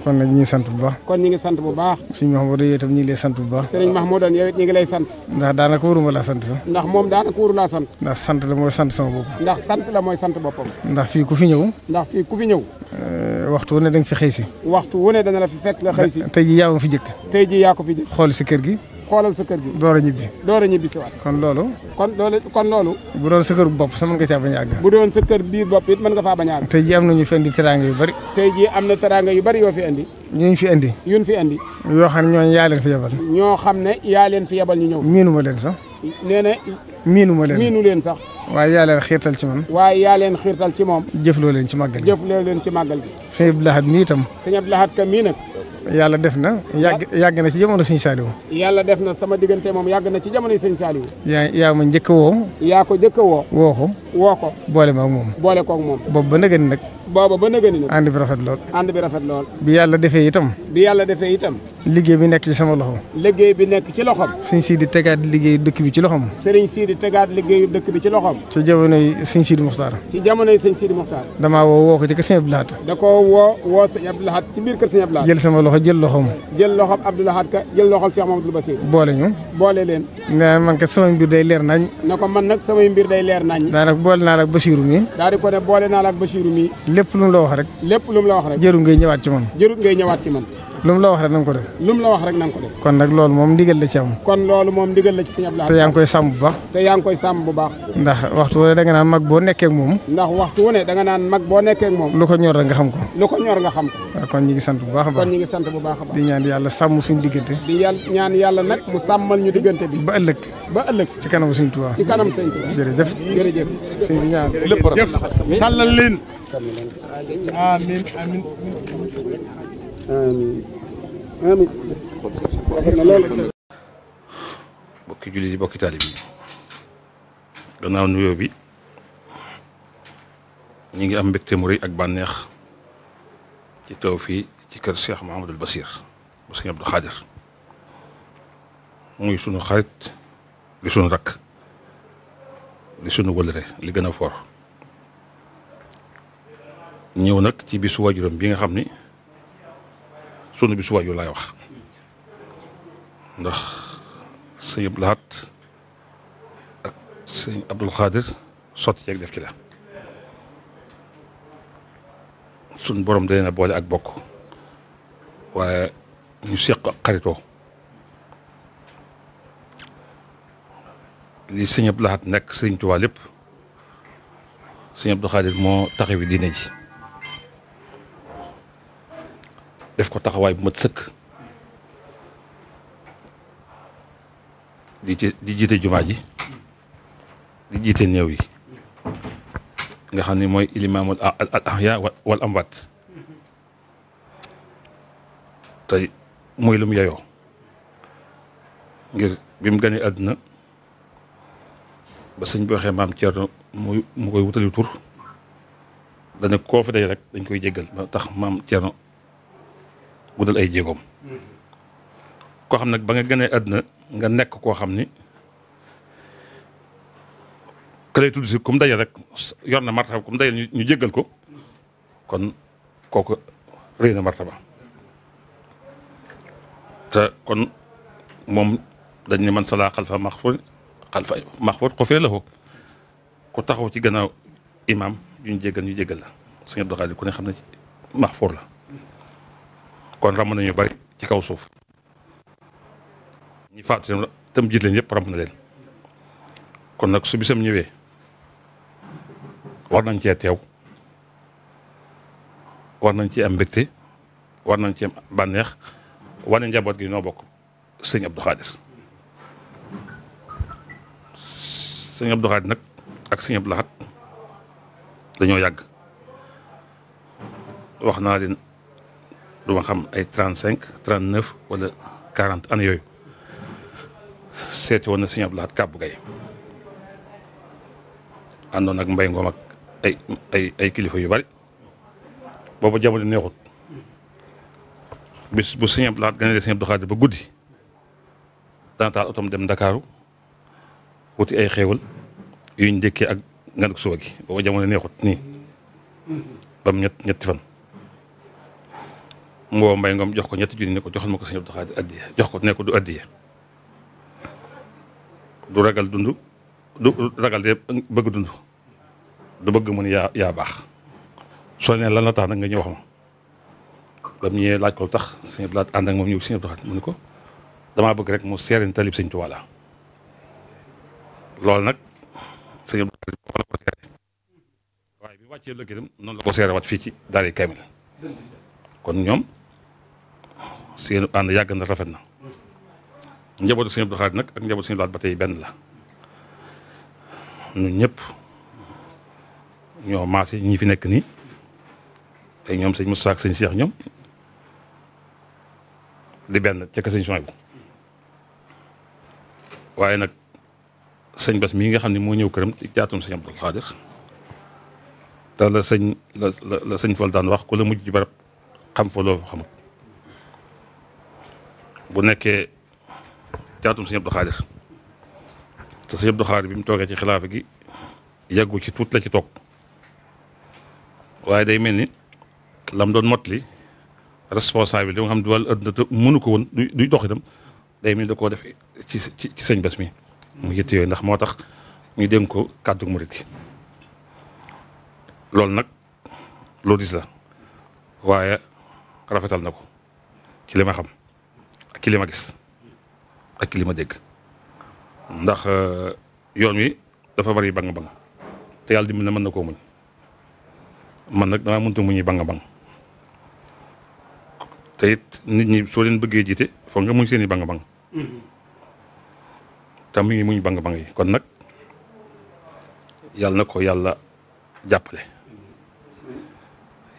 U: kon nag lay
W: sant bu baax. sëñ Mahmoudane yow it ñu lay sant.
U: ndax daanaka waruma laa sant
W: sax. daanaka waru laa sant
U: ndax la mooy sant sama bopp
W: ndax sant la mooy sant boppam fi ñëw ndax fii
U: eh, wu ne da nga si
W: waxtu wu ne dana la fi fekk nga xëy si
U: tey ji yaa ko fi jëkk
W: tey ji yaa ko fi jëkk xool si kër gi xoolal sa kër gi door a ñibbi door a ñibbi si waat kon loolu kon loolu kon loolu bu doon sa kër bopp
U: sa mën nga caa bañ a
W: bu doon sa kër biir bopp it mën nga faa bañ a àgg
U: tey ji am na ñu fi indi teraanga yu bari
W: tey ji am na teraanga yu bari yoo fi indi ñu fi indi yuñ fi indi
U: yoo xam ne ñooñu yaa leen fi yebal
W: ñoo xam ne yaa leen fi yebal ñu ñëw miinu
U: ma leen sax miinu ma leen miinu leen sax. waaye yaa leen xiirtal ci
W: waaye yaa leen xiirtal ci moom.
U: jëfloo leen ci màggal gi
W: jëfloo leen ci màggal gi.
U: sëñ Abdou Lahad mii itam.
W: sëñ Abdou Lahad ka mii nag.
U: yàlla def na yàgg yàgg na ci jamono sëñ Saaliwu.
W: yàlla def na sama diggante moom yàgg na ci jamono sëñ Saaliwu.
U: yaa yaa ma njëkk a woo.
W: yaa ko njëkk woo. woo ko. woo ko.
U: boole ma moom. boole kook ak moom. boobu ba nag nag. booba ba nëgëni nag. ànd bi rafet lool.
W: ànd bi rafet lool.
U: bi yàlla defee itam.
W: bi yàlla defee itam.
U: liggéey bi nekk ci sama loxo.
W: liggéey bi nekk ci loxom
U: sëñ Sidi tegaat liggéey dëkk bi ci loxom
W: sëriñ Sidi tegaat liggéeyu dëkk bi ci loxom
U: ci jamonoy sëñ Sidi Muxtaar.
W: ci jamonoy sëñ Sidi Muxtaar.
U: damaa woo woo ko ci kër sëñ Abdou Lahad.
W: da koo woo woo sëñ Abdou Lahad ci biir kër jël
U: sama loxo jël loxoom.
W: jël loxom Abdou Lahad ka jël loxol Cheikh Mamadou Bassir. boole ñu. boole leen.
U: nee man kat samay mbir day leer nañ.
W: na ko man nag samay mbir day leer nañ.
U: daanaka boole naa la ak Bassirou mi.
W: daal ko ne boole naa la ak Bassirou mi
U: lépp lu mu la wax rek. lépp lu mu la wax rek. jërul ngay ñëwaat ci man. jërul ngay ñëwaat ci man. lu mu la
W: ko bu baax. te yaa ngi koy sàmm bu baax.
U: ndax waxtu wu ne danga naan mag boo nekkee ak moom.
W: ndax waxtu wu ne danga naan mag boo nekkee ak moom.
U: lu ko ñor nga xam ko.
W: lu ko ñor nga xam ko.
U: kon ñu ngi sant bu baax a kon ñu ngi
W: sant bu baax a
U: ñaan yàlla sàmm suñu diggante. di ñaan yàlla
W: nag mu sàmmal ñu diggante bi. ba ëllëg.
U: ba ëllëg ci kanam suñu Tuubaa.
W: ci kanam sëñ Tuubaa. jërëjëf jërëjëf. sëñ bi ñaan lépp tàllal
T: amiin amiin
P: bokki jullit yi bokki taalib yi gannaaw nuyoo bi ñu ngi am mbégte ak bànneex ci taw fii ci kër Cheikh Mahamadul Basir bu sëñ Abdou Xaadir muy sunu xarit di sunu rakk di sunu wëlëre li gën a foor ñëw nag ci bisu waajuram bi nga xam ni sunu bisu waajur laay wax ndax sëñ Abdou ak sëñ Abdul Xaadir sotti ceeg def ci la suñ borom da na boole ak bokk waaye ñu seq ak xaritoo li sëñ Abdou Lahad nekk sëñ Tuubaa lépp sëñ Abdul Xaadir moo taxawi diine ji def ko taxawaay bu mat sëkk di ci di jiite jumaa ji di jiite néew yi nga xam ne mooy ilimaamul al ahya wal amwaat tey muy lu mu ngir bi ganee àdduna ba sëñ bi waxee maam Thierno mu koy wutali dana koo fi day rek dañ koy jéggal ba tax maam Thierno guddal ay jéegoom koo xam nag ba nga gënee àdduna nga nekk koo xam ni ka lay tudd rek yor na martaba comme dajal ñu jéggal ko kon kooku rëy na martaba te kon moom dañ ne man salaa xalfa maxfur xalfa maxfur xofee la ko ku taxaw ci gannaaw imaam yuñ jéggal ñu jéggal la sëñ Abdou Khadre ku ne xam ne ci maxfur la kon ram nañu bari ci kaw suuf ñi faatu tam jiit leen yëpp ram na leen kon nag su bisam ñëwee war nañ cee teew war nañ ci am mbégte war nañ ci am war wane njaboot gi noo bokk sëñ Abdou Khadir sëñ Abdou Khadir nag ak sëñ Abdou Lahat dañoo yàgg wax naa du xam ay trente cinq trente neuf wala quarante années yooyu seeti woon na Sëñ Abdou Lahad Kàbbu Gay àndoon ak mbay ngoom ak ay kilifa yu bari boobu jamono neexut bis bu Sëñ Abdou Lahad gane Sëñ Abdou ba guddi dana taal otom dem ndakaaru wuti ay xéewal yuñ dëkkee ak nganuk suba gi boobu jamono neexut nii bam ñett ñetti fan mu woo nga ngoom jox ko ñetti junni ne ko joxal ma ko sëñ Abdou Khadir jox ko ne ko du addiya du ragal dund du ragal de bëgg dund du bëgg mu ne yaa yaa baax soo ne lan la tax nag nga ñëw wax ma laaj ko tax sëñ Abdou Khadir ànd ak moom mu ne ko damaa bëgg rek mu seereen talib sëñ tu la loolu nag sëñ Abdou Khadir ko la ko waaye bi wàccee lëkkitam noonu la ko seere wat fii ci daara Kaamil kon ñoom seen ànd yàgg na rafet na njabootu sëñ nag ak njabootu sëñ Laat ba tey benn la ñun ñëpp ñoo ñi fi nekk nii ay ñoom sëñ Moussa ak sëñ seex ñoom di benn ca ka sëñ Soñ bu waaye nag sëñ Bass mii nga xam ne moo ñëw këram di jaatum sëñ Abdou Khadre te la sëñ la la sëñ Fall daan wax ku la mujj ci barab xam fa loo fa xamut bu nekkee caatum sëñ Abdou Khadir te sëñ Abdou Khadir bi mu toogee ci xilaafa gi yàggu ci tuut la ci toog waaye day mel ni lam doon motli responsable li nga xam ne wàllu adduna te mënu ko woon duy dox itam day mel ni da koo def ci ci sëñ bés mi mu yitte yooyu ndax moo tax ñu dénk ko kàddu murit gi loolu nag loo dis la waaye rafetal na ko ci li xam ci gis ak ci dégg ndax euh, yoon wi dafa bari bang bang te yàlla dimbali na mën na koo muñ man nag damaa mënta muñuy bang bang te it nit ñi soo leen bëggee jiite foog nga muñ seen i bang bang te mu ngi muñ bang bang yi kon nag yàlla na ko yàlla jàppale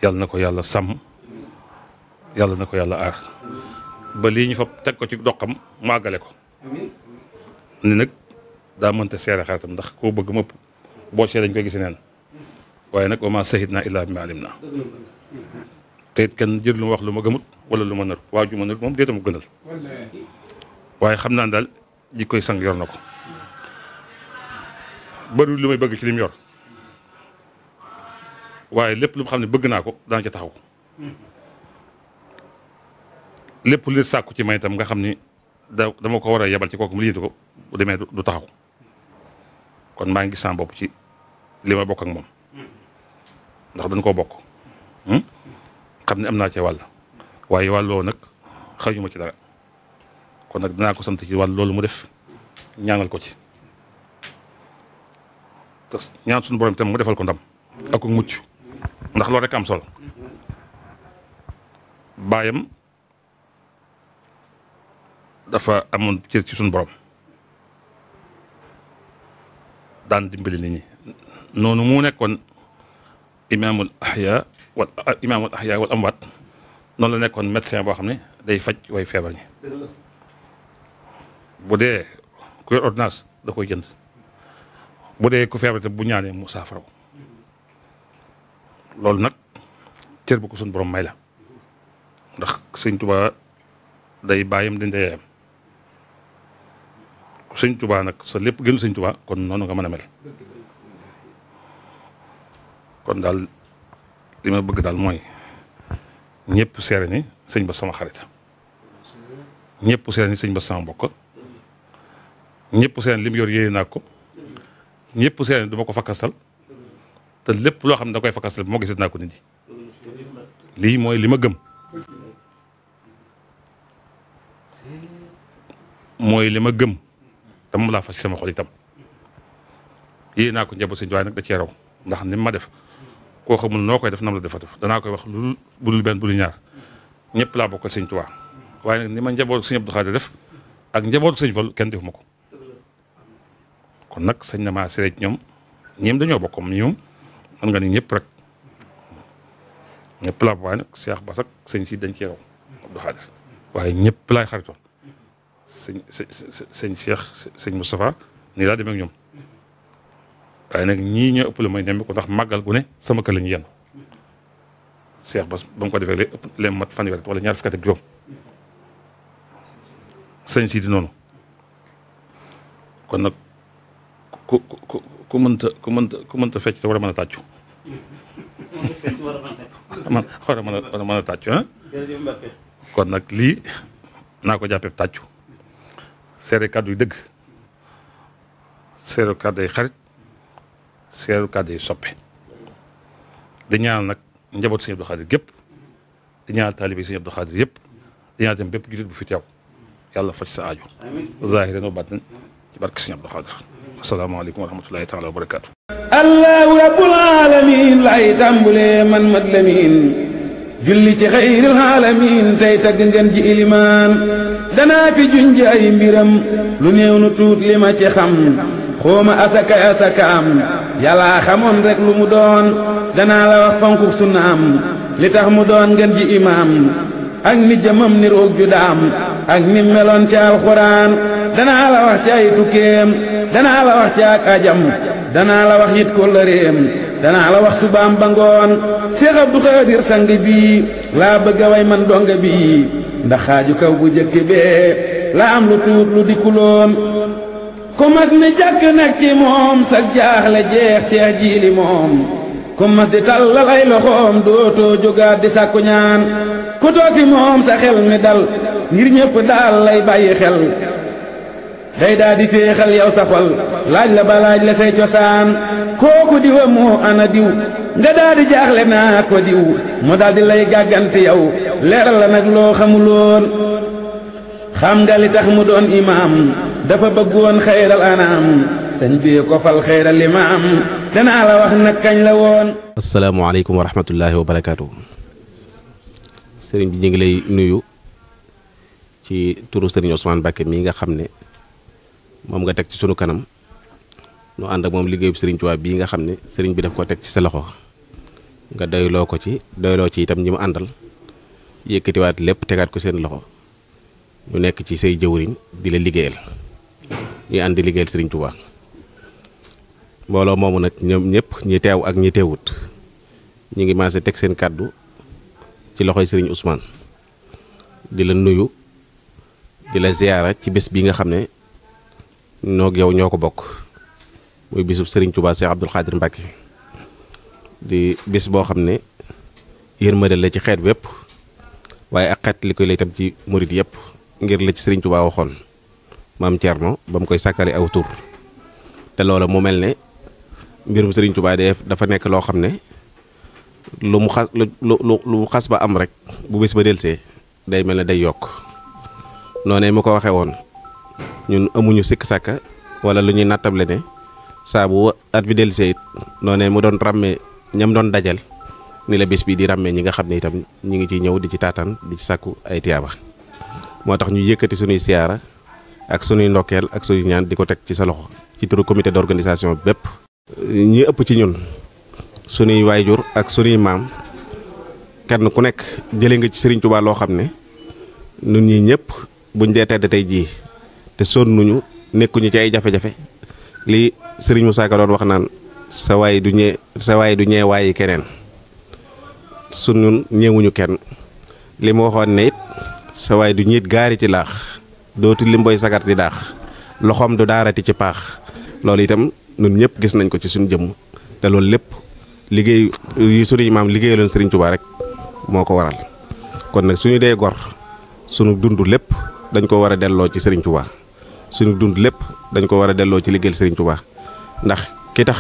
P: yàlla na ko yàlla sàmm yàlla na ko yàlla aar ba lii ñu fa teg ko ci doxam mu àggale ko ni nag daa mënta seere xaritam ndax koo bëgg mëpp boo see dañ koy gis neen waaye nag wa maa sahid naa illaa bi naa te kenn jël lu ma wax lu ma gëmut wala lu ma nar waa ju ma nar moom déetama gënal waaye xam naa daal ji koy sang yor na ko bëriwul lu may bëgg ci lim yor waaye lépp lu xam ne bëgg naa ko dana ca taxaw lépp li sàkku ci may itam nga xam ni da dama ko war a yebal ci kooku mu liggéey ko bu demee du taxaw kon maa ngi gis sama bopp ci li ma bokk ak moom ndax dañ koo bokk hmm? xam ne am naa cee wàll waaye wàlloo nag xëyuma ci dara kon nag danaa ko sant ci wàll loolu mu def ñaanal ko ci te ñaan suñu borom itam mu defal ko ndam ak mucc ndax loolu rek am solo baayam dafa amoon cër ci suñu borom daan dimbali nit ñi noonu mu nekkoon imaamul ahya wal imaamul ahya noonu la nekkoon médecin boo xam ne day faj way feebar ñi bu dee ku yor da koy jënd bu dee ku feebar te bu ñaanee mu saafaraw loolu nag cër bu ko suñu borom may la ndax sëñ Tuubaa day bàyyam dañ day sëñ tubaa nag sa lépp gënu sëñ tubaa kon noonu nga mën a mel kon daal li ma bëgg daal mooy ñëpp seere ni sëñ ba sama xarit ñëpp seere ni sëñ ba sama mbokk ñëpp seere ni li mu yor yéene naa ko ñëpp seere ni du ma ko fakkastal te lépp loo xam ne da koy fakkastal bi moo gisee naa ko nit ñi lii mooy li ma gëm mooy li ma gëm te moom laa fas ci sama xol itam yéen naa ko njaboot sëñ waaye nag da cee raw ndax ni ma def koo xamul noo koy def nam la defa def danaa koy wax lu budul benn budul ñaar ñëpp laa bokkal sëñ Tuubaa waaye nag ni ma njaboot sëñ Abdou Khadre def ak njaboot sëñ Fall kenn defuma ko kon nag sëñ na maa siree ci ñoom ñoom dañoo bokkom ñoom man nga ni ñëpp rek ñëpp laa waaye nag Seex Bass ak sëñ si dañ cee raw Abdou Khadre waaye ñëpp laay xaritoon sëñ sëñ Cheikh sëñ Moustapha nii laa demee ak ñoom waaye nag ñii ñoo ëpp la may demee ko ndax màggal gu ne sama kër la yenn Cheikh ba mu ko defee lay ëpp lay mat fanweer wala ñaar fukki at ak kon nag ku ku ku mënta ku mënta ku mënta fecc te war a mën a tàccu. war a mën a ah. kon nag lii naa ko jàppee tàccu. seere kàddu yu dëgg seere kàddu yu xarit seere kàddu yu soppe di ñaanal nag njabootu sëñ Abdou Khadir gépp di ñaanal taalibe sëñ Abdou Khadir yëpp di ñaanal tam bépp jullit bu fi teew yàlla faj sa aajo zahiran wa batin ci barke sëñ Abdou Khadir asalaamaaleykum wa rahmatullahi taala wa barakaatu
X: allahu rabbul alamin lay tàmbulee man mat julli ci xayril alamin tey tagg ngeen ji ilimaan danaa fi juñ ji ay mbiram lu néew nu tuut li ma ci xam xooma asaka asaka am yàllaa xamoon rek lu mu doon danaa la wax ponku sunna am li tax mu doon ngeen ji imaam ak ni jëmam ni roog ju daam ak ni meloon ci alxuraan danaa la wax ci ay danaa la wax ci ajam danaa la wax yit kóllëreem danaa la wax subaam ba ngoon Seex Abdu Xaadir sang bii laa bëgg way man donga bii ndax xaaju kaw bu jëkk bee la am lu tuut lu dikkuloon ku mas ni jàkk nag ci moom sag jaaxle jeex seex jiili moom ku mas di tàllal ay loxoom dootoo jógaat di sàkku ñaan ku toofi moom sa xel mi dal ngir ñépp daal lay bàyyi xel day daa di yaw yow sa xol laaj la ba laaj la say cosaan kooku diwa moo ana diw nga daa di jaaxle naa ko diw mu daal lay gàggante yow leeral la nag loo xamuloon xam nga li tax mu doon imaam dafa bëggoon xayral anaam sëñ bi ko fal xayral imaam danaa la wax nag kañ la woon.
Y: asalaamaaleykum wa rahmatullaahi wa barakaatu. sëriñ bi ñu ngi lay nuyu ci turu sëriñ Ousmane Bakke mii nga xam ne. moom nga teg ci sunu kanam nu ànd ak moom liggéeyub sëriñ Tuubaa bii nga xam ne sëriñ bi daf ko teg ci sa loxo nga doyloo ko ci doyloo ci itam ñi mu àndal yëkkatiwaat lépp tegaat ko seen loxo ñu nekk ci say jëwriñ di la liggéeyal ñuy ànd di liggéeyal sëriñ Tuubaa mbooloo moomu nag ñoom ñëpp ñi teew ak ñi teewut ñi ngi maase teg seen kàddu ci loxoy sëriñ Ousmane di la nuyu di la ziyaara ci bés bi nga xam ne noog yow ñoo ko bokk muy bisub Serigne Touba Cheikh Abdoul Khadir Mbacké di bis boo xam ne yërmande la ci xeet wépp waaye ak xeet li koy lay tam ci murit yépp ngir la ci Serigne Touba waxoon maam Thierno ba mu koy sàkkale aw tur te loola mu mel ne mbirum Serigne Touba def dafa nekk loo xam ne lu mu xas lu lu lu xas ba am rek bu bis ba delsee day mel ne day yokk noonee mu ko waxee woon. ñun amuñu sikk sàkka wala lu ñuy nattable ne saabu at bi dellusee it noonee mu doon ràmmee ñam doon dajal ni la bés bii di ràmmee ñi nga xam ne itam ñi ngi ciy ñëw di ci taataan di ci sàkku ay tiyaaba moo tax ñu yëkkati sunuy siyaara ak sunuy ndokkeel ak sunuy ñaan di ko teg ci sa loxo ci turu comité d'organisation bépp ñi ëpp ci ñun sunuy waayjur ak sunuy maam kenn ku nekk jëlee nga ci Serigne Touba loo xam ne nun ñi ñëpp buñ dee tedd tey jii te sonnuñu nekkuñu ci ay jafe-jafe lii sëriñ Moussa Ka doon wax naan sa waay du ñee sa waay du ñee waayi keneen su ñun ñeewuñu kenn li ma waxoon ne it du ñiit gaari ci laax dooti limboy sagar di daax loxoom du daarati ci paax loolu itam ñun ñëpp gis nañ ko ci suñu jëmm te loolu lépp liggéey yi suñuy maam liggéeyaloon sëriñ Tuubaa rek moo ko waral kon nag suñu dee gor sunu dund lépp dañ ko war a delloo ci sëriñ Tuubaa suñu dund lépp dañ ko war a delloo ci liggéeyal Serigne Touba ndax ki tax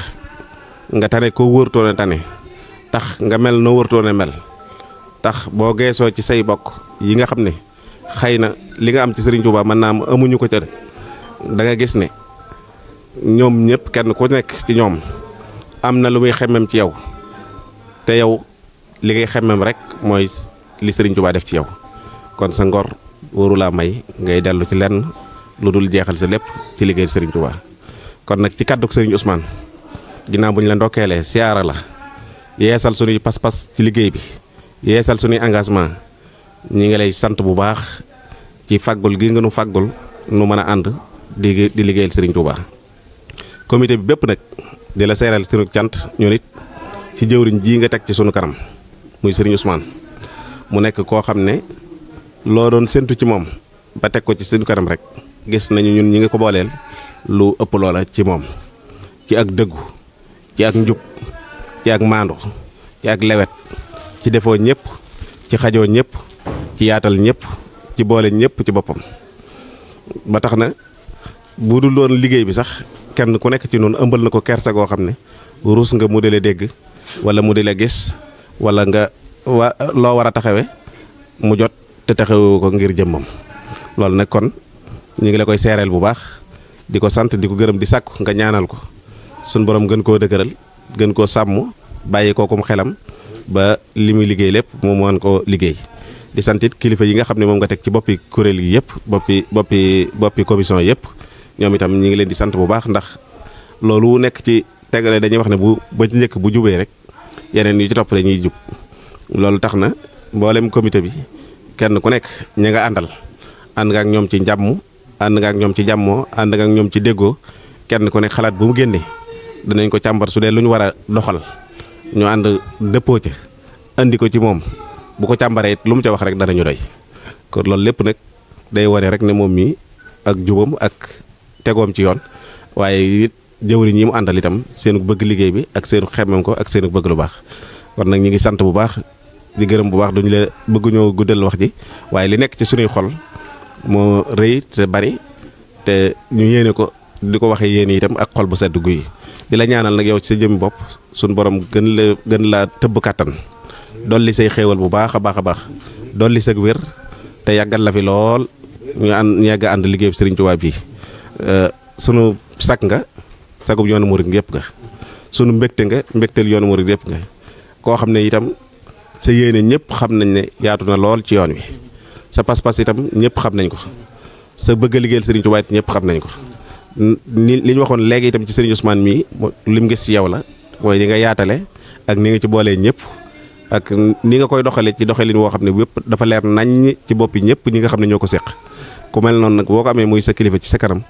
Y: nga tane koo wërtoon a tane tax nga mel noo wërtoon a mel tax boo geesoo ci say bokk yi nga xam ne xëy na li nga am ci Serigne Touba mën naa am amuñu ko ca da nga gis ne ñoom ñëpp kenn ku nekk ci ñoom am na lu muy xemmem ci yow te yow li ngay xemmem rek mooy li Serigne def ci yow kon sa ngor waru may ngay dellu ci lenn. lu dul jeexal sa lépp ci liggéey sëriñ Touba kon nag ci kàddug sëriñ Ousmane ginnaaw bu ñu la ndokkeelee siyaara la yeesal sunuy pas-pas ci liggéey bi yeesal sunuy engagement ñi ngi lay sant bu baax ci faggul gi nga nu nu mën a ànd di di liggéeyal sëriñ Touba comité bi bépp nag di la seeral sunu cant ñu nit ci jëwriñ ji nga teg ci sunu kanam muy sëriñ Ousmane mu nekk koo xam ne loo doon séntu ci moom ba teg ko ci sunu kanam rek gis nañu ñun ñi ngi ko booleel lu ëpp loola ci moom ci ak dëggu ci ak njub ci ak maandu ci ak lewet ci defoo ñëpp ci xajoo ñëpp ci yaatal ñëpp ci boole ñépp ci boppam ba tax na bu dul doon liggéey bi sax kenn ku nekk ci noonu ëmbal na ko kersa goo xam ne ruus nga mu di la dégg wala mu di la gis walla nga wa loo war a taxawe mu jot te taxawoo ko ngir jëmmam loolu nag ñu ngi la koy seereel bu baax di ko sant di ko gërëm di sàkku nga ñaanal ko suñ borom gën koo dëgëral gën koo sàmm bàyyi kookum xelam ba li muy liggéey lépp mu mën koo liggéey di sant kilifa yi nga xam ne moom nga teg ci boppi kuréel yi yëpp boppi boppi boppi commission yëpp ñoom itam ñi ngi leen di sant bu baax ndax loolu wu nekk ci tegale dañuy wax ne bu ba ci njëkk bu jubee rek yeneen yu ci topp dañuy jub loolu tax na mbooleem comité bi kenn ku nekk ña nga àndal ànd nga ak ñoom ci njàmm ànd nga ak ñoom ci jàmmoo ànd nga ak ñoom ci déggoo kenn ku nekk xalaat bu mu génnee danañ ko càmbar su dee lu ñu war a doxal ñu ànd dëppoo ca andi ko ci moom bu ko càmbaree it lu mu ca wax rek danañu doy kon loolu lépp nag day wane rek ne moom mii ak jubam ak tegoom ci yoon waaye it jëwriñ yi mu àndal itam seenu bëgg liggéey bi ak seenu xemmem ko ak seenu bëgg lu baax kon nag ñu ngi sant bu baax di gërëm bu baax duñu la bëgguñoo guddal wax ji waaye li nekk ci suñuy xol. moo rëy te bari te ñu yéene ko di ko waxee yéen yitam ak xol bu sedd guy di la ñaanal nag yow ci sa jëm bopp suñ borom gën la gën laa tëbb kàttan dolli say xéewal bu baax a baax a baax dolli sag wér te yàggal la fi lool ñu ànd ñu yàgg ànd liggéey Sëriñ Tuubaa bi euh, sunu sag nga sagub yoonu murid yëpp nga sunu mbégte nga mbégteel yoonu murid yëpp nga koo xam ne itam sa yéene ñëpp xam nañ ne yaatu na lool ci yoon wi sa pas-pas itam ñëpp xam nañ ko sa bëgg a liggéeyal Serigne Touba it ñëpp xam nañ ko ni li ñu waxoon léegi itam ci Serigne Ousmane mii lim gis ci yow la waaye li nga yaatale ak ni nga ci boolee ñëpp ak ni nga koy doxalee ci doxalin woo xam ne bépp dafa leer nañ ci boppi ñëpp ñi nga xam ne ñoo ko seq ku mel noonu nag boo ko amee muy sa kilifa ci sa kanam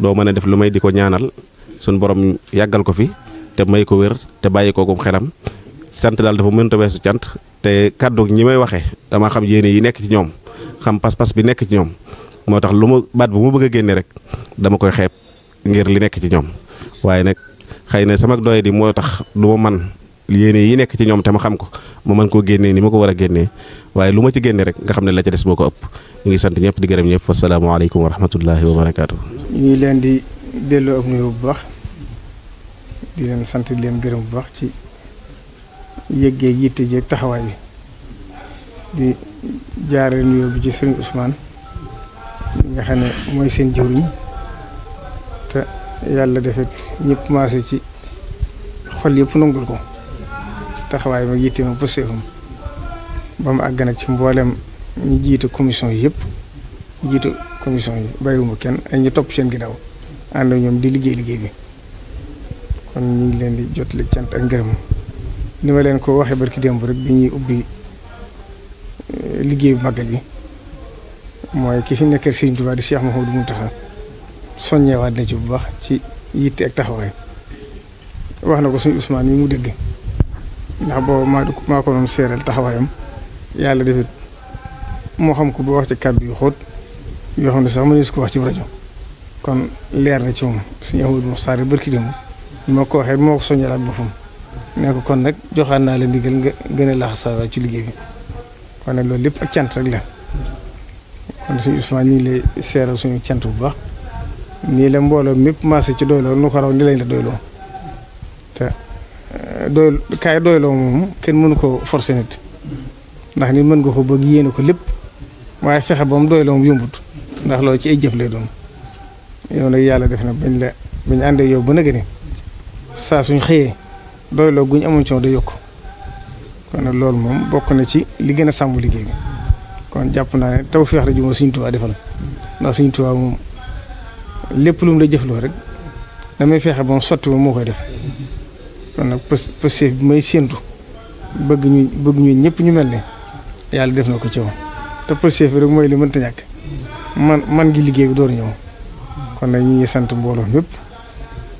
Y: doo mën a def lu may di ko ñaanal suñu borom yàggal ko fi te may ko wér te bàyyi ko gum xelam sant daal dafa mënta weesu cant te kàddu ñi may waxee damaa xam yéene yi nekk ci ñoom. xam pas-pas bi nekk ci ñoom moo tax lu ma baat bu ma bëgg a génne rek dama koy xeeb ngir li nekk ci ñoom waaye nag xëy na sama doy di moo tax du ma man yéene yi nekk ci ñoom te ma xam ko ma mën koo génnee ni ma ko war a génnee waaye lu ma ci génne rek nga xam ne la ca des boo ko ëpp ñu ngi sant ñëpp di gërëm ñëpp wasalaamaaleykum wa rahmatullahi wa barakaatu.
U: ñu ngi leen di delloo ab nuyu bu baax di leen sant di leen gërëm bu baax ci yëg-yëg yitte jeeg jaaree nuyoo bi ci sëriñ Ousmane nga xam ne mooy seen jëwriñ te yàlla defet ñëpp maase ci xol yëpp nangul ko taxawaay ma yitte ma pëseefum ba mu àgg nag ci mboolem ñu jiite commission yi yëpp jiite commission yi bàyyiwuma kenn ay ñu topp seen ginnaaw ànd ñoom di liggéey liggéey bi kon ñu ngi leen di jotali cant ak ngërëm ni ma leen ko waxee barki démb rek bi ñuy ubbi liggéeyu màggal gi mooy ki fi nekkal Serigne Touba di Cheikh Mouhamadou Mountakha soññeewaat na ci bu baax ci yitte ak taxawaay wax na ko suñu Ousmane mi mu dégg ndax boobu maa maa ko doon seeral taxawaayam yàlla defit moo xam ko boo wax ci kàddu yu xóot yoo xam ne sax mënees ko wax ci rajo kon leer na ci moom suñu Amadou Moussa rek barki démb moo ko waxee moo ko soññalaat boppam ne ko kon nag joxaat naa la ndigal nga gën a laxasawaat ci liggéey kon loolu lépp ak cant rek la kon suñu Ousmane ñu ngi suñu cant bu baax nii la mbooloo mépp maase ci doyloo nu ko ni lañ la doyloo te euh, doy kaay doyloo moom kenn mënu ko forcer nit ndax nit mën nga ko bëgg yéene ko lépp waaye fexe ba mu doyloo mu yombut ndax loolu ci ay jëf lay doon yow nag yàlla def na bañ la bañ àndee yow ba nag saa suñ xëyee doyloo guñ amoon coono da yokk. kon nag loolu moom bokk na ci li gën a sàmm liggéey bi kon jàpp naa ne taw feex la ju ma Sëriñ Tuubaa defal ndax suñu Tuubaa moom lépp lu mu la jëfloo rek damay feexe ba mu moo koy def kon nag pës bi may séentu bëgg ñu bëgg ñëpp ñu mel ne yàlla def na ko ci te pëseef bi rek mooy li mënta ñàkk man man ngi liggéey bi door ñëw kon nag ñu ngi sant mbooloo mépp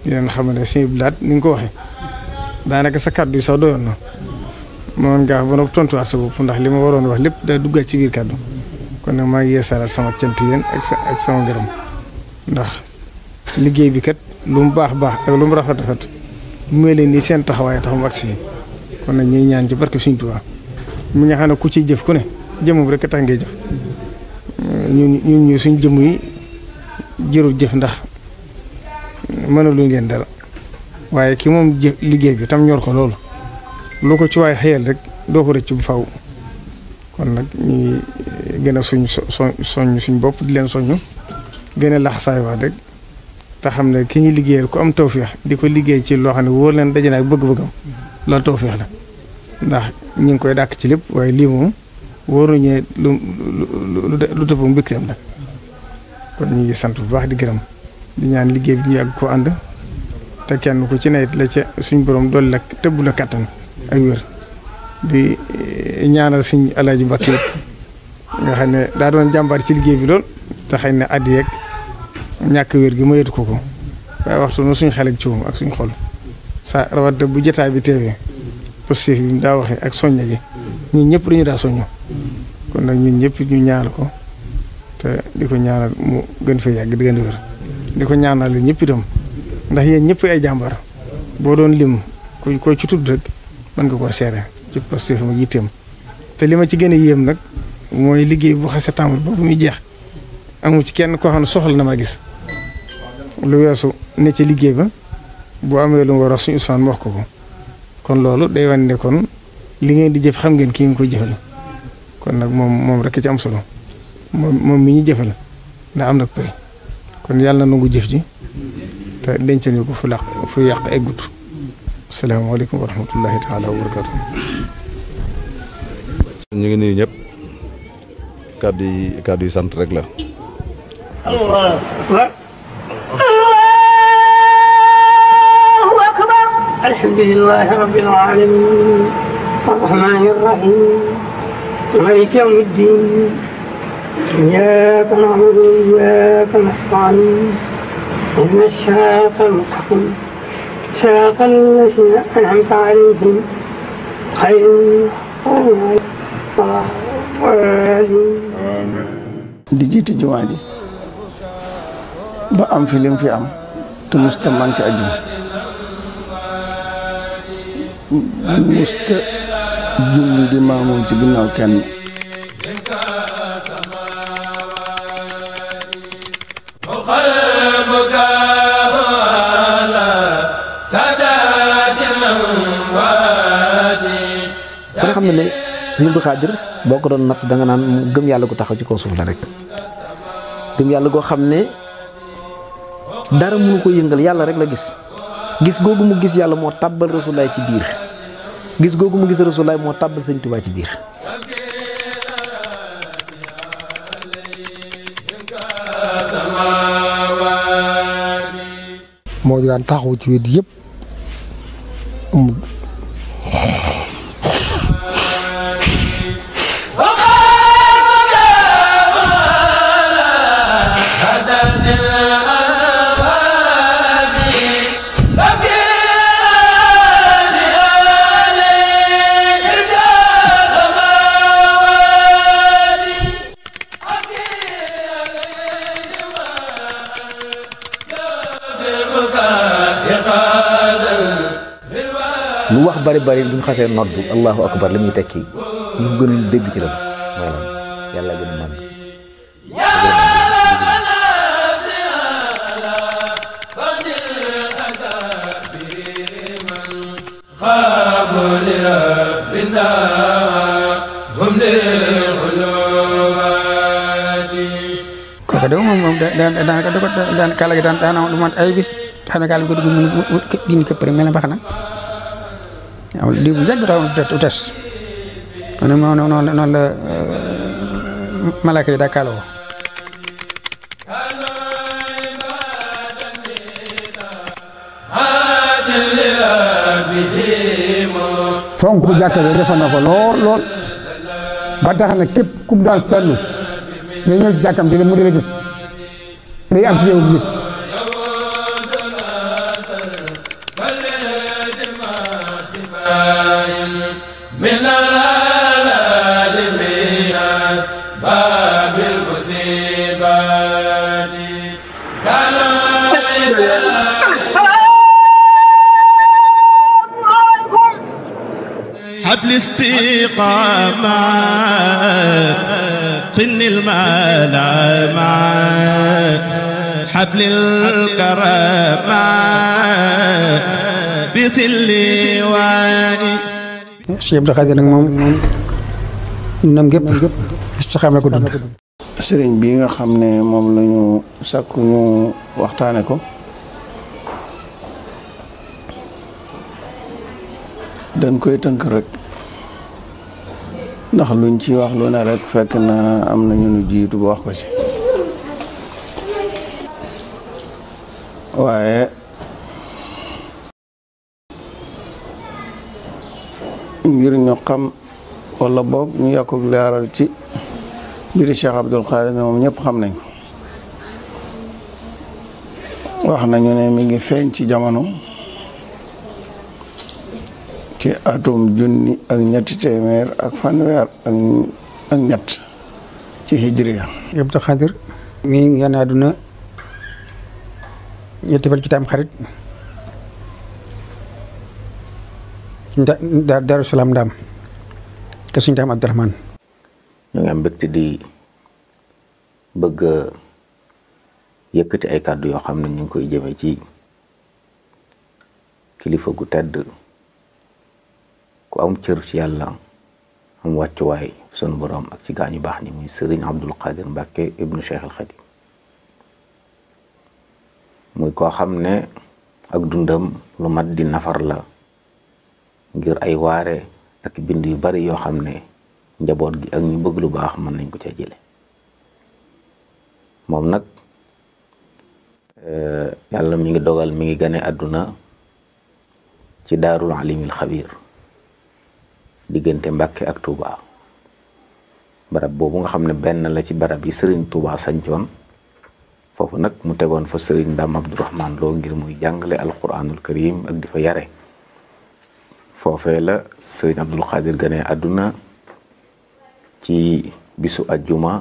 U: di leen xam ne sëñ ni nga ko waxee daanaka sa kàddu yi sax doyoon na. man ngaa ba noppi tontuwaat sa bopp ndax li ma waroon wax lépp daa duggaat ci biir kàddu kon nag maa ngi yeesalaat sama cant yéen ak sa ak sama ngërëm ndax liggéey bi kat lu mu baax baax ak lu mu rafet rafet mu leen nii seen taxawaay tax mu agsi kon nag ñuy ñaan ci barke Sëriñ Tuubaa mu nga xam ku ciy jëf ku ne jëmum rek tax ngay jëf ñun ñun ñu suñ jëmm yi jërul jëf ndax mënaluñ leen dara waaye ki moom jëf liggéey bi tam ñor ko loolu. loo ko ci waay xëyal rek doo ko rëcc bu faw kon nag ñuy eh, gën a suñ soñ suñ bopp di leen soñu gën a laxasaay wax rek te xam ne ki ñuy liggéeyal ku am tawféex di ko liggéey ci loo xam ne wóor leen daje naa bëgg-bëggam loolu tawféex la ndax ñu ngi koy dàkk ci lépp waaye lii moom wóoruñee lu lu lu tëb kon ñu ngi sant bu baax di gërëm di liggéey bi yàgg ko ànd te kenn ku ci nawet la ca suñ borom dool la tëbb la kattan. ak wér di eh, ñaanal suñ alaaji Mbàkke it nga xam ne daa doon jàmbaar ci liggéey bi lool te xëy na àddi yeeg ñàkk wér gi ma yëtu ko ko waaye waxtu na suñ xel ak ciwum ak suñ xol sa rawatina bu jetaay bi teewee positif bi mu daa waxee ak soñña gi ñun ñëpp dañu daa soññu kon nag ñun ñëpp ñu ñaanal ko te di ko ñaanal mu gën fee yàgg di gën a wér di ko ñaanal ñëpp itam ndax yéen ñëpp ay jàmbaar boo doon lim ku ko ci tudd rek. mën nga koo seere ci poste fi mu yitteem te li ma ci gën a yéem nag mooy liggéey bu xasee tàmbali ba bu muy jeex amu ci kenn koo xam ne soxla na ma gis lu weesu ne ci liggéey ba bu amee lu war a suñu Ousmane wax ko ko kon loolu day wane kon li ngeen di jëf xam ngeen ki koy jëfal kon nag moom moom rek ci am solo moom moom mi ñu jëfal ndax am nag pay kon yàlla na nangu jëf ji te denc ñu fu làq fu yàq eggut asalaamaaleykum wa rahmatullahi taala wa
V: barakaatu. ñu ngi nuyu ñëpp kàddu yi kàddu yi sant rek la.
I: الحمد لله رب العالمين الرحمن الرحيم مالك يوم الدين إياك نعبد وإياك نستعين اهدنا الصراط المستقيم صراط الذين أنعمت عليهم غير المغضوب
E: di jiite jumaa ji ba am fi lim fi am te musta manqué ajjuma musta julli di maamoom ci ginnaaw kenn
C: sëñ Abdou Khadir boo ko doon natt danga naan gëm yàlla gu taxaw ci koo suuf la rek gëm yàlla goo xam ne dara mënu ko yëngal yàlla rek la gis gis googu mu gis yàlla moo tàbbal rasulaay ci biir gis googu mu gis rasulaay moo tàbbal sëñ Tuubaa ci biir
F: moo ñu daan taxaw ci wet yépp
A: ñu noddu allahu akbar li muy tekki ñu ko gënoon dégg ci la mooy lan yàlla gën a màgg
B: kooku de moom moom daanaka da ko daan kàlla gi daan daan am lu mat ay bis xam ne kàlla gi ko dugg mu mu di ñu këpp rek mel na baax li bu yàgg daaw des noonu noonu noonu la euh, malaaka
H: fonk jàkka bi defoon na ko lool lool ba tax na képp kum daan seetlu nga ñëw jàkkam di la mu di la gis day am ci yow nit
X: العصامة قن الملامة حبل الكرامة بظل
B: وائي Cheikh Abdou Khadre nag moom nam gépp istixaam la ko dund
E: sëriñ bi nga xam ne moom la ñu sàkk ñu waxtaane ko dañ koy tënk rek ndax luñ ci wax lu ne rek fekk na am na ñu nu jiitu bu wax ko ci waaye ngir ñu xam wala boog ñu yàqu leeral ci mbiri Cheikh Abdoul Khadir moom ñëpp xam nañ ko wax nañu ne mi ngi feeñ ci jamono ci atum junni ak ñetti téeméer ak fanweer ak ak ci hijriya
B: Abdou Khadir mi ngi génn àdduna ñetti fan ci tam xarit Daaru Salaam Ndaam te tam Abdourahmane
A: ñu ngi am di bëgg yëkkati ay kàddu yoo xam ne ñu ngi koy jëme ci kilifa gu tedd ku am cër ci yàlla am wàccuwaay sunu borom ak ci gaañu baax ni muy sëriñ Abdul Qadir Mbàkke ibnu Cheikh al Xadim muy koo xam ne ak dundam lu mat di nafar la ngir ay waare ak bind yu bari yoo xam ne njaboot gi ak ñu bëgg lu baax mën nañ ko ca jële moom nag eh, yàlla mi ngi dogal mi ngi gane àdduna ci daarul alimil xabiir diggante Mbàkke ak Touba barab boobu nga xam ne benn la ci barab yi sëriñ Touba sancoon foofu nag mu tegoon fa sëriñ Ndam Abdourahman Lo ngir muy jàngale alquranul karim ak di fa yare foofee la sëriñ Abdul Xaadir gane àdduna ci bisu ajjuma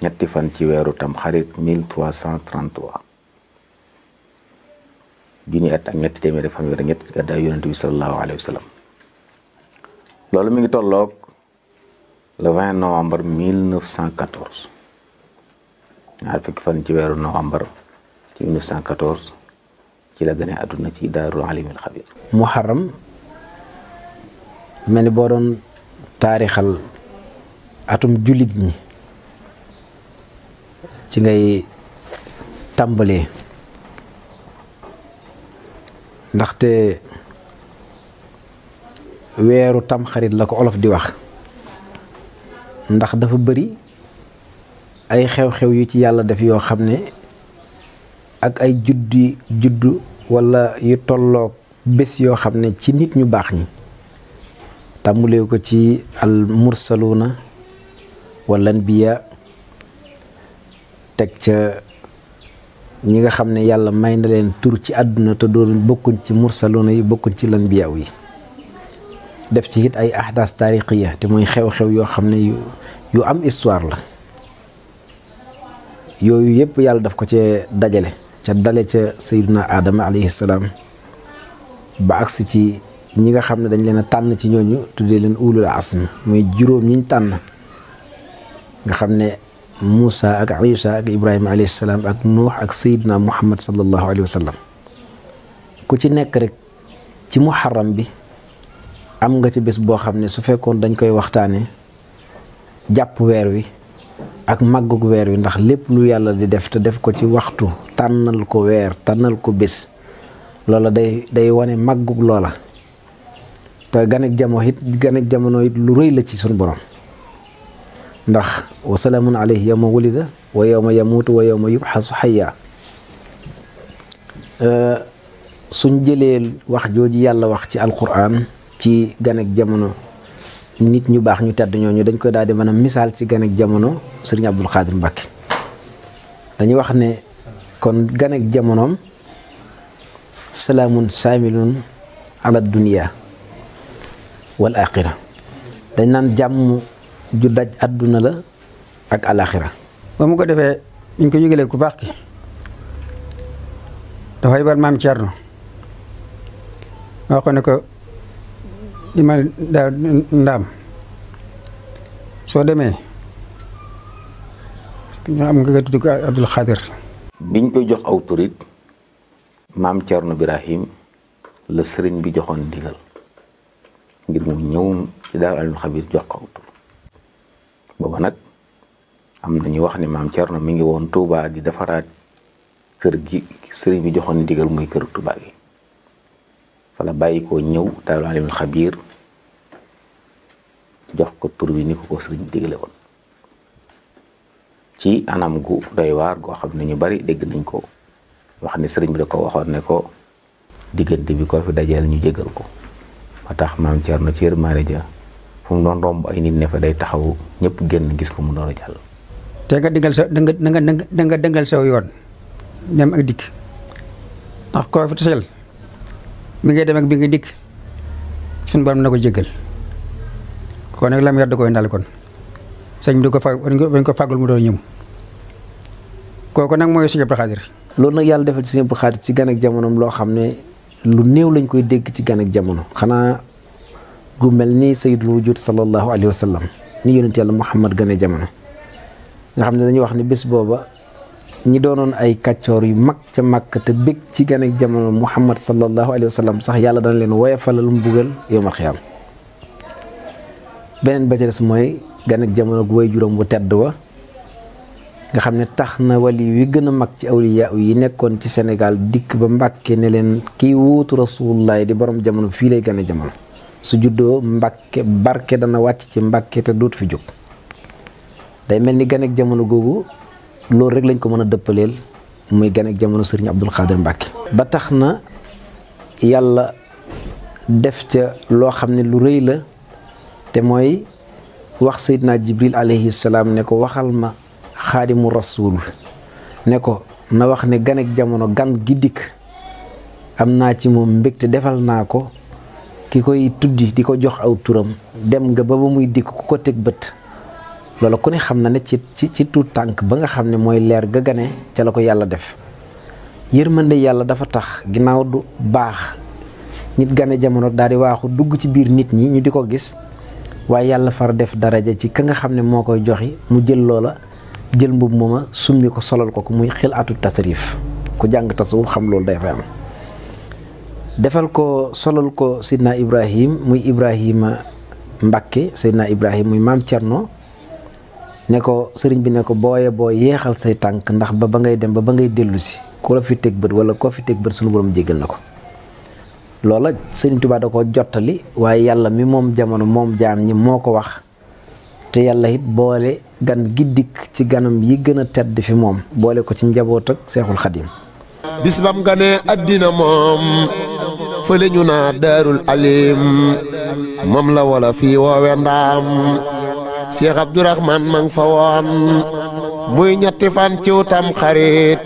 A: ñetti fan ci weeru tamxarit 1333 junni at ak ñetti téeméeri fan weer ak ñetti gàddaay yonente bi sallallahu alayhi wa loolu mi ngi tollook le 20 novembre 1914 ñaar fan ci weeru novembre ci 1914 ci la gënee àdduna ci daarul alimil xabir
C: muharram mel ni boo doon taarixal atum jullit ñi ci ngay tàmbalee ndaxte weeru tamxarit la ko olof di wax ndax dafa bari ay xew-xew yu ci yàlla def yoo xam ne ak ay juddi juddu walla yu tolloog bés yoo xam ne ci nit ñu baax ñi tàmmulee ko ci al mursaluuna wala anbiya teg ca ñi nga xam ne yàlla may na leen tur ci àdduna te doon bokkuñ ci na yi bokkuñ ci lanbiyaaw yi def ci it ay ahdaas taarixiya te muy xew-xew yoo xam ne yu am histoire la yooyu yëpp yàlla def ko cee dajale ca dale ca sayduna aadama alayhi salaam ba agsi ci ñi nga xam ne dañ leen tànn ci ñooñu tuddee leen ulul asm muy juróom ñiñ tànn nga xam ne Moussa ak Isa ak Ibrahima alayhi salaam ak Nuux ak sayduna Muhammad sallallahu alayhi wa sallam ku ci nekk rek ci muharram bi am nga ci bés boo xam ne su fekkoon dañ koy waxtaane jàpp weer wi ak màggug weer wi ndax lépp lu yàlla di def te def ko ci waxtu tànnal ko weer tànnal ko bés loola day day wane màggug loola te ganek jamono it ganek jamono it lu rëy la ci suñu borom ndax wa salaamun alayhi yawma wulida wa yawma yamuutu wa yawma yubxasu xayya suñ jëlee wax jooju yàlla wax ci alquran ci gan jamono nit ñu baax ñu tedd ñooñu dañ koy daal di man a misaal ci gan jamono sëriñ Abdul Xaadir Mbàkke dañu wax ne kon gan ak jamonoom salaamun saamilun ala dunia wal axira dañ naan jàmm ju daj àdduna la ak alaxira
B: ba ko defee ñu koy yëgalee ku baax ki dafay bal maam Cerno wax ko ne limal daal ndaam soo demee ñoo am nga nga tudd ko Abdul Xaadir
A: biñ koy jox autorité maam Cerno Birahim la sëriñ bi joxoon ndigal ngir mu ñëw ci daal Alioune Xabir jox ko autorité booba nag am na ñu wax ne maam Cerno mi ngi woon Touba di defaraat kër gi sëriñ bi joxoon ndigal muy kër Touba gi fala bàyyi koo ñëw daarul alimul xabiir jox ko tur wi ni ko ko sëriñ digle woon ci anam gu doy waar goo xam ne ñu bari dégg nañ ko wax ne sëriñ bi da ko waxoon ne ko diggante bi koo fi dajeel ñu jégal ko ba tax maam Thierno ci yërmaane ja fu mu doon romb ay nit ne fa day taxaw ñëpp génn gis ko
B: mu doon jàll. te nga dëngal sa danga danga dëngal saw yoon dem ak dikk ndax koo fi taseel bi ngay dem ak bi nga dikk suñ borom na ko jéggal kon nag lam yor da koy ndal kon sëñ bi du ko
C: fa bañ ko fàggul mu doon ñëw kooku nag mooy sëñ Abdou Khadir loolu nag yàlla defal sëñ Abdou Khadir ci gan ak jamonoom loo xam ne lu néew lañ koy dégg ci gan ak jamono xanaa gu mel ni sayyidul wujud sallallahu alayhi wa sallam ni yonent yàlla Muhammad gane jamono nga xam ne dañuy wax ne bés booba ñi doonoon ay kàccoor yu mag ca màkk te bég ci gan jamono muhammad sallallahu alayhi wa sallam sax yàlla dana leen woyofalal mbugal yowmal xiyaam beneen ba ca mooy gan jamono gu way juróom bu tedd wa nga xam ne tax na wali wi gën a mag ci awliya yi nekkoon ci Sénégal dikk ba Mbàkke ne leen kiy wuutu rasulullahi di boroom jamono fii lay gane jamono su juddoo Mbàkke barke dana wàcc ci Mbàkke te duut fi jóg day mel ni gan jamono googu loolu rek lañ ko mën a dëppaleel muy gan ak jamono sëriñ Abdul Xaadir Mbàkke ba tax na yàlla def ca loo xam ne lu rëy la te mooy wax Seydina Jibril alayhi salaam ne ko waxal ma xaadimu rasul ne ko na wax ne gan jamono gan gi dikk am naa ci moom mbégte defal naa ko ki koy tuddi di ko jox aw turam dem nga ba ba muy dikk ku ko teg bët loolu ku ne xam na ne ci ci ci tuut tànk ba nga xam ne mooy leer ga gane ca la ko yàlla def yërmande yàlla dafa tax ginnaaw du baax nit gane jamono daal di waaxu dugg ci biir nit ñi ñu di ko gis waaye yàlla far def daraja ci ka nga xam ne moo koy joxe mu jël loola jël mbub ma summi ko solal ko ko muy xel atu tasrif ku jàng tasawuf xam loolu day fay am defal ko solal ko Seydina Ibrahim muy Ibrahima Mbacke Seydina Ibrahim muy maam Thierno ne ko sëriñ bi ne ko booye boo yeexal say tànk ndax ba ba ngay dem ba ba ngay dellu si ku la fi teg bët wala koo fi teg bët suñu borom jéggal na ko loola sëriñ Tuubaa da ko jottali waaye yàlla mi moom jamono moom jaam ñi moo ko wax te yàlla it boole gan gi dikk ci ganam yi gën a tedd fi moom boole ko ci njaboot ak seexul xadim
D: bis bam ganee addina moom fële ñu naa daarul alim moom la wala fii woowe Cheikh Abdourahmane ma ngi fa woon muy ñetti fan ciw tam xarit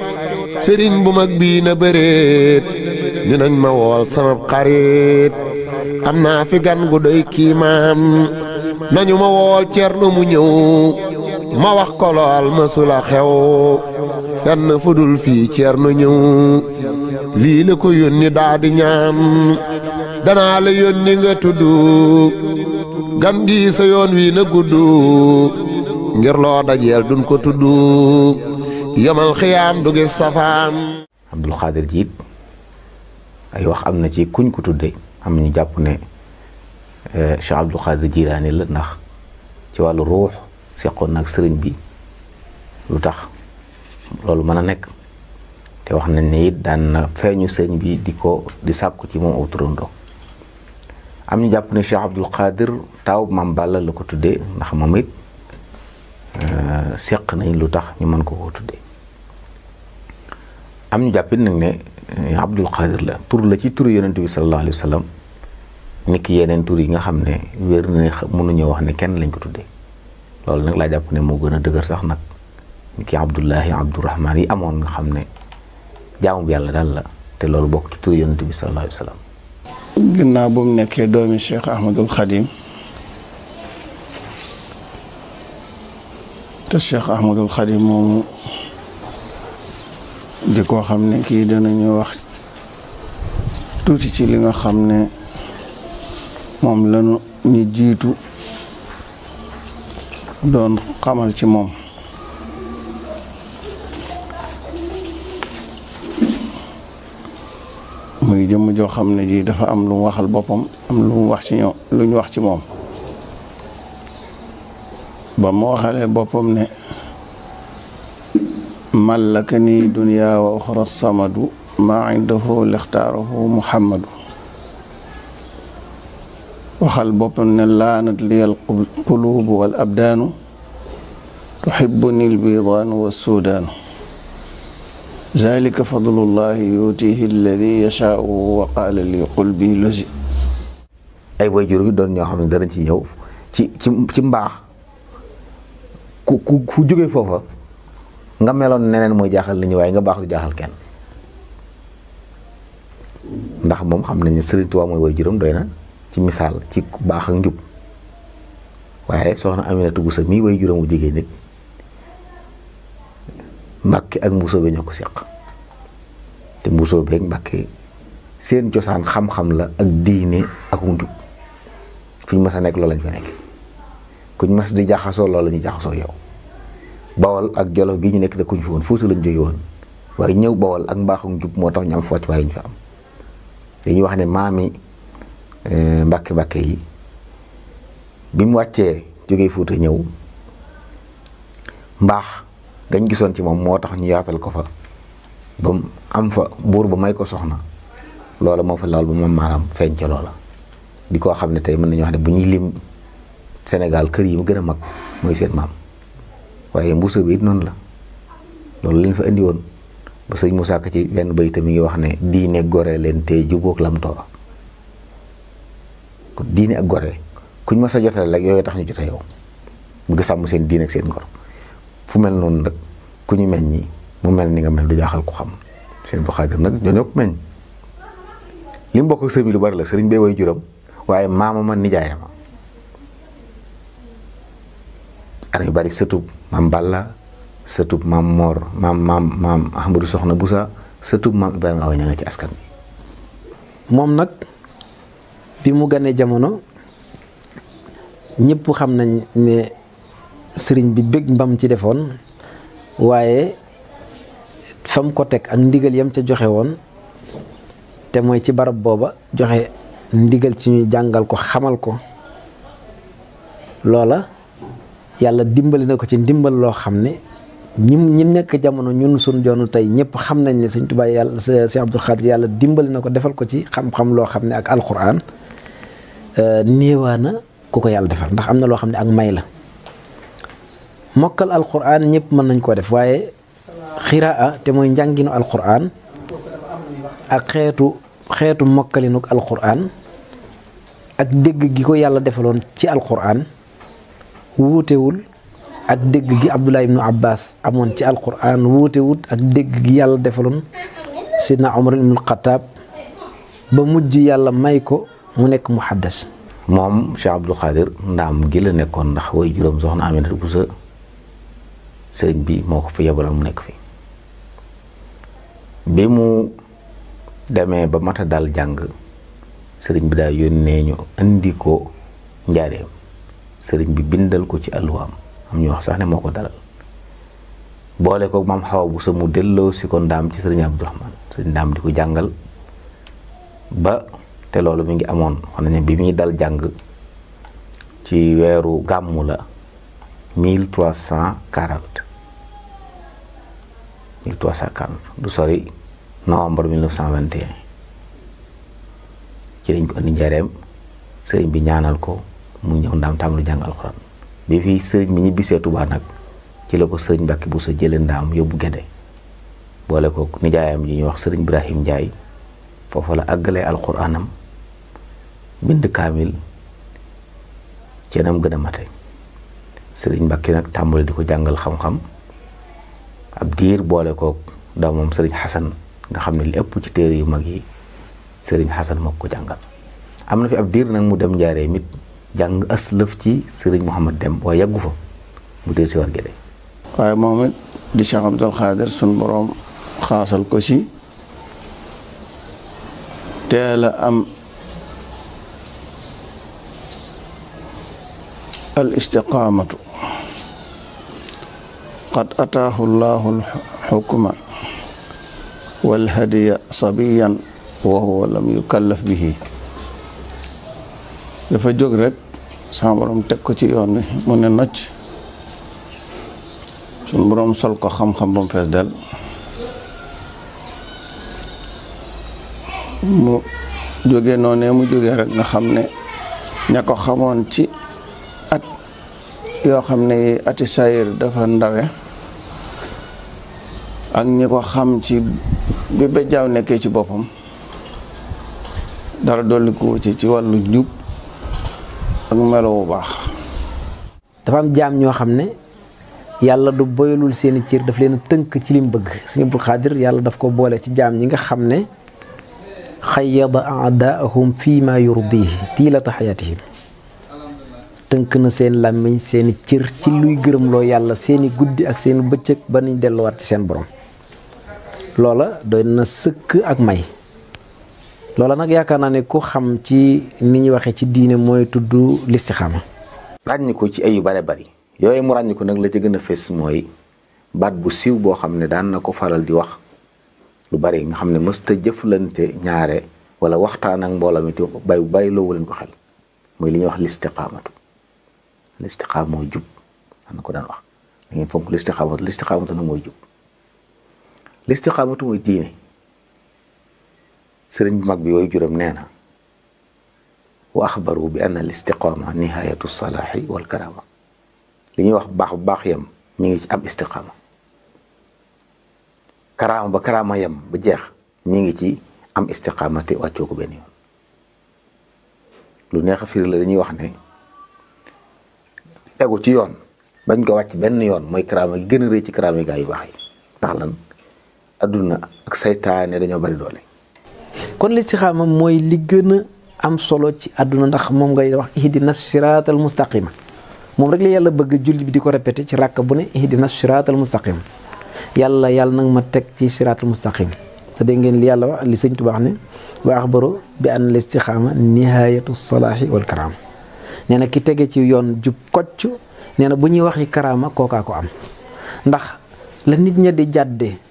D: sëriñ bu mag bii na bëreet ñu nañ ma wool sama xarit am naa fi gan gu doy kiimaan nañu ma wool Ceerno mu ñëw ma wax ko ma sula xew fenn fudul fii Ceerno ñëw lii la yónni daa di ñaan danaa yónni nga tudd gan gi sa yoon wi na gudd ngir loo dajeel duñ ko tudd yemal xiyaam du safaan
A: Abdul Xaadir jiit ay wax am na ci kuñ ko tudde am ñu jàpp ne eh, Cheikh Abdul Xaadir Jilaani la ndax ci wàllu ruux seqoon nag sëriñ bi lu tax loolu mën a nekk te wax nañ ne it daan na feeñu sëriñ bi di ko di sàkku ci moom aw turandoo am ñu jàpp ne Cheikh Abdul Qadir taawub maam Balla la ko tuddee ndax moom it euh, seq nañ lu tax ñu mën ko koo tuddee am ñu jàppit nag ne euh, Abdul Qadir la tur la ci tur yonent bi sallallahu alayhi wa sallam nit ki yeneen tur yi nga xam ne wér na ne mënuñoo wax ne kenn lañ ko tuddee loolu nag laa jàpp ne moo gën a dëgër sax nag nit ki Abdullahi Abdurahman yi amoon nga xam ne jaamu bi yàlla daal la te loolu bokk ci tur yonent bi sallallahu alayhi
E: ginnaaw bu mu nekkee doomi Cheikh Ahmadul Xadim te Cheikh Ahmadul Xadim moomu di koo xam ne kii danañu wax tuuti ci li nga xam ne moom lanu ñu jiitu doon xamal ci moom muy jëmm joo xam ne jii dafa am lu mu waxal boppam am lu mu lu ñu wax ci moom ba mu waxalee boppam ne mallaka ni duniyaa wa uxra samadu maa indahu lixtaarahu muhammadu waxal boppam ne laanat liyal quluubu wal abdaanu tuxibbuni lbidaanu wa suudaanu zalika fadlullahi yutihi alladi yashaau wa qaala li qulbi
A: way jur bi doon ñoo xam ne danañ ci ñëw ci ci ci mbaax ku ku jógee foofa nga meloon neneen mooy jaaxal nit waaye nga baax du jaaxal kenn ndax moom xam nañu Sëriñ Tuubaa mooy way juróom doy na ci misaal ci baax ak njub waaye soxna Aminata Bousso mii way juróom wu jigéen nit mbàkke ak mbusoobe ñoo ko seq te mbusoobe ak mbàkke seen cosaan xam-xam la ak diine ak njub fu ñu mas a nekk loolu lañ fa nekk kuñ mas di jaxasoo loolu la ñuy jaxasoo yow bawol ak jolof gi ñu nekk da kuñ fi woon Fuuta lañ jóge woon waaye ñëw bawol ak mbaaxu njub moo tax ñu am focc waaye ñu fa am dañuy wax ne maami eh, mbàkke mbàkke yi bi mu wàccee jógee Fuuta ñëw mbaax gañ gisoon ci moom moo tax ñu yaatal ko fa ba mu am fa buur ba may ko soxna loola moo fa laal ba moom maanaam feeñ ca loola. di koo xam ne tey mën nañu wax ne bu ñuy lim Sénégal kër yi mu gën a mag mooy seen maam waaye mbuso bi it noonu la loolu lañ fa indiwoon ba sëñ Moussa Ka ci benn bayta mi ngi wax ne diine gore leen te jubóog lam tooba kon diine ak gore kuñ ma sa jotale rek yooyu tax ñu jotee yow bëgg sàmm seen diine ak seen ngor. fu mel noonu nag ku ñu ñi mu mel ni nga mel du jaaxal ku xam sëriñ bu xaadir nag ñoo ñëpp meññ li mu sëriñ lu bari la sëriñ bee way juram waaye maama ma nijaayama ana yu bari sëtub maam Balla sëtub maam Mor maam maam maam Ahmadou Soxna Boussa sëtub maam Ibrahima Awa ña nga ci askan bi
C: moom nag bi mu ganee jamono ñëpp xam nañ ne sëriñ bi bég mbam ci defoon waaye fam ko teg ak ndigal yam ca joxe woon te mooy ci barab booba joxe ndigal ci ñuy jàngal ko xamal ko loola yàlla dimbali na ko ci ndimbal loo xam ne ñi ñi nekk jamono ñun suñ joonu tey ñëpp xam nañ ne sëñ Tuubaa yàlla sëñ Abdul Xaadir yàlla dimbali na ko defal ko ci xam-xam loo xam ne ak alxuraan euh, néewaana ku ko yàlla defal ndax am na loo xam ne ak may la mokkal alquran ñëpp mën nañ koo def waaye xiraa te mooy njànginu alquran ak xeetu xeetu mokkalinuk alquran ak dégg gi ko yàlla defaloon ci alquran wuutewul ak dégg gi abdullah ibnu abbas amoon ci alquran wuutewul ak dégg gi yàlla defaloon sidna omar ibnul xataab ba mujj yàlla may ko mu nekk muhaddas
A: moom Cheikh Abdou Khadir ndaam gi la nekkoon ndax way juróom soxna Aminata Bousso sëriñ bi moo ko fa yebaloon mu nekk fi bi mu demee ba mata dal jàng sëriñ bi daal yónnee ñu indi ko njaareem sëriñ bi bindal ko ci alluwaam am ñu wax sax ne moo ko dalal boole ko mam xawa bu sa mu delloo si ko ndaam ci sëriñ Abdourahman sëriñ ndaam di ko jàngal ba te loolu mi ngi amoon xam nañ ne bi muy dal jàng ci weeru gàmmu la mille trois cent quarante 1350 du sori novembre 1921 ci lañ ko indi njareem sëriñ bi ñaanal ko mu ñëw ndaam tàmbali jàng alxuraan bi fi sëriñ bi ñibbisee Tuubaa nag ci la ko sëriñ Mbàkke bu sa jële ndaam yóbbu Gédé boole ko nijaayam yi ñuy wax sëriñ Ibrahim Njaay foofa la àggalee alxuraanam bind kaamil ceenam gën a mate sëriñ Mbàkke nag tàmbali di ko jàngal xam-xam ab diir boole koog doomam sëriñ xasan nga xam ne lépp ci téere yu mag yi sëriñ xasan moo ko jàngal am na fi ab diir nag mu dem njaaree mit jàng aslëf ci sëriñ Mouhamad dem waaye yàggu fa mu dee si war gédé
E: waaye moom it di Cheikh Abdul Xaadir sun boroom xaasal ko ci teel am al istiqaamatu qad ataahu llahu alxukma walhadiya sabiyan wa huwa lam yukallaf bihi dafa jóg rekk sama borom teg ko ci yoon wi mu ne nocc suñ borom sol ko xam-xam ba mu fees del mu jóge noonee mu jóge rek nga xam ne ña ko xamoon ci at yoo xam ne ati sayir dafa ndawe ak ñi ko xam ci bi bejjaaw nekkee ci boppam dara dolli ko ci ci wàllu jub
C: ak melo bu baax dafa am jaam ñoo xam ne yàlla du boyalul seeni cër daf leen tënk ci lim bëgg Sëriñ Abdul Xaadir yàlla daf ko boole ci jaam ñi nga xam ne xayyada aadaahum fii ma yurdihi tiilata xayaatihim tënk na seen làmmiñ seeni cër ci luy gërëm loo yàlla seeni guddi ak seeni bëccëg ba nuñ delluwaat ci seen borom loola doy na sëkk ak may loola nag yaakaar naa ne ku xam ci ni ñuy waxee ci diine mooy tudd listixaama
A: ko ci ay yu bare bari yooyu mu ràññiku nag la ci gën a fës mooy baat bu siw boo xam ne daan na ko faral di wax lu bari nga xam ne mësta jëflante ñaare wala waxtaan ak mbooloo mi bay bu bay loowu leen ko xel mooy li ñuy wax listiqaamatu listiqaam mooy jub daan na ko daan wax da ngeen fonk listiqaamatu listiqaamatu nag mooy jub listiqaamatu mooy diine sëriñ bu mag bi way juróom nee na wa axbaru bi anna al istiqaama nihaayatu salaaxi li ñuy wax baax bu baax yam mi ngi ci am istiqaama karaama ba karaama yem ba jeex mi ngi ci am istiqaama te wàccoo ko benn yoon lu neex a firi la dañuy wax ne tegu ci yoon bañ ko wàcc benn yoon mooy karaama gi gën a rëy ci karaama gaa yu baax yi ndax adduna ak saytaane
C: dañoo bari doole. kon listixaama mooy li gën a am solo ci àdduna ndax moom ngay wax di ihdina siraatal mustaqima moom rek la yàlla bëgg julli bi di ko répété ci ràkk bu ne ihdina siraatal mustaqima yàlla yàlla nag ma teg ci siraatal mustaqima te dégg ngeen li yàlla wax li sëñ Tuubaa wax ne wa axbaro bi an listixaama nihayatu salaahi wal karaama nee na ki tege ci yoon jub kocc nee na bu ñuy waxi karaama kookaa am ndax la nit ña di jàdde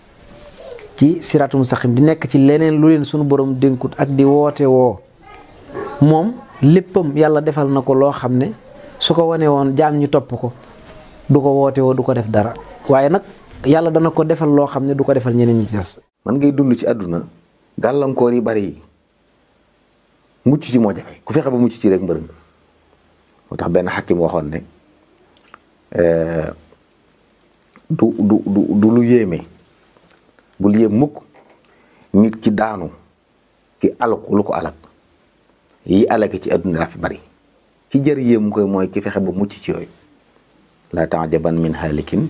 C: ci siraatul mustaqim di nekk ci leneen lu leen sunu borom dénkut ak di woote woo moom léppam yàlla defal na ko loo xam ne su ko wane woon jaam ñu topp ko du ko woote woo du ko def dara waaye nag yàlla dana ko defal loo xam ne du ko defal ñeneen ñi ci des ngay dund ci àdduna gàllankoor yi bari yi mucc ci moo ku fexe ba mucc ci rek mbërëm
A: moo tax benn xakim waxoon ne euh, du du du du lu yéeme bul yéem mukk nit ki daanu ki alku lu ko alak yi alake ci adduna daa fi bari ki jër yéem koy mooy ki fexe ba mucc ci yooyu la taajaban min haalikin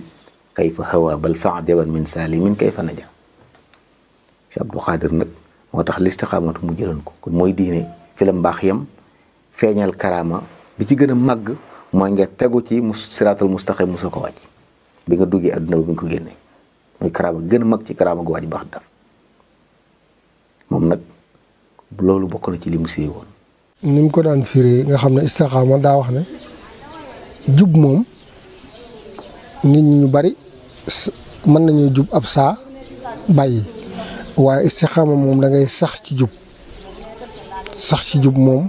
A: kayfa hawa bal faajaban min saalimin kayfa naja Cheikh Abdou Khadir nag moo tax listixaamatu mu jëloon ko kon mooy diine fi la mbaax yam feeñal karaama bi ci gën a màgg mooy nga tegu ci mu siraatal mustaqim musa ko wàcc bi nga duggee adduna bi nga ko génnee muy karaama gën a mag ci karaama gu waa ji baax daf moom nag loolu bokk na ci li mu séy woon.
F: ni ko daan firee nga xam ne istixaama daa wax ne jub moom nit ñu bari mën nañoo jub ab saa bàyyi waaye istixaama moom dangay sax ci jub sax ci jub moom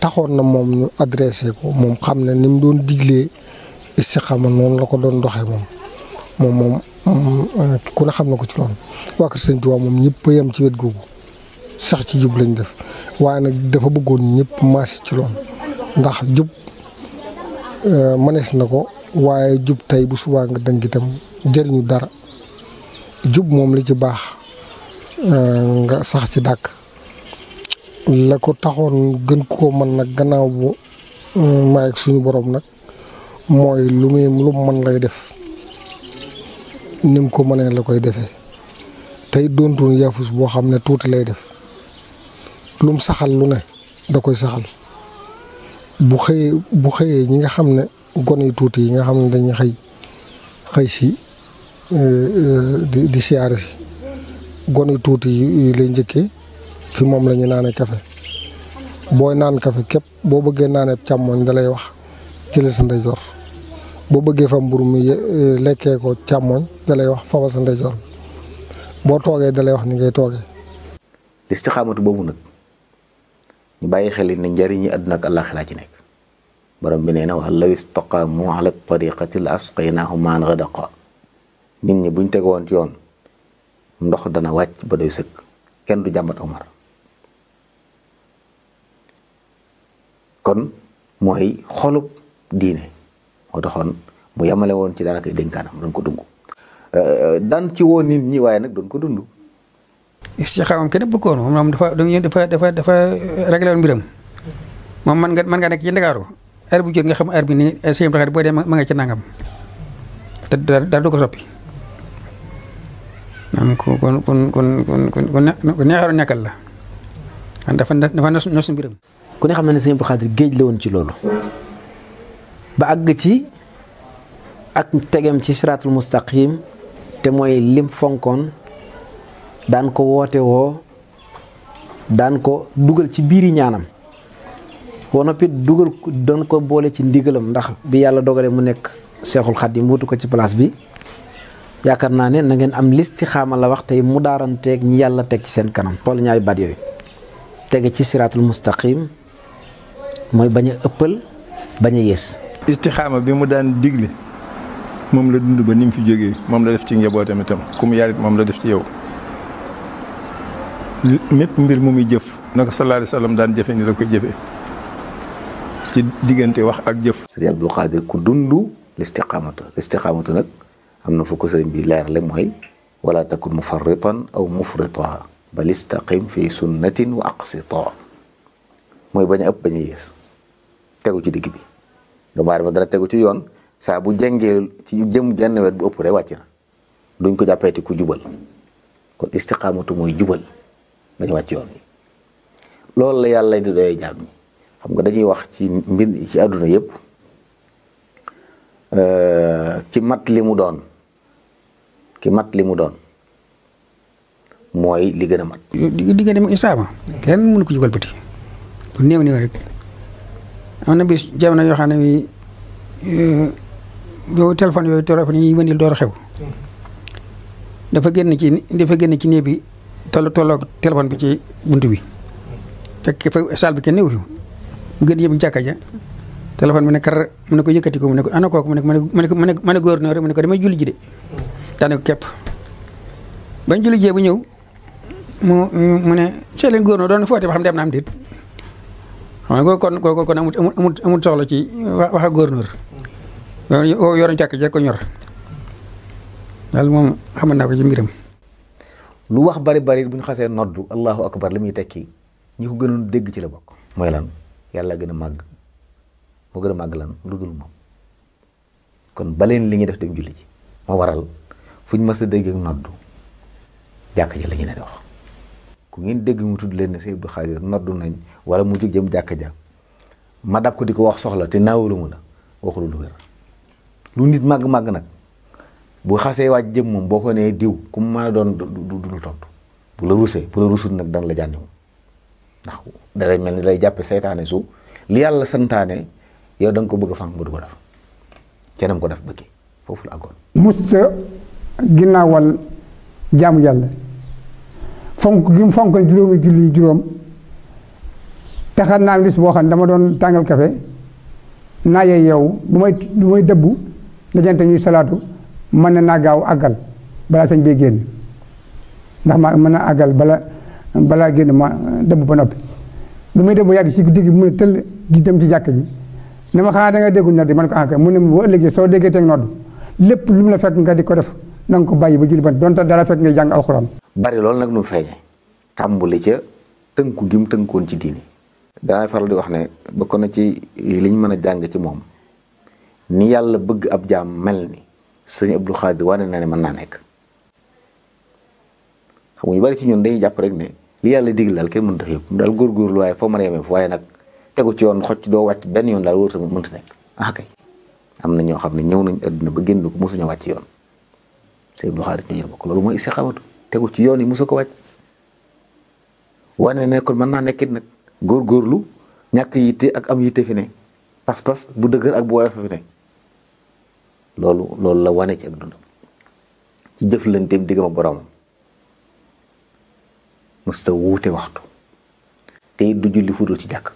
F: taxoon na moom ñu adressé ko moom xam ne ni mu doon diglee istixaama noonu la ko doon doxe moom moom moom Euh, euh, ku ne xam na ko ci loolu waa kër sëñ Tuubaa moom ñëpp a yem ci wet googu sax ci jub lañ def waaye nag dafa bëggoon ñëpp maas ci loolu ndax jub euh, manees na ko waaye jub tey bu subaa nga dang itam jëriñu dara jub moom li ci baax nga sax ci dàkk la ko taxoon gën koo mën nag gannaaw bu maay ak suñu boroom nag mooy lu muy lu lay def ni ko mënee la koy defee tey doontuñu yaafus boo xam ne tuuti lay def lum saxal lu ne da koy saxal bu xëyee bu xëyee ñi nga xam ne gone yu tuuti yi nga xam ne dañuy xëy xëy si euh, euh, di di siyaare si gone yu tuuti yi lay njëkkee fi moom la ñu naanee kafe booy naan kafe képp boo bëggee naanee càmmoñ dalay wax jëlee sa ndeyjoor boo bëggee fa mburu mi e, lekkee ko càmmoñ dalay wax fabal sa ndeyjoor boo toogee dalay wax ni ngay toogee
A: listixaamatu boobu nag ñu bàyyi xel ne njariñi àdduna ak àllaaxira ci nekk borom bi nee na wax law istaqaamu ala tariqati la asqaynaahum maan gadaqa nit ñi buñ tegoon ci yoon ndox dana wàcc ba doy sëkk kenn du jàmbat mar kon mooy xolub diine moo taxoon mu yamale woon ci daanaka dénkaanam doon ko dund euh, daan ci woo nit ñi waaye nag doon ko dund.
B: istixaara moom kenn bëggoon moom dafa dafa dafa dafa réglé woon mbiram moom man nga mën nga nekk ci Ndakaaru bu nga xam heure bi nii sëñ boo dee ma nga ci nangam te dara du ko soppi. am ku kon kon kon kon kon ku neexaroon nekkal la dafa dafa nos ku ne xam na ne sëñ Abdou
C: géej la woon ci loolu. ba àgg ci ak tegem ci siraatul mustaqim te mooy lim fonkoon daan ko woote woo daan ko dugal ci biir biiri ñaanam ba noppi dugal doon ko boole ci ndigalam ndax bi yàlla dogalee mu nekk seexul xaddim wutu ko ci place bi yaakaar naa ne na ngeen am listixaama la wax tey mu daaranteeg ñi yàlla teg ci seen kanam xool ñaari baat yooyu tege ci siraatul mustaqim mooy bañ a ëppal bañ a istixaama bi mu daan digle moom la
G: dund ba ni fi jógee moom la def ci njabootam itam ku mu moom la def ci yow mépp mbir mu muy jëf nag ko sallallahu alayhi wa sallam daan jëfe ni la koy jëfee ci diggante wax ak jëf sëriñ Abdul Xaadir ku dund listixaamatu
A: nag am na fu ko bi leerle mooy wala takun mufarritan aw mufrita bal istaqim fi sunnatin wa aqsita mooy bañ a bañ a ci digg bi doomu aadama dara tegu ci yoon saa bu jengee ci jëm jenn wet bu ëpp rek wàcc na duñ ko jàppeeti ku jubal kon istiqaamatu mooy jubal bañ wàcc yoon loolu la yàlla di doyee jaam ñi xam nga dañuy wax ci mbir ci àdduna yépp ci euh, mat li mu doon ki mat li mu doon mooy li gën
B: a mat. di di nga dem isaama kenn mënu ko jugal bëti lu néew néew am na bis jamono yoo xam ne bi eh, yooyu téléphone yi wëndil door xew dafa génn ci dafa génn ci néeg bi toll tolloog téléphone bi ci bunt bi fekk saal bi kenn néew fi mu gën yëpp jàkka ja téléphone bi ne kar mu ko yëkkati ko mu ne ko ana kooku mu ne ko mu ne ko mu mu ne ko damay julli ji de daanaka képp bañ julli jee ñëw mu mu ne seet leen gouverneur doon foote xam dem na am déet xam nga kon kooku kon amut amut amut soxla ci wax ak gouverneur yoroon càkk jeeg ko ñor daal moom xamal naa ko ci mbiram. lu wax bari bari bu ñu xasee
A: noddu allahu akbar li muy tekki ñi ko gënoon dégg ci la bokk. mooy lan yàlla gën a màgg moo gën a màgg lan lu dul moom kon baleen li ñuy def dem julli ji moo waral fu ñu mës a dégg ak noddu jàkk ji la ne wax. ku ngeen dégg mu tudd leen ne Sëñ Abdou Khadir noddu nañ wala mu jóg jëm jàkka ja ma dab ko di ko wax soxla te naawaluma la waxul lu wér lu nit màgg-màgg nag bu xasee waaj jëm moom boo ko nee diw ku mu mën a doon du du tontu bu la rusee bu la rusul nag dana la jànni moom ndax dalay mel ni lay jàppe seytaane su li yàlla santaane yow da ko bëgg a fànq ba du ko def kenam ko def bëggee foofu la àggoon.
H: musta ginnaawal jaamu yàlla. fonk gi mu fonkoon juróomi julli juróom te xam naa bis boo xam ne dama doon tàngal kafe naa yee yow bu may bu may dëbbu dajante ñuy salaatu mën na naa gaaw àggal balaa sañ bee génn ndax ma mën na àggal bala balaa génn ma dëbb ba noppi bu may dëbbu yàgg ci digg mu ne tëll di dem ci jàkk ji ne ma xanaa da nga déggul nodd yi man ko àgg ah mu ne bu ëllëgee soo déggee teg nodd lépp lu mu la fekk nga di ko def na nga ko bàyyi ba julli ba donte dara fekk ngay jàng alxuraan.
A: bari loolu nag nu mu feeñee tàmbali ca tënku gi mu tënkoon ci diini. danaay faral di wax ne bokk na ci li ñu mën a jàng ci moom ni yàlla bëgg ab jaam mel ni sëñ Abdou Khadir wane ne mën naa nekk xam ñu bari ci ñun jàpp rek ne yàlla diglal kenn mënut a yëpp waaye foo mën a yemee waaye nag tegu ci yoon xocc doo wàcc benn yoon daal wóor tamit mënut a nekk ah kay am na ñoo xam ne ñëw nañ àdduna ba génn ko mosuñu wàcc yoon. Sëñ Abdou Khadre ñu la bokk loolu mooy istiqaamatu tegu ci yoon yi mosoo ko wàcc wane ne kon mën naa nekkit nag góor góorlu ñàkk yitte ak am yitte fi ne pas-pas bu dëgër ak bu woyof fi ne loolu loolu la wane ci ak dund ci jëflanteem diggam wuute waxtu te it du julli fudul ci jàkk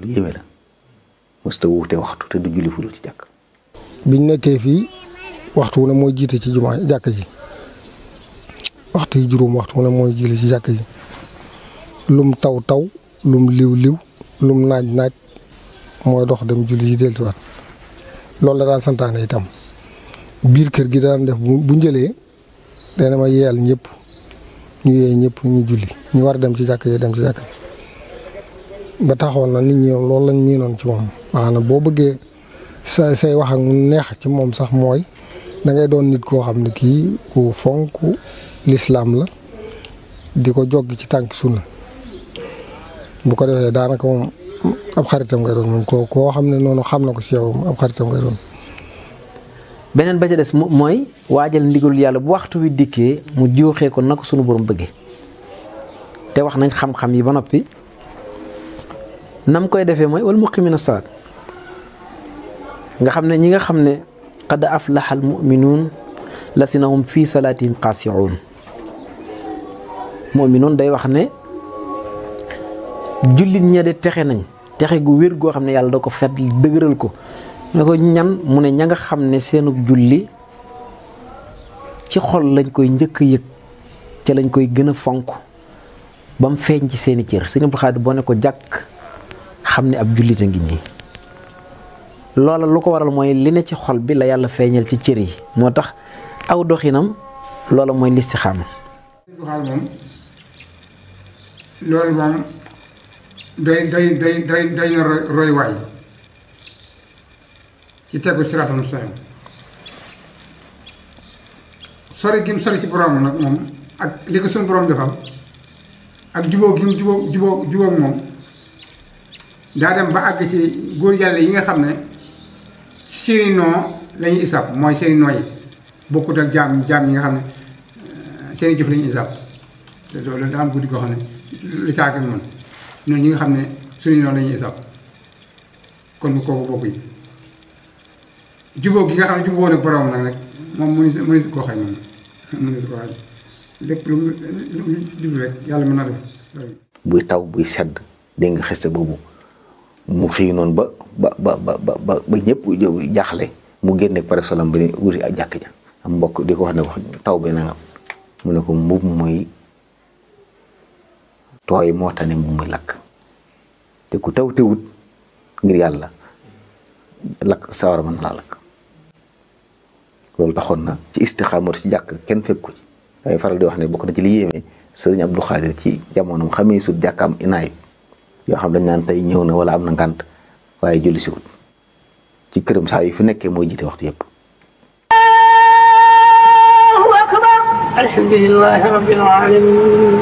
A: lu yéeme wuute waxtu te du julli fudul ci jàkk
F: biñ nekkee fii waxtu wu ne mooy jiite ci jumaa jàkk ji waxtu yi juróom waxtu wu ne mooy jiite ci jàkk ji lum taw taw lum liw liw lum naaj naaj mooy dox dem julli ci dellusiwaat loolu la daal santaane itam biir kër gi daan def bu njëlee dana ma yeyal ñëpp ñu yee ñëpp ñu julli ñu war dem ci jàkk yi dem ci jàkk ji ba taxoon na nit ñi loolu lañ miinoon ci moom maanaam boo bëggee say say wax ak neex ci moom sax mooy dangay doon nit koo xam ne kii ku fonk lislaam la di ko joggi ci tànk sunna bu ko defee daanaka moom ab xaritam ngay doon moom ko koo xam ne noonu xam na ko si ab xaritam ngay doon.
C: beneen ba ca des mooy waajal ndigalul yàlla bu waxtu wi dikkee mu jooxee ko na ko sunu borom bëggee te wax nañ xam-xam yi ba noppi nam koy defee mooy wal muqimina salaat nga xam ne ñi nga xam ne qad aflaha almuminuun lasinahum fi salaatihim xaasiuun muminuun day wax ne jullit ña de texe nañ texe gu wér goo xam ne yàlla da ko fet dëgëral ko ne ko ñan mu ne ña nga xam ne seenug julli ci xol lañ koy njëkk a yëg ca lañ koy gën a fonk ba mu feeñ ci seeni cër sëñ Abdou Khadre boo ko jàkk xam ne ab jullit a ngi nii loola lu ko waral mooy li ne ci xol bi la yàlla feeñal ci cër yi moo tax aw doxinam loola mooy listixaama
H: moom loolu moom doy doy doy doy doy na roy waay ci tegu siraatal mustaqiim sori gi mu sori ci borom nag moom ak li ko suñu borom defal ak jubóo gi mu jubóo jubóo moom daa dem ba àgg ci góor yàlla yi nga xam ne seeni noo la isaab mooy seeni noo bokkut ak jaam jaam yi nga xam ne eh, seeni jëf la ñuy isaab te loolu daa am ñi nga xam ne suñu noo la ñuy isaab kon kooku bokk yi jubóo gi nga xam ne jubóo nag borom nag rek moom mënu si mënu si koo xëy moom mënu si koo lépp lu mu jublu rek yàlla mën na def
A: buy taw buy sedd dégg nga xeste boobu mu xëy noonu ba. ba ba ba ba ba ñëpp jaaxle mu génne pare solam bi wuti ak jàkk ja mbokk di wax ne wax taw bi nangam mu ne ko mbubb muy tooy moo tane mbubb muy lakk te ku taw tewut ngir yàlla lakk sawara mën laa lakk loolu taxoon na ci istixaamar ci jàkk kenn fekk ko ci damay faral di wax ne bokk na ci li yéeme sëriñ Abdou ci jamono mu xamee sut jàkkaam inaay yoo xam dañ naan tey ñëw na wala am na ngànt waaye julli siwut ci këram saa yu fi nekkee mooy jiite waxtu yépp
I: allahu akbar alhamdulillahi rabbil alamin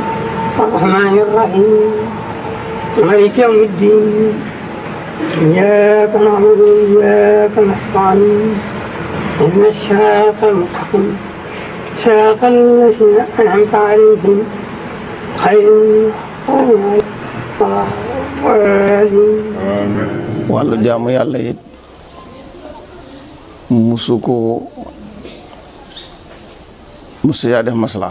I: arrahmani arrahim maliki yawmi ddin iyyaka na'budu wa iyyaka nasta'in اهدنا الصراط المستقيم صراط الذين انعمت عليهم غير المغضوب عليهم ولا
E: الضالين wàllu jaamu yàlla it musu ko musu yaa def masla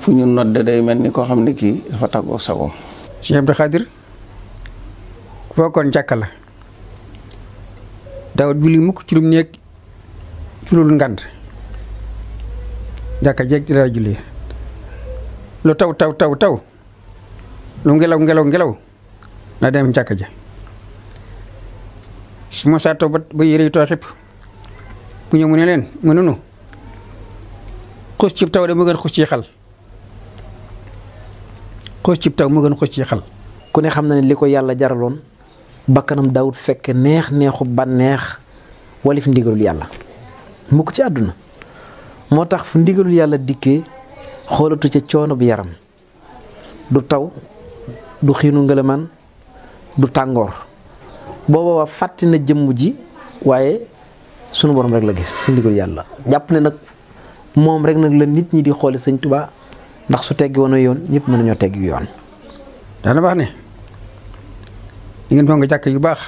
E: fu ñu nodde day mel ni koo xam ne ki dafa tàggoo sagoom Cheikh Abdou Khadir
B: bokkoon jàkka la daawut julli mukk ci lum néeg ci lul ngànd jàkka dara julli lu taw taw taw taw lu ngelaw ngelaw ngelaw na dem jàkka ja su ma saa ba ba yére yi bu ñëw mu ne leen mu ne nu xus taw de mu gën xus ci xal
C: xus cib taw mu gën xus ci xal. ku ne xam na ne li ko yàlla jaraloon bakkanam daawut fekk neex neexu bànneex walif ndigalul yàlla mukk ci àdduna moo tax fu ndigalul yàlla dikkee xoolatu ci coono bi yaram du taw du xiinu ngelaman du tàngoor. booba fàtti na jëmm ji waaye sunu borom rek la gis ndigal yàlla jàpp ne nag moom rek nag la nit ñi di xoole sëñ Tuubaa ndax su teggi woon yoon ñëpp mën nañoo tegg yoon. daana wax ne
B: di ngeen fonk jàkk yu baax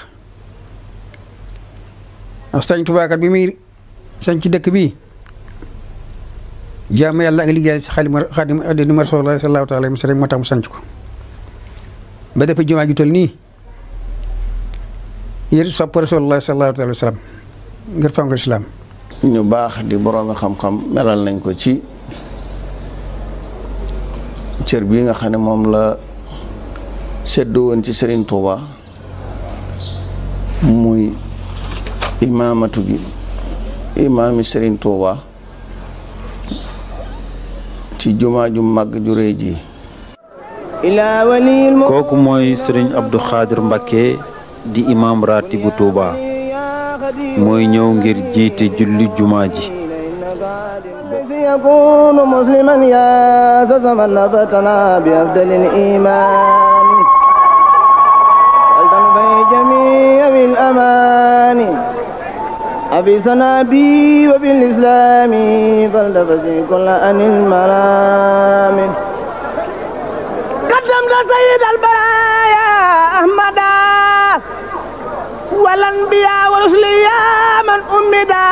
B: ndax sëñ Tuubaa kat bi muy sañ ci dëkk bii jaamu yàlla ak liggéeyal si xaadim xaadim addina Rasulullah moo tax mu sanc ko ba dafa jumaa ju nii.
E: yéen sopp rasulullah sallallahu alayhi wa sallam ñu baax di boroomi xam-xam melal nañ ko ci cër bii nga xam ne moom la seddoo woon ci Serigne Touba muy imaamatu gi imaami Serigne Touba ci jumaa ju màgg ju rëy ji kooku mooy Serigne Abdou Khadir Mbacké di imam ratibu Touba mooy ñëw ngir jiite julli jumaa ji
J: yakunu musliman ya zazaman nabatana bi afdalil iman waltan bay jamia bil amani abisana bi wa bil islami faltafasi kulla anil marami
K: qaddamta والأنبياء ورسل يا من أمدا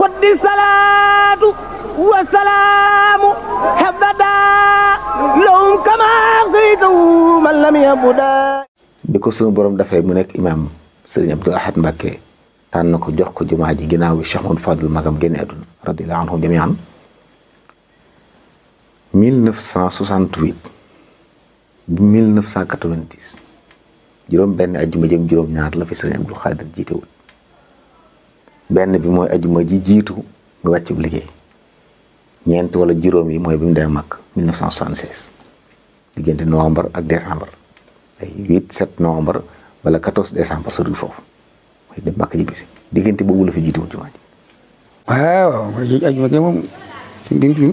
K: قد الصلاة والسلام حبدا
J: لهم كما قيده من لم يبدا
A: بكو سونو بروم دا فاي مو نيك امام سيرن عبد الاحد مكي tànn ko jox ko jumaa ji ginnaaw Cheikh Modou Fadl magam génne àdduna radiyallahu anhum jamian 1968 1990 juróom benn ajjuma jëm juróom ñaar la fi sëriñ Abdul Xaadir jiite woon benn bi mooy ajjuma ji jiitu mu wàcc bu liggéey ñeent wala juróom yi mooy bi mu dee mag 1976 diggante novembre ak décembre ay 8 7 novembre wala 14 décembre soriwul foofu mooy diggante boobu la fi jiitu woon jumaa ji.
B: waaw ajjuma ji moom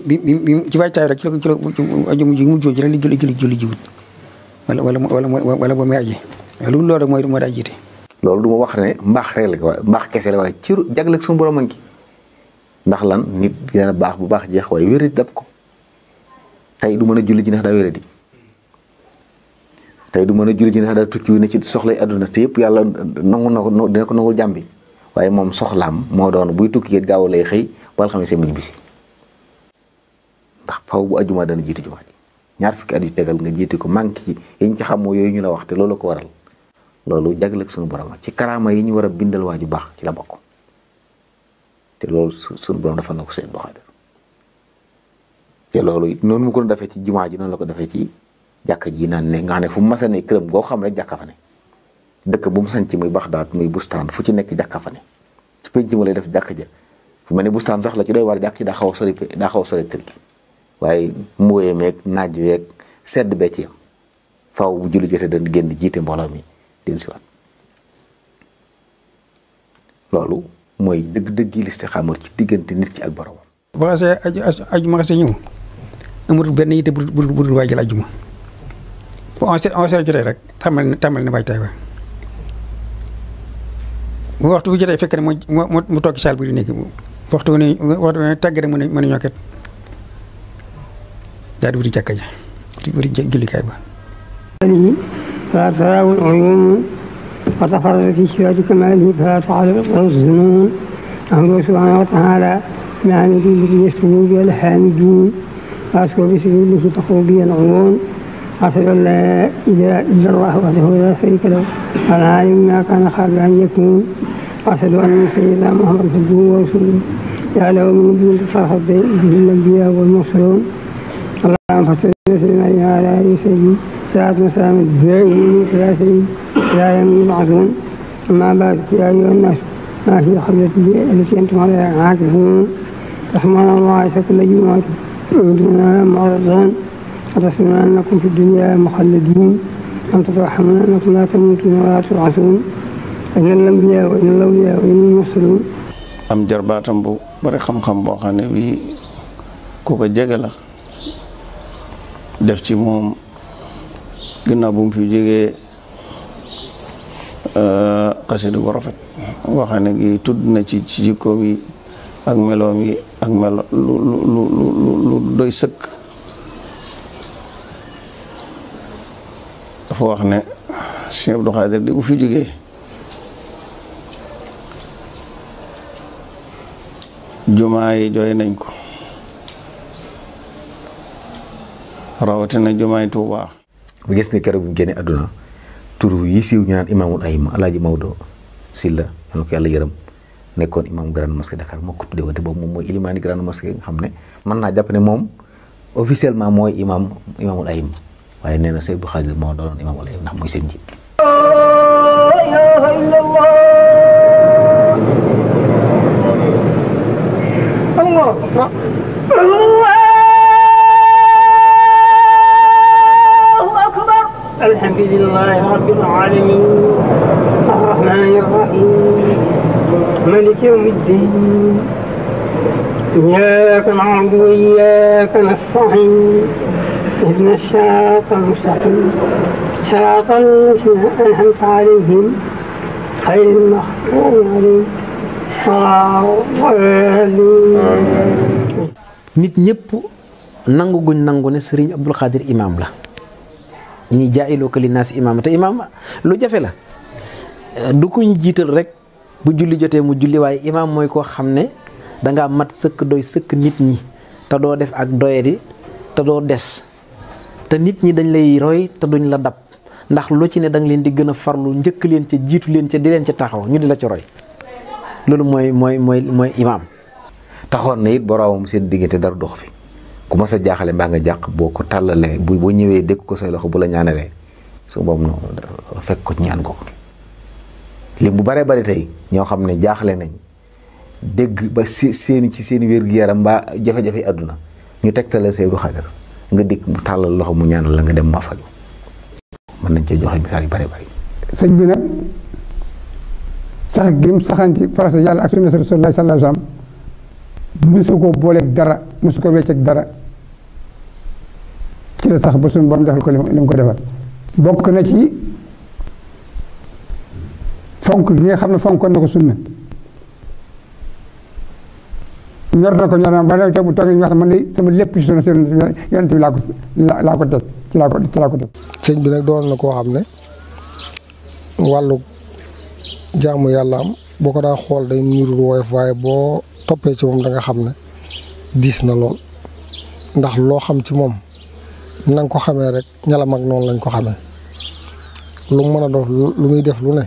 B: bi bi bi ci waajtaay rek ci ji mu jóoji rek li julli julli wala wala wala may aji mais lu loolu rek mooy moo daa jiite. loolu du wax ne mbaax rek la mbaax kese la waaye cëru jagleeg suñu borom a
A: ngi ndax lan nit dina baax bu baax jeex waaye wéradi dab ko tey du mën a julli ji ndax daa wéradi tey du mën a julli ji ndax daa tukki wu ne ci soxlay àdduna te yëpp yàlla nangu na ko dina ko jàmbi waaye moom soxlaam moo doon buy tukki yëpp gaaw lay xëy bal xam ne seen mujj bisi ndax faw bu ajuma dana jiite jumaa ji ñaar fukki at yu tegal nga jiite ko manqué yi ñu ci xamoo yooyu ñu la wax te loolu la ko waral. loolu jagleeg suñu borom ci karaama yi ñu war a bindal waa ju baax ci la bokk te loolu suñu borom defal na seen boxaabir te loolu noonu mu kon defee ci jumaa ji noonu la ko defee ci jàkka ji naan ne nga xam ne fu mu masa ne këram goo xam ne jàkka fa ne dëkk bu mu ci muy baax baxdaat muy bustaan fu ci nekk jàkka fa ne ci penc ma lay def jàkka ja fu mel ne bustaan sax la ci war a jàkk ci daa xaw a sori daa xaw a kër gi waaye mbooyee meeg naaj weeg sedd bee ci yam faaw bu julli jotee dañ génn jiite mbooloo mi dellu si loolu mooy dëgg-dëgg yi listixaama ci diggante nit ki ak boromam.
B: ba xasee aju ajuma xasee ñëw amatul benn yitte bu dul bu dul waajal ajuma bu onze onze rek tàmbali na tàmbali na waaj taay ba bu waxtu bu jotee fekk ne mu mu toog ci saal bi di nekk waxtu bu waxtu bu ne tàgg rek mu ne mu ne ñokket daal di wuti jàkka ja jullikaay ba.
I: فلا تراه العيون وتفرد في شهرة كماله فلا تعرف له الظنون أمره سبحانه وتعالى بحمده يستجيب به الحامدين وأشكر بسجوده تقوى به العيون أشهد أن لا إله إلا الله وحده لا شريك له العالم ما كان قبل أن يكون وأشهد أن سيدنا محمد عبده ورسوله جعله من دون تصرف به الأنبياء والمرسلون اللهم فصل وسلم على آله وسلم الساعة مسام الدائم ثلاثين لا يوم يبعثون أما بعد يا أيها الناس ما في حجة التي أنتم عليها عاكفون تحمل الله شكل جمعة تعودون معرضان فتحسبون أنكم في الدنيا مخلدون أن تترحمون أنكم لا تموتون ولا تبعثون إن الأنبياء وإن الأولياء وإن المرسلون
E: am jarbaatam bu bari xam-xam boo xam ne bii ku ko jege la def ci moom ginnaaw bu mu fi jógee euh, xasida gu rafet waxa gi tudd na ci ci jikkoom yi ak meloom yi ak melo lu lu lu doy sëkk dafa wax ne Sëñ Abdou Khadir di bu fi jógee jumaa yi jooy nañ ko rawatina jumaay Tuubaa
A: mu gis ni keroog bu mu àdduna tur yi siiw ñu naan imaamul ayima alaaji Maodo Sylla yal na ko yàlla yërëm nekkoon imaam grande mosquée Dakar moo ko tuddee woon moom mooy ilimaani grande mosquée xam ne mën naa jàpp ne moom officiellement mooy imaamul ayim waaye nee na Sëriñ bu Xaadir imaamul ayim ndax mooy seen ji.
I: لله رب العالمين الرحمن الرحيم ملك يوم الدين إياك نعبد وإياك نستعين اهدنا الصراط المستقيم صراط الذين أنعمت عليهم غير المغضوب عليهم
C: ولا nit ñëpp nangu guñ nangu ne Serigne Abdou Khadir imam la ñi jaay li naas imaam te imaam lu jafe la du ko ñu jiital rek bu julli jotee mu julli waaye imaam mooy koo xam ne dangaa mat sëkk doy sëkk nit ñi te doo def ak doyadi te doo des te nit ñi dañ lay roy te duñ la dab ndax lu ci ne da leen di gën a farlu njëkk leen ca jiitu leen ca di leen ca taxaw ñu di la ca roy loolu mooy mooy mooy mooy imaam.
A: taxoon na it boroomam seen diggante dara dox fi. ku mas a jaaxale mbaa nga jàq boo ko tàllalee bu boo ñëwee dëkk ko say loxo bu la ñaanalee su boobu noonu fekk ko ñaan ko bu baree bari tey ñoo xam ne jaaxle nañ dégg ba seen ci seen wér-gu-yaram mbaa àdduna ñu tegtalal say du xadir nga mu tàllal loxo mu ñaanal la nga dem ma faju nañ cee joxe misaal yu bare bi
H: nag sax gim saxan ci farata yàlla ak sunna rasulullah ko booleeg dara ci la sax ba suñu borom defal ko li mu ko defal bokk na ci fonk gi nga xam ne fonkoon na ko sunna ñor na ko ñor na ba te mu toog ñu wax man de sama lépp ci sunna yonent bi laa ko laa ko teg ci laa bi nag doon na koo xam ne
F: wàllu jaamu yàlla am boo ko daa xool day niru woyof waaye boo toppee ci moom da xam ne diis na lool ndax loo xam ci moom na nga ko xamee rek ñala mag noonu lañ ko xamee lu mën a def lu muy def lu ne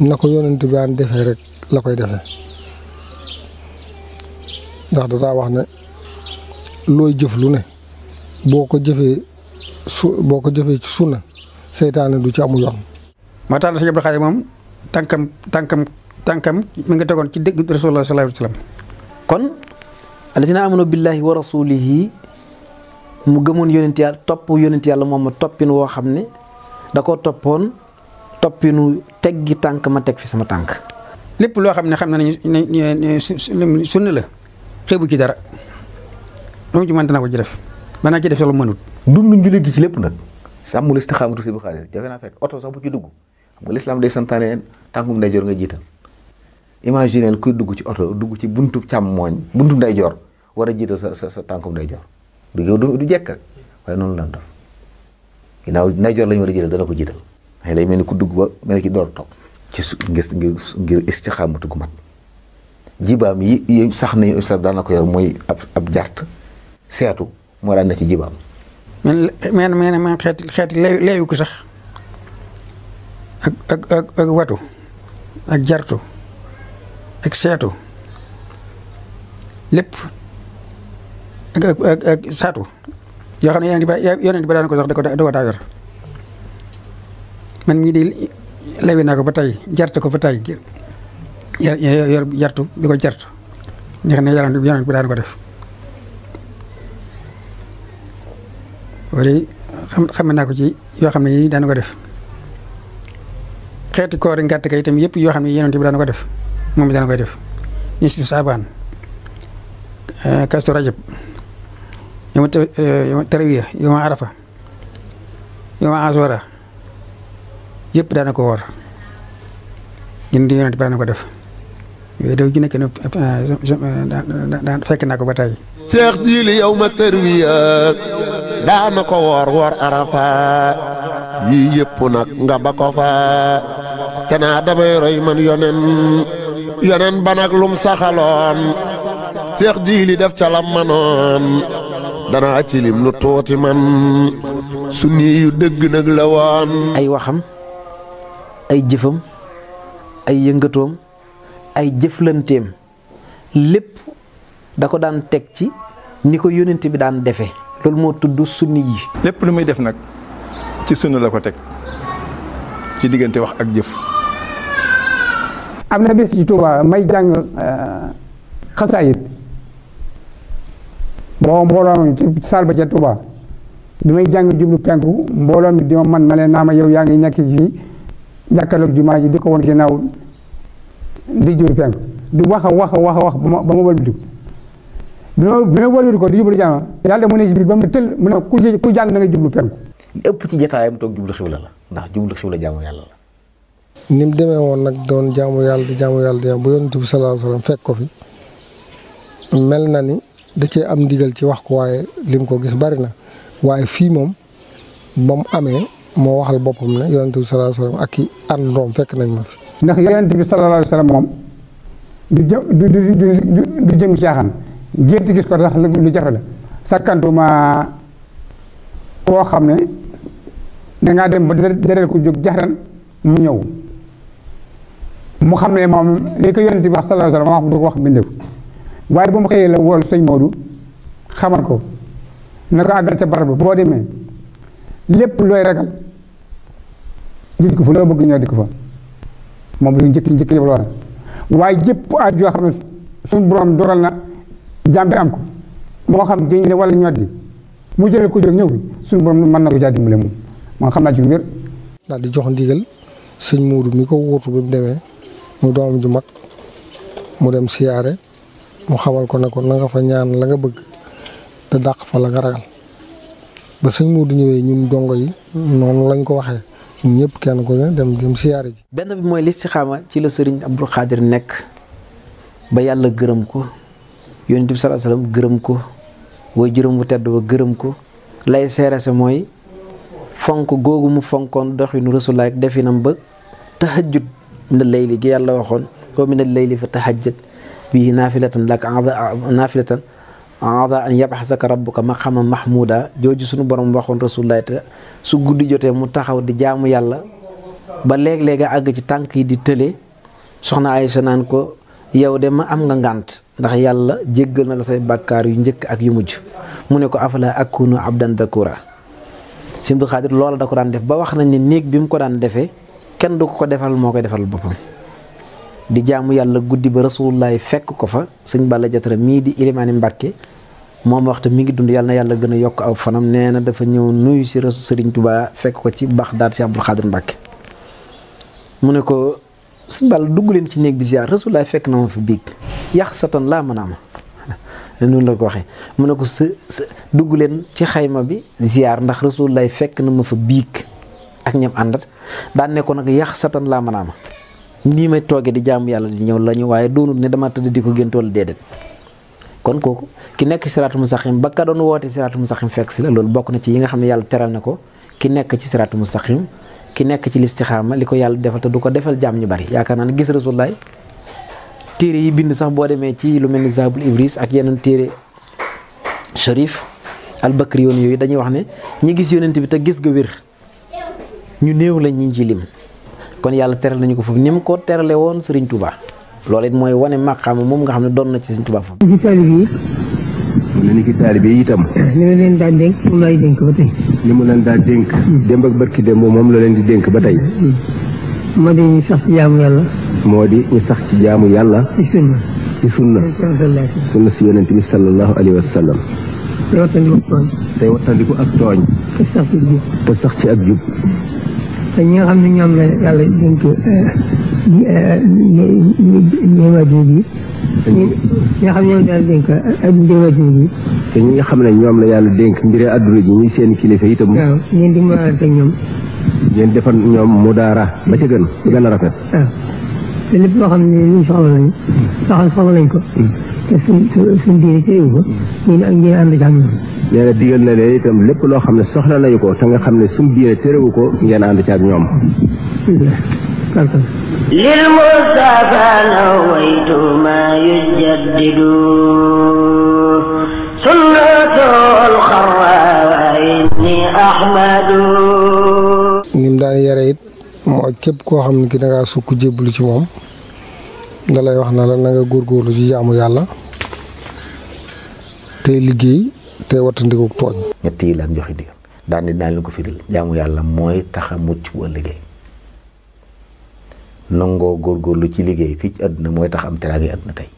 F: na ko yonent bi daan defee rek la koy defe ndax da dadaa wax ne looy jëf lu ne boo ko jëfee su boo ko jëfee ci sunna seytaane du ci amu yoon
B: maa tax Sëñ Abdou Khadre moom tànkam tànkam tànkam mu ngi tegoon ci dégg Rasulullah sallallahu alayhi wa
C: kon alladina amanu billahi wa rasulihi mu gëmoon yonent yàlla topp yonent yàlla moom ma toppin woo xam ne da ko toppoon toppinu teggi tànk ma teg fi sama tànk
B: lépp loo xam ne xam nañu sunna la xeebu ci dara lu mu ci mën dana ko ci def mën naa ci def solo mënut dundu gi ci lépp nag sàmm listixaamatu si bi xaalis jafe naa fekk oto sax bu ci dugg
A: xam nga lislaam day santaane tànkum ndeyjoor nga jiital imagineel kuy dugg ci oto dugg ci buntu càmmooñ buntu ndeyjoor war a jiital sa sa sa tànkum ndeyjoor du du jekk rek waaye noonu la def ginnaaw najoor la lañu war a jëlee dana ko jiital mais day mel ni ku dugg ba mel ni ki door toog ci su ngir ngir istixaamatu gu mat jibaam yi yi sax nañu ko yor mooy ab seetu moo daan ci jibaam.
B: man man man man xeeti ko sax ak ak ak ak watu ak jartu ak seetu lépp. ak ak ak saatu yoo xam ne yeneen ba ba daan ko da ko da ko daa yor man naa ko ba tey jarte ko ba tey yor jartu di ko jartu ñi xam ne yeneen bi daan ko def wala xam xam naa ko ci yoo xam ne yi daan ko def xeeti koori ngàtt kay itam yëpp yoo xam ne yeneen bi daan ko def moom mi daan koy def nisfu saabaan eh, kastu rajab yoma eh, yoma tarawiya yoma arafa yoma asora yëpp daana ko woor gën di yonent bi daana ko def yooyu daf gi nekk ne fekk naa ko ba tey
D: seex jiili yawma tarwiya daana ko woor woor arafa yii yëpp nag nga ba fa te naa man yonen yonen ba lum saxaloon seex jiili def ca danaa ci lim lu tuuti man su yu dëgg nag la waan ay waxam
C: ay jëfam ay yëngatoom ay jëflanteem lépp da ko daan teg ci ni ko yónent bi daan defee loolu moo tudd sunni yi
G: lépp lu muy def nag ci sunna la ko teg ci diggante wax ak jëf
H: am na bés ci Tuuba may jàng euh, xasaayit boo mbooloo mi ci saal ba ca Touba bi may jàng jublu penku mbooloo mi dima man ma leen naa ma yow yaa ngi nekk ci jàkkaarloog jumaa ji di ko woon ginnaaw di jublu penku di wax a wax wax a wax ba ma ba ma wëlbati bi ma bi ko di jublu jàng yàlla mu ne ci biir ba mu ne tël mu ne ku ku jàng na nga jublu penku.
A: li ëpp ci jotaayam toog jublu la ndax jublu xibla la.
F: ni mu demee woon nag doon jaamu yàlla di jaamu yàlla di bu yonent bi sallallahu alayhi fekk ko fi mel na ni. da cee am ndigal ci wax ko waaye lim ko gis bari na waaye fii moom ba mu amee moo waxal boppam ne yonente bi sallallahu alayhi wasallam ak i
H: àndoom fekk nañ ma fi. ndax yonente bi sallallahu alayhi wasallam moom du jë du du du du jëm caaxaan gént gis ko jafe la. sakkantuma koo xam ne dangaa dem ba dereel ku jóg jaxran mu ñëw mu xam ne moom li ko yonente bi wax sallallahu alayhi wasallam wax du ko wax mbindeef. waaye ba mu xëyee la wool sëñ Modou xamal ko na ko àggal ca barab boo demee lépp looy ragal gis ko fa loo bëgg ñoo di ko fa moom lu njëkk njëkk yëpp loola waaye jëpp aaj yoo xam ne suñu borom dogal na jàmbi am ko moo xam géñ ne wala ñoddi mu jëlal ko jóg ñëw suñu borom mën na ko jaa moo xam naa ci daal di jox sëñ
F: Modou mi ko mu demee mu mag mu dem siyaare mu xamal ko ne ko nanga fa ñaan la nga bëgg te dàq fa la nga ragal ba sëñ Moodu ñëwee ñun dongo yi noonu lañ ko waxee ñun ñëpp kenn ko ne dem dem siyaare
C: ji. benn bi mooy listixaama ci la sëriñ Abdul Xaadir nekk ba yàlla gërëm ko yonent bi salaa salaam gërëm ko way juróom bu tedd ba gërëm ko lay seerase mooy fonk googu mu fonkoon doxinu rasulaay ak definam ba tahajjud na layli gi yàlla waxoon wa min al layli fa tahajjad bihi naafilatan lak naafilatan ada an yabxasaka rabbuka maqama mahmuda jooju suñu borom waxoon rasulullah te su guddi jotee mu taxaw di jaamu yàlla ba léeg-léeg a àgg ci tànk yi di tële soxna Aysa naan ko yow de ma am nga ngànt ndax yàlla jéggal na la say bàkkaar yu njëkk ak yu mujj mu ne ko afala akunu abdan dakura simdu xaadir loola da ko daan def ba wax nañ ne néeg bi mu ko daan defee kenn du ko ko defal moo koy defal boppam di jaamu yàlla guddi ba rasulullahi fekk ko fa sëñ Balla Jatara mii di Ilimaani Mbàkke moom waxta mi ngi dund yàlla na yàlla gën a yokk aw fanam nee na dafa ñëw nuyu si rasul Sëriñ Tuubaa fekk ko ci Baxdaad si Abdul Xaadir Mbàkke mu ne ko sëñ Balla dugg leen ci néeg bi fekk na ma biig yàq satan laa mën a ma noonu la ko waxee mu ne ko sa leen ci xayma bi ziar ndax rasulullahi fekk na ma fa biig ak ñam àndat daan ne ko nag yàq satan laa mën ma nii may toogee di jaamu yàlla di ñëw lañu waaye doonul ne dama tëdd di ko gént wala déedéet kon kooku ki nekk siraatu mustaqim ba ka doon woote siraatu mustaqim fekk si la loolu bokk na ci yi nga xam ne yàlla teral na ko ki nekk ci siraatu mustaqim ki nekk ci listixaama li ko yàlla defal te du ko defal jaam ñu bari yaakaar naa ne gis rasulaay téere yi bind sax boo demee ci lu mel ni zabul ibris ak yeneen téere sharif albakri yoon yooyu dañuy wax ne ñi gis yonent bi gis ga wér ñu néew lañ ñi ci lim kon yàlla teral nañu ko foofu ni mu ko terale woon Serigne Touba loolu it mooy wane maqaam moom nga xam ne doon na ci Serigne Touba foofu. ñu ngi taalib yi. ni ki taalib yi itam.
I: Eh, li ma leen daan dénk moom laay dénk ba tey.
X: li mu leen daan dénk. démb ak barki démb moom la leen di dénk ba tey.
I: moo mm-hmm. di ñu sax ci jaamu yàlla.
G: moo di ñu sax ci jaamu yàlla. ci sunna. ci sunna.
A: sunna si yonent bi sallallahu alayhi wa sallam.
I: tey wattandiku ak tooñ.
A: tey wattandiku ak
I: tooñ. te sax ci ak jub. te nga xam ne ñoom la yàlla dénk euh, ñoom euh, xam ne ñoom la yàlla dénk ñoom adduna bi.
A: te ñi nga xam ne ñoom la yàlla dénk mbiri adduna ji seen kilifa itam.
Y: waaw
I: ñoom.
A: ñeen defal ñoom daara ba ca gën
Y: ba gën a rafet.
I: waaw ko. Mm. te suñ suñ diine ci réew ba ñu ñoom nee
E: na na leen itam lépp loo xam ne soxla nañu ko te nga xam ne suñ diine terewu ko ngeen ànd ca ak ñoom
I: lil Mustafa nawaytu ma yujaddidu sunnatul xarra
D: inni ahmadu
F: ñim daan yare it moo képp koo xam ne ki dangaa sukk jébbalu ci moom da wax na la na nga góorgóorlu ci jaamu yàlla
A: tey liggéey tey wattandiku tooñ. ñett yi la joxe digal daan ni leen ko firil jaamu yàlla mooy tax a mucc bu ëllëgee nangoo góorgóorlu ci liggéey fii ci àdduna mooy tax am teraange àdduna tey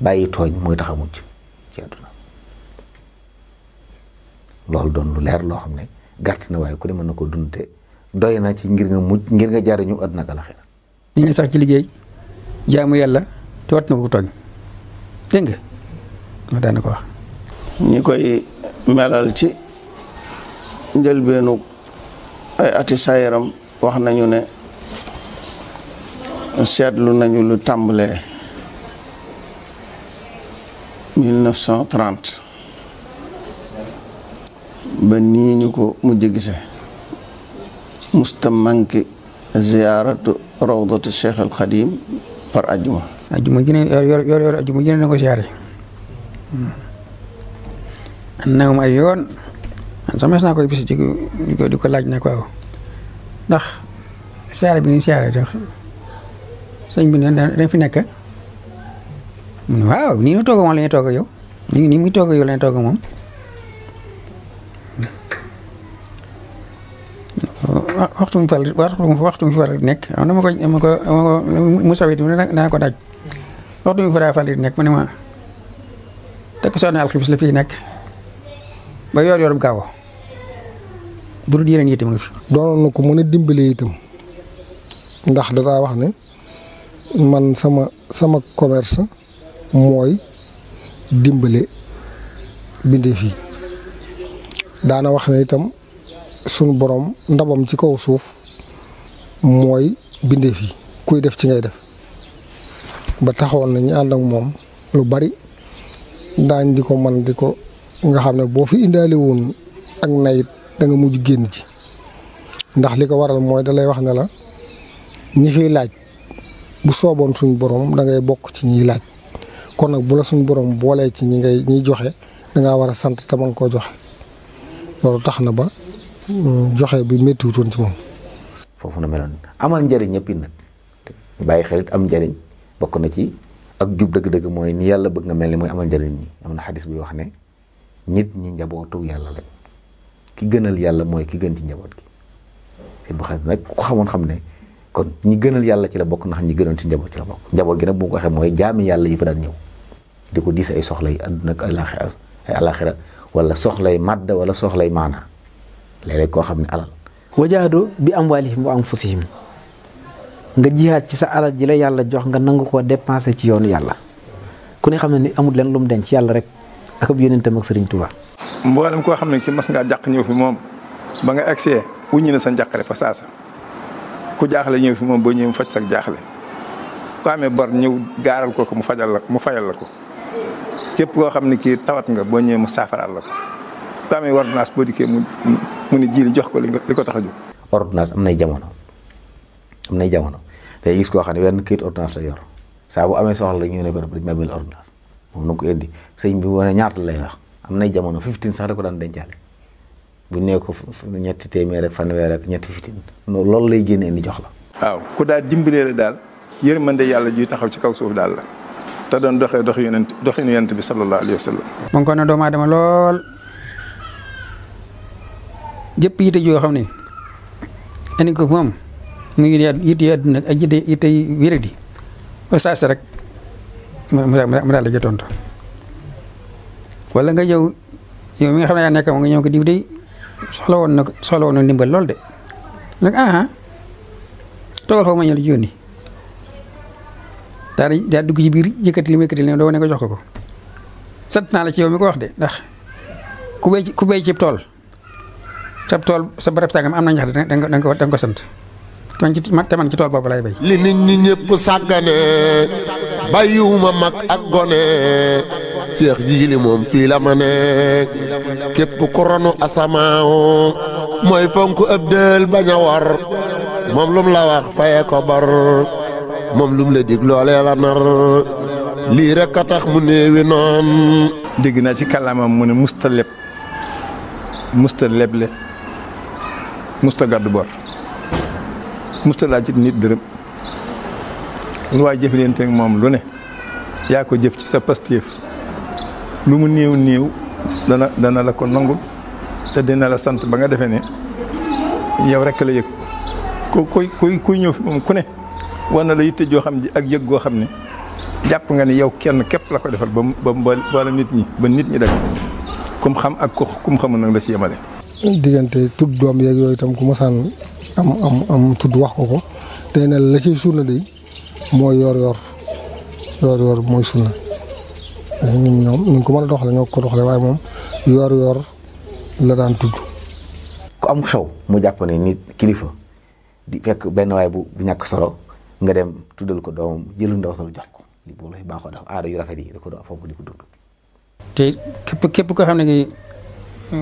A: bàyyi tooñ mooy tax a mucc ci àdduna loolu doon lu leer loo xam ne gàtt na waaye ku ne mën na ko dund te doy na ci ngir nga mucc ngir nga jariñu àdduna ak àllaxira
B: ñu ngi sax ci liggéey. jaamu yàlla te wat na ko tooñ dégg nga ma wax ñi
E: koy melal ci njëlbeenu ay ati sayaram wax nañu ne seetlu nañu lu tàmbalee 1930 ba nii ñu ko mujj gise musta manki ziyaaratu rawdatu Cheikh al par ajjuma.
B: ajjuma ju ne yor yor yor ajjuma ju ne na ko siyaare. Hmm. ànd naa ko ay yoon man sax mas koy bis di ko di ko laaj ne ko waaw ndax siyaare bi ñuy siyaare ndax sëñ bi dañ fi nekk. mu ne waaw nii ñu toog moom la toog yow nii nii muy toog yow la ñuy toog waxtu mu fal waxtu mu fi war a nekk am na ko ma ko mu ne waxtu mu fi war a fal nekk mu ne ma tekk soxna alxibis la fii nekk ba yor yor bu gaaw bu dul yeneen mu ngi fi. doonoon na ko mën a dimbale itam
F: ndax danaa wax ne man sama sama commerce mooy dimbale bindee fii daana wax ne itam. sunu borom ndabam ci kaw suuf mooy bindeef yi kuy def ci ngay def ba taxoon na ñu ànd ak moom lu bari daañ di ko man di ko nga xam ne boo fi indaale woon ak nayit danga mujj génn ci ndax li ko waral mooy dalay wax ne la ñi fiy laaj bu sooboon suñ boroom da ngay bokk ci ñiy laaj kon nag bu la suñ borom boolee ci ñi ngay ñiy joxe da ngaa war a sant te mën koo joxe loolu tax na ba joxe bi méttiwutoon ci
A: foofu na meloon amal njariñ ñëpp nag bàyyi xel am njariñ bokk na ci ak jub dëgg-dëgg mooy ni yàlla bëgg na mel ni mooy amal njëriñ ñi am na xadis buy wax ne nit ñi njabootu yàlla lañ ki gënal yàlla mooy ki gën ci njaboot gi te nag ku xamoon xam ne kon ñi gënal yàlla ci la bokk ndax ñi gënal ci njaboot ci la bokk njaboot gi nag bu ko waxee mooy jaami yàlla yi fa daan ñëw di ko diis ay soxla yi àdduna ak ay wala soxlay màdd wala soxlay maana léeg koo xam ne alal
C: wajaado bi am amwaalihim wa anfusihim nga jiyaat ci sa alal ji la yàlla jox nga nangu koo dépensé ci yoonu yàlla ku ne xam ne ni amul leen lu mu ci yàlla rek ak ab yónnentam ak sëriñ Tuubaa
G: mboolem koo xam ne ki mas ngaa jàq ñëw fi moom ba nga egsee wuññi na sa njàqare fa saasa ku jaaxle ñëw fi moom ba ñëw faj sag jaaxle ku amee bor ñëw gaaral ko ko mu fajal la mu fayal la ko képp koo xam ne kii tawat nga boo ñëwee mu saafaraal la te amee ordonnance boo ko ko tax a jóg. ordonnance am nay jamono
A: am jamono day gis koo xam ne wenn këyit ordonnance la yor
G: saa bu amee soxla la ñu ne ko dafa mabel
A: ordonnance moom ko indi sëñ bi wane ñaata lay wax am nay jamono fifteen sax da ko daan dencaale bu ñu nee ko ñetti téeméer ak fanweer ak ñetti fifteen loolu lay génne indi jox la.
G: waaw ku daal dimbalee la daal yërmande yàlla juy taxaw ci kaw suuf daal la. te doon doxee dox yonent doxinu yonent bi sallallahu alayhi wa sallam.
B: mu ngi ko ne lool. jëpp yite yoo xam ne indi ko moom mu ngi yite àdduna ak yite yite wéradi ba saa si rek mu daal di tontu wala nga ñëw yow mi nga xam ne yaa nekk moom nga ñëw ko diw de soxla woon na soxla woon na ndimbal lool de nag ah toogal foofu ma ñëw la yónni daal daal dugg ci biir yëkkati li mu yëkkati ne doo ne ko jox ko ko naa la ci yow mi ko wax de ndax ku béy ku béy ci tool. sa tool sa barab sàngam am na ñax da nga ko da te man ci tool boobu lay bay
D: li nit ñi ñëpp sàggane bàyyiwuma mag ak gone seex jiili moom fii la ma nekk képp ku ronu asamaaw mooy fonk ab dël bañ moom lum la wax faye ko bar moom lum la dig loolee la nar lii rek a tax mu néewi noon dégg naa ci kàllaamam mu ne musta leb
G: musta leble musta gàddu bor musta laaj it nit dërëm lu waaye jëflante moom lu ne yaa ko jëf ci sa pastéef lu mu néew néew dana dana la ko nangul te dina la sant ba nga defee ne yow rek la yëg ku kuy kuy kuy ñëw fi moom ku ne war na la yitte joo xam ji ak yëg goo xam ne jàpp nga ne yow kenn képp la ko defal ba mu ba wala nit ñi ba nit ñi def kum xam ak ku kum xamul nag la ci yemale
F: diggante tudd doom yeeg yooyu tam ku masaan am am tudd wax ko ko day ne la ciy sunna day mooy yor yor yor mooy sunna ñun ñoom ñu ko mën a doxale ñoo ko doxale waaye moom yor yor
A: la daan tudd ku am xew mu jàpp ne nit kilifa di fekk benn waay bu ñàkk solo nga dem tuddal ko doomam jëlu ndaw solo jox ko li boobu lay baaxoo dafa aada yu rafet yi da ko doon fonk di ko dund
B: te képp képp koo xam ne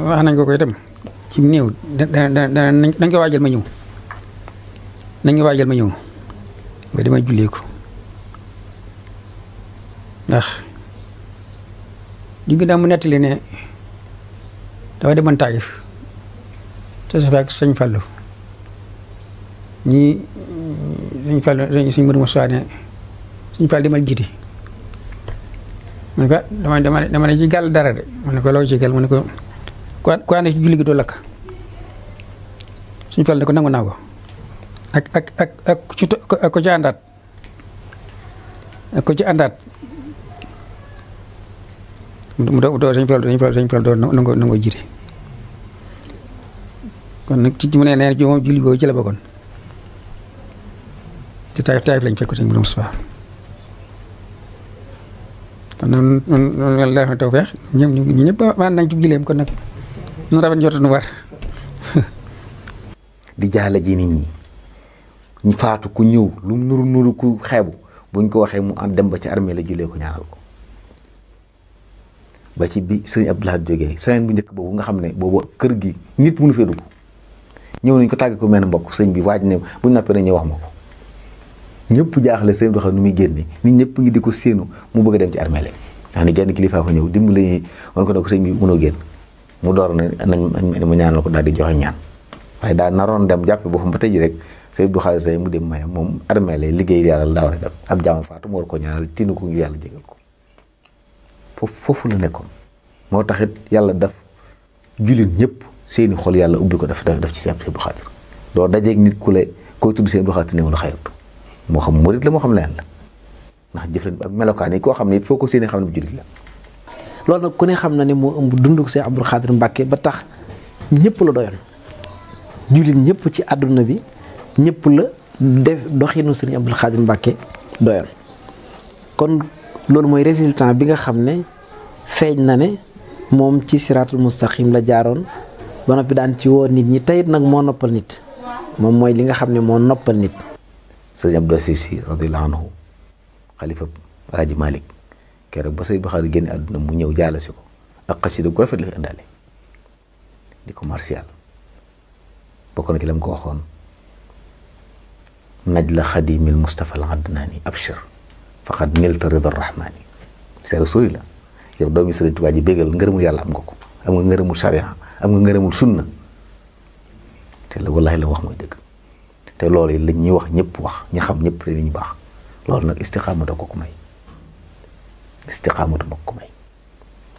B: wax nañ ko koy dem ci néew da da da nañ ko waajal ma ñëw nañ ko waajal ma ñëw ba damay jullee ko ndax digg naa mu nettali ne dafa demoon Taïf te su fekk sëñ Fallu ñii sëñ Fallu sëñ Madu Musaa ne sëñ Fallu demal jiite mu ne ko dama dama dama ne ci dara de mu ne ko loo ci gàll ko ku ku ànd ci julli gi doo lakk suñu fàll ne ko nangu naa ko ak ak ak ak ci ko ci àndaat ak ko ci àndaat mu doo doo dañ fal dañ fal dañ fal doo nangoo nangoo jiite kon nag ci mu ne neen ci moom julli googu ci la bokkoon te taayif taayif lañ fekk sëñ bi Mustafaa kon nag noonu la taw feex ñëpp ñu ñëpp maan nañ ci julleem kon nag nu rafet njort nu war
A: di jaale ji nit ñi ñu faatu ku ñëw lu mu nuru nuru ku xeebu buñ ko waxee mu am dem ba ci armée la jullee ko ñaanal ko ba ci bi sëñ Abdoulaye jógee semaine bu njëkk boobu nga xam ne boobu kër gi nit mënu fee dugg ñëw nañ ko tàgge ko mel ne mbokk sëñ bi waaj bu ñu noppee ñëw wax ma ko ñëpp jaaxle nu muy génne nit ñëpp ngi di ko séenu mu bëgg a dem ci armée la. naa ne genn kilifa ko ñëw dimbali wan ko ne ko sëñ bi mënoo génn. mu door na nañ mu ñaanal ko daal di joxe ñaan waaye daal naroon dem jàppe boppam ba tëj rek Sëriñ Abdou Khadre tey mu dem mayam moom armée lay liggéey yàlla daaw rek ab jaamu faatu mu war ko ñaanal tiinu ko ngir yàlla ko foofu foofu la nekkoon moo taxit yàlla daf jullit ñëpp seeni xol yàlla ubbi ko daf def ci Sëriñ Abdou Khadre doo dajeeg nit ku lay koy tudd moo xam murit la moo xam leen la ndax jëf leen ak melokaan koo xam ne it foo ko
C: séenee xam ne jullit la loolu nag ku ne xam na ne moo ëmb dundug Cheikh Abdou Khadre Mbacke ba tax ñëpp la doyoon jullit ñëpp ci àdduna bi ñëpp la def doxinu Serigne Abdou Khadre Mbacke doyoon kon loolu mooy résultant bi nga xam ne feeñ na ne moom ci siraatul mustaqim la jaaroon ba noppi daan ci woo nit ñi teyit nag moo noppal nit moom mooy li nga xam ne moo noppal nit
A: sa Abdou Aziz Sy radiyallahu anhu xalifa Alaaji keroog ba sëñ Baxaar génne àdduna mu ñëw jaale si ko ak xasida gu rafet la fi indaale di ko martial bokk na ci la mu ko waxoon naj la xadimil Mustafa ab Adnani abshir faqad nilta rida rahmani c'est la yow doomi Sëriñ Tuubaa ji bégal ngërëmul yàlla am nga ko am nga ngërëmul sharia am nga ngërëmul sunna te la wallaahi la wax mooy dëgg te loolu lañ ñuy wax ñëpp wax ñi xam ñëpp te ñu baax loolu nag istixaama da ko ko may istiqaamatu moo ko may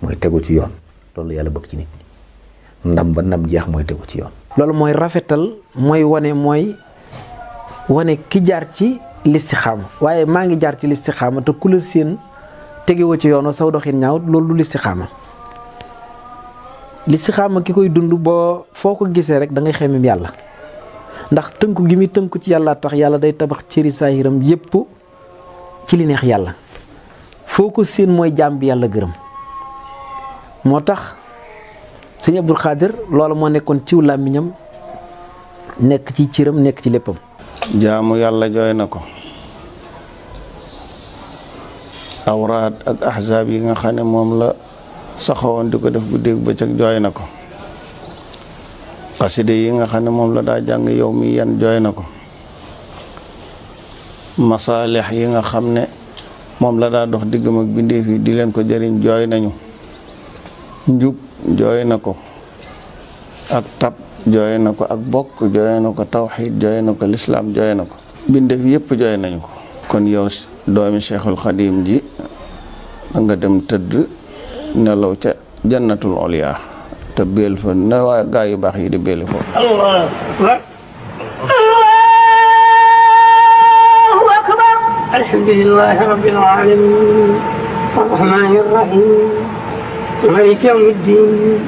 A: mooy tegu ci yoon loolu yàlla bëgg ci nit ñi ndam ba ndam jeex mooy tegu ci yoon.
C: loolu mooy rafetal mooy wane mooy wane ki jaar ci listixaama waaye maa ngi jaar ci listixaama te ku la seen tegewoo ci yoon saw doxin ñaaw loolu du listixaama listixaama ki koy dund boo foo ko gisee rek dangay ngay xemem yàlla ndax tënku gi muy tënku ci yàlla tax yàlla day tabax cëri saahiram yépp ci li neex yàlla. foo ko séen mooy jaam bi yàlla gërëm moo tax sëñ Abdul Xaadir loola moo nekkoon ciw làmmiñam nekk ci cëram nekk ci léppam jaamu
E: yàlla jooy na ko awraad ak ahzaab yi nga xam ne moom la saxoon di ko def guddeeg bëccëg jooy na ko xaside yi nga xam ne moom la daa jàng yow mi yan jooy na ko masaalix yi nga xam ne moom la daa dox diggam ak bindéef di leen ko jariñ jooy nañu njub jooy na ko ak tab jooy na ko ak bokk jooy na ko tawxiid jooy na ko lislaam jooy na ko bindéef yépp jooy nañu ko kon yow doomi cheikhul xadim ji nga dem tëdd nelaw ca jannatul oliya te béel fa na waa gaa yu baax yi di béeli
I: foofu الحمد لله رب العالمين الرحمن الرحيم مالك يوم الدين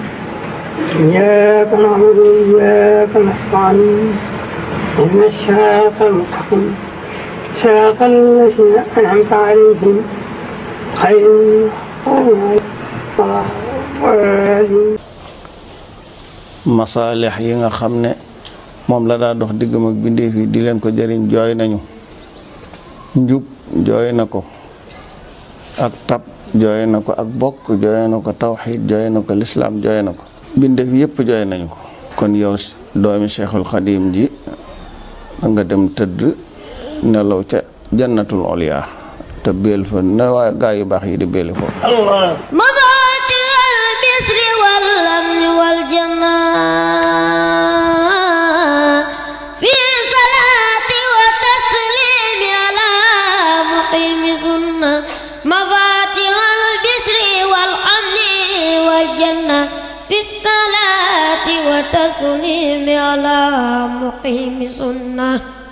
I: إياك نعبد وإياك نستعين اهدنا الصراط المستقيم صراط الذين أنعمت عليهم خير المغضوب
E: masaalix yi nga xam ne moom la daa dox diggam ak bindéef yi di leen ko jëriñ jooy nañu njub jooy na ko ak tab jooy na ko ak bokk jooy na ko tawxiid jooy na ko lislaam jooy na ko bindeef yépp jooy nañu ko kon yow doomi cheikhul xadim ji da nga dem tëdd nelaw ca jannatul oliya te béel fa na waa gaa yu baax yi di béeli foofu
K: في الصلاة
M: وتسليم على مقيم سنة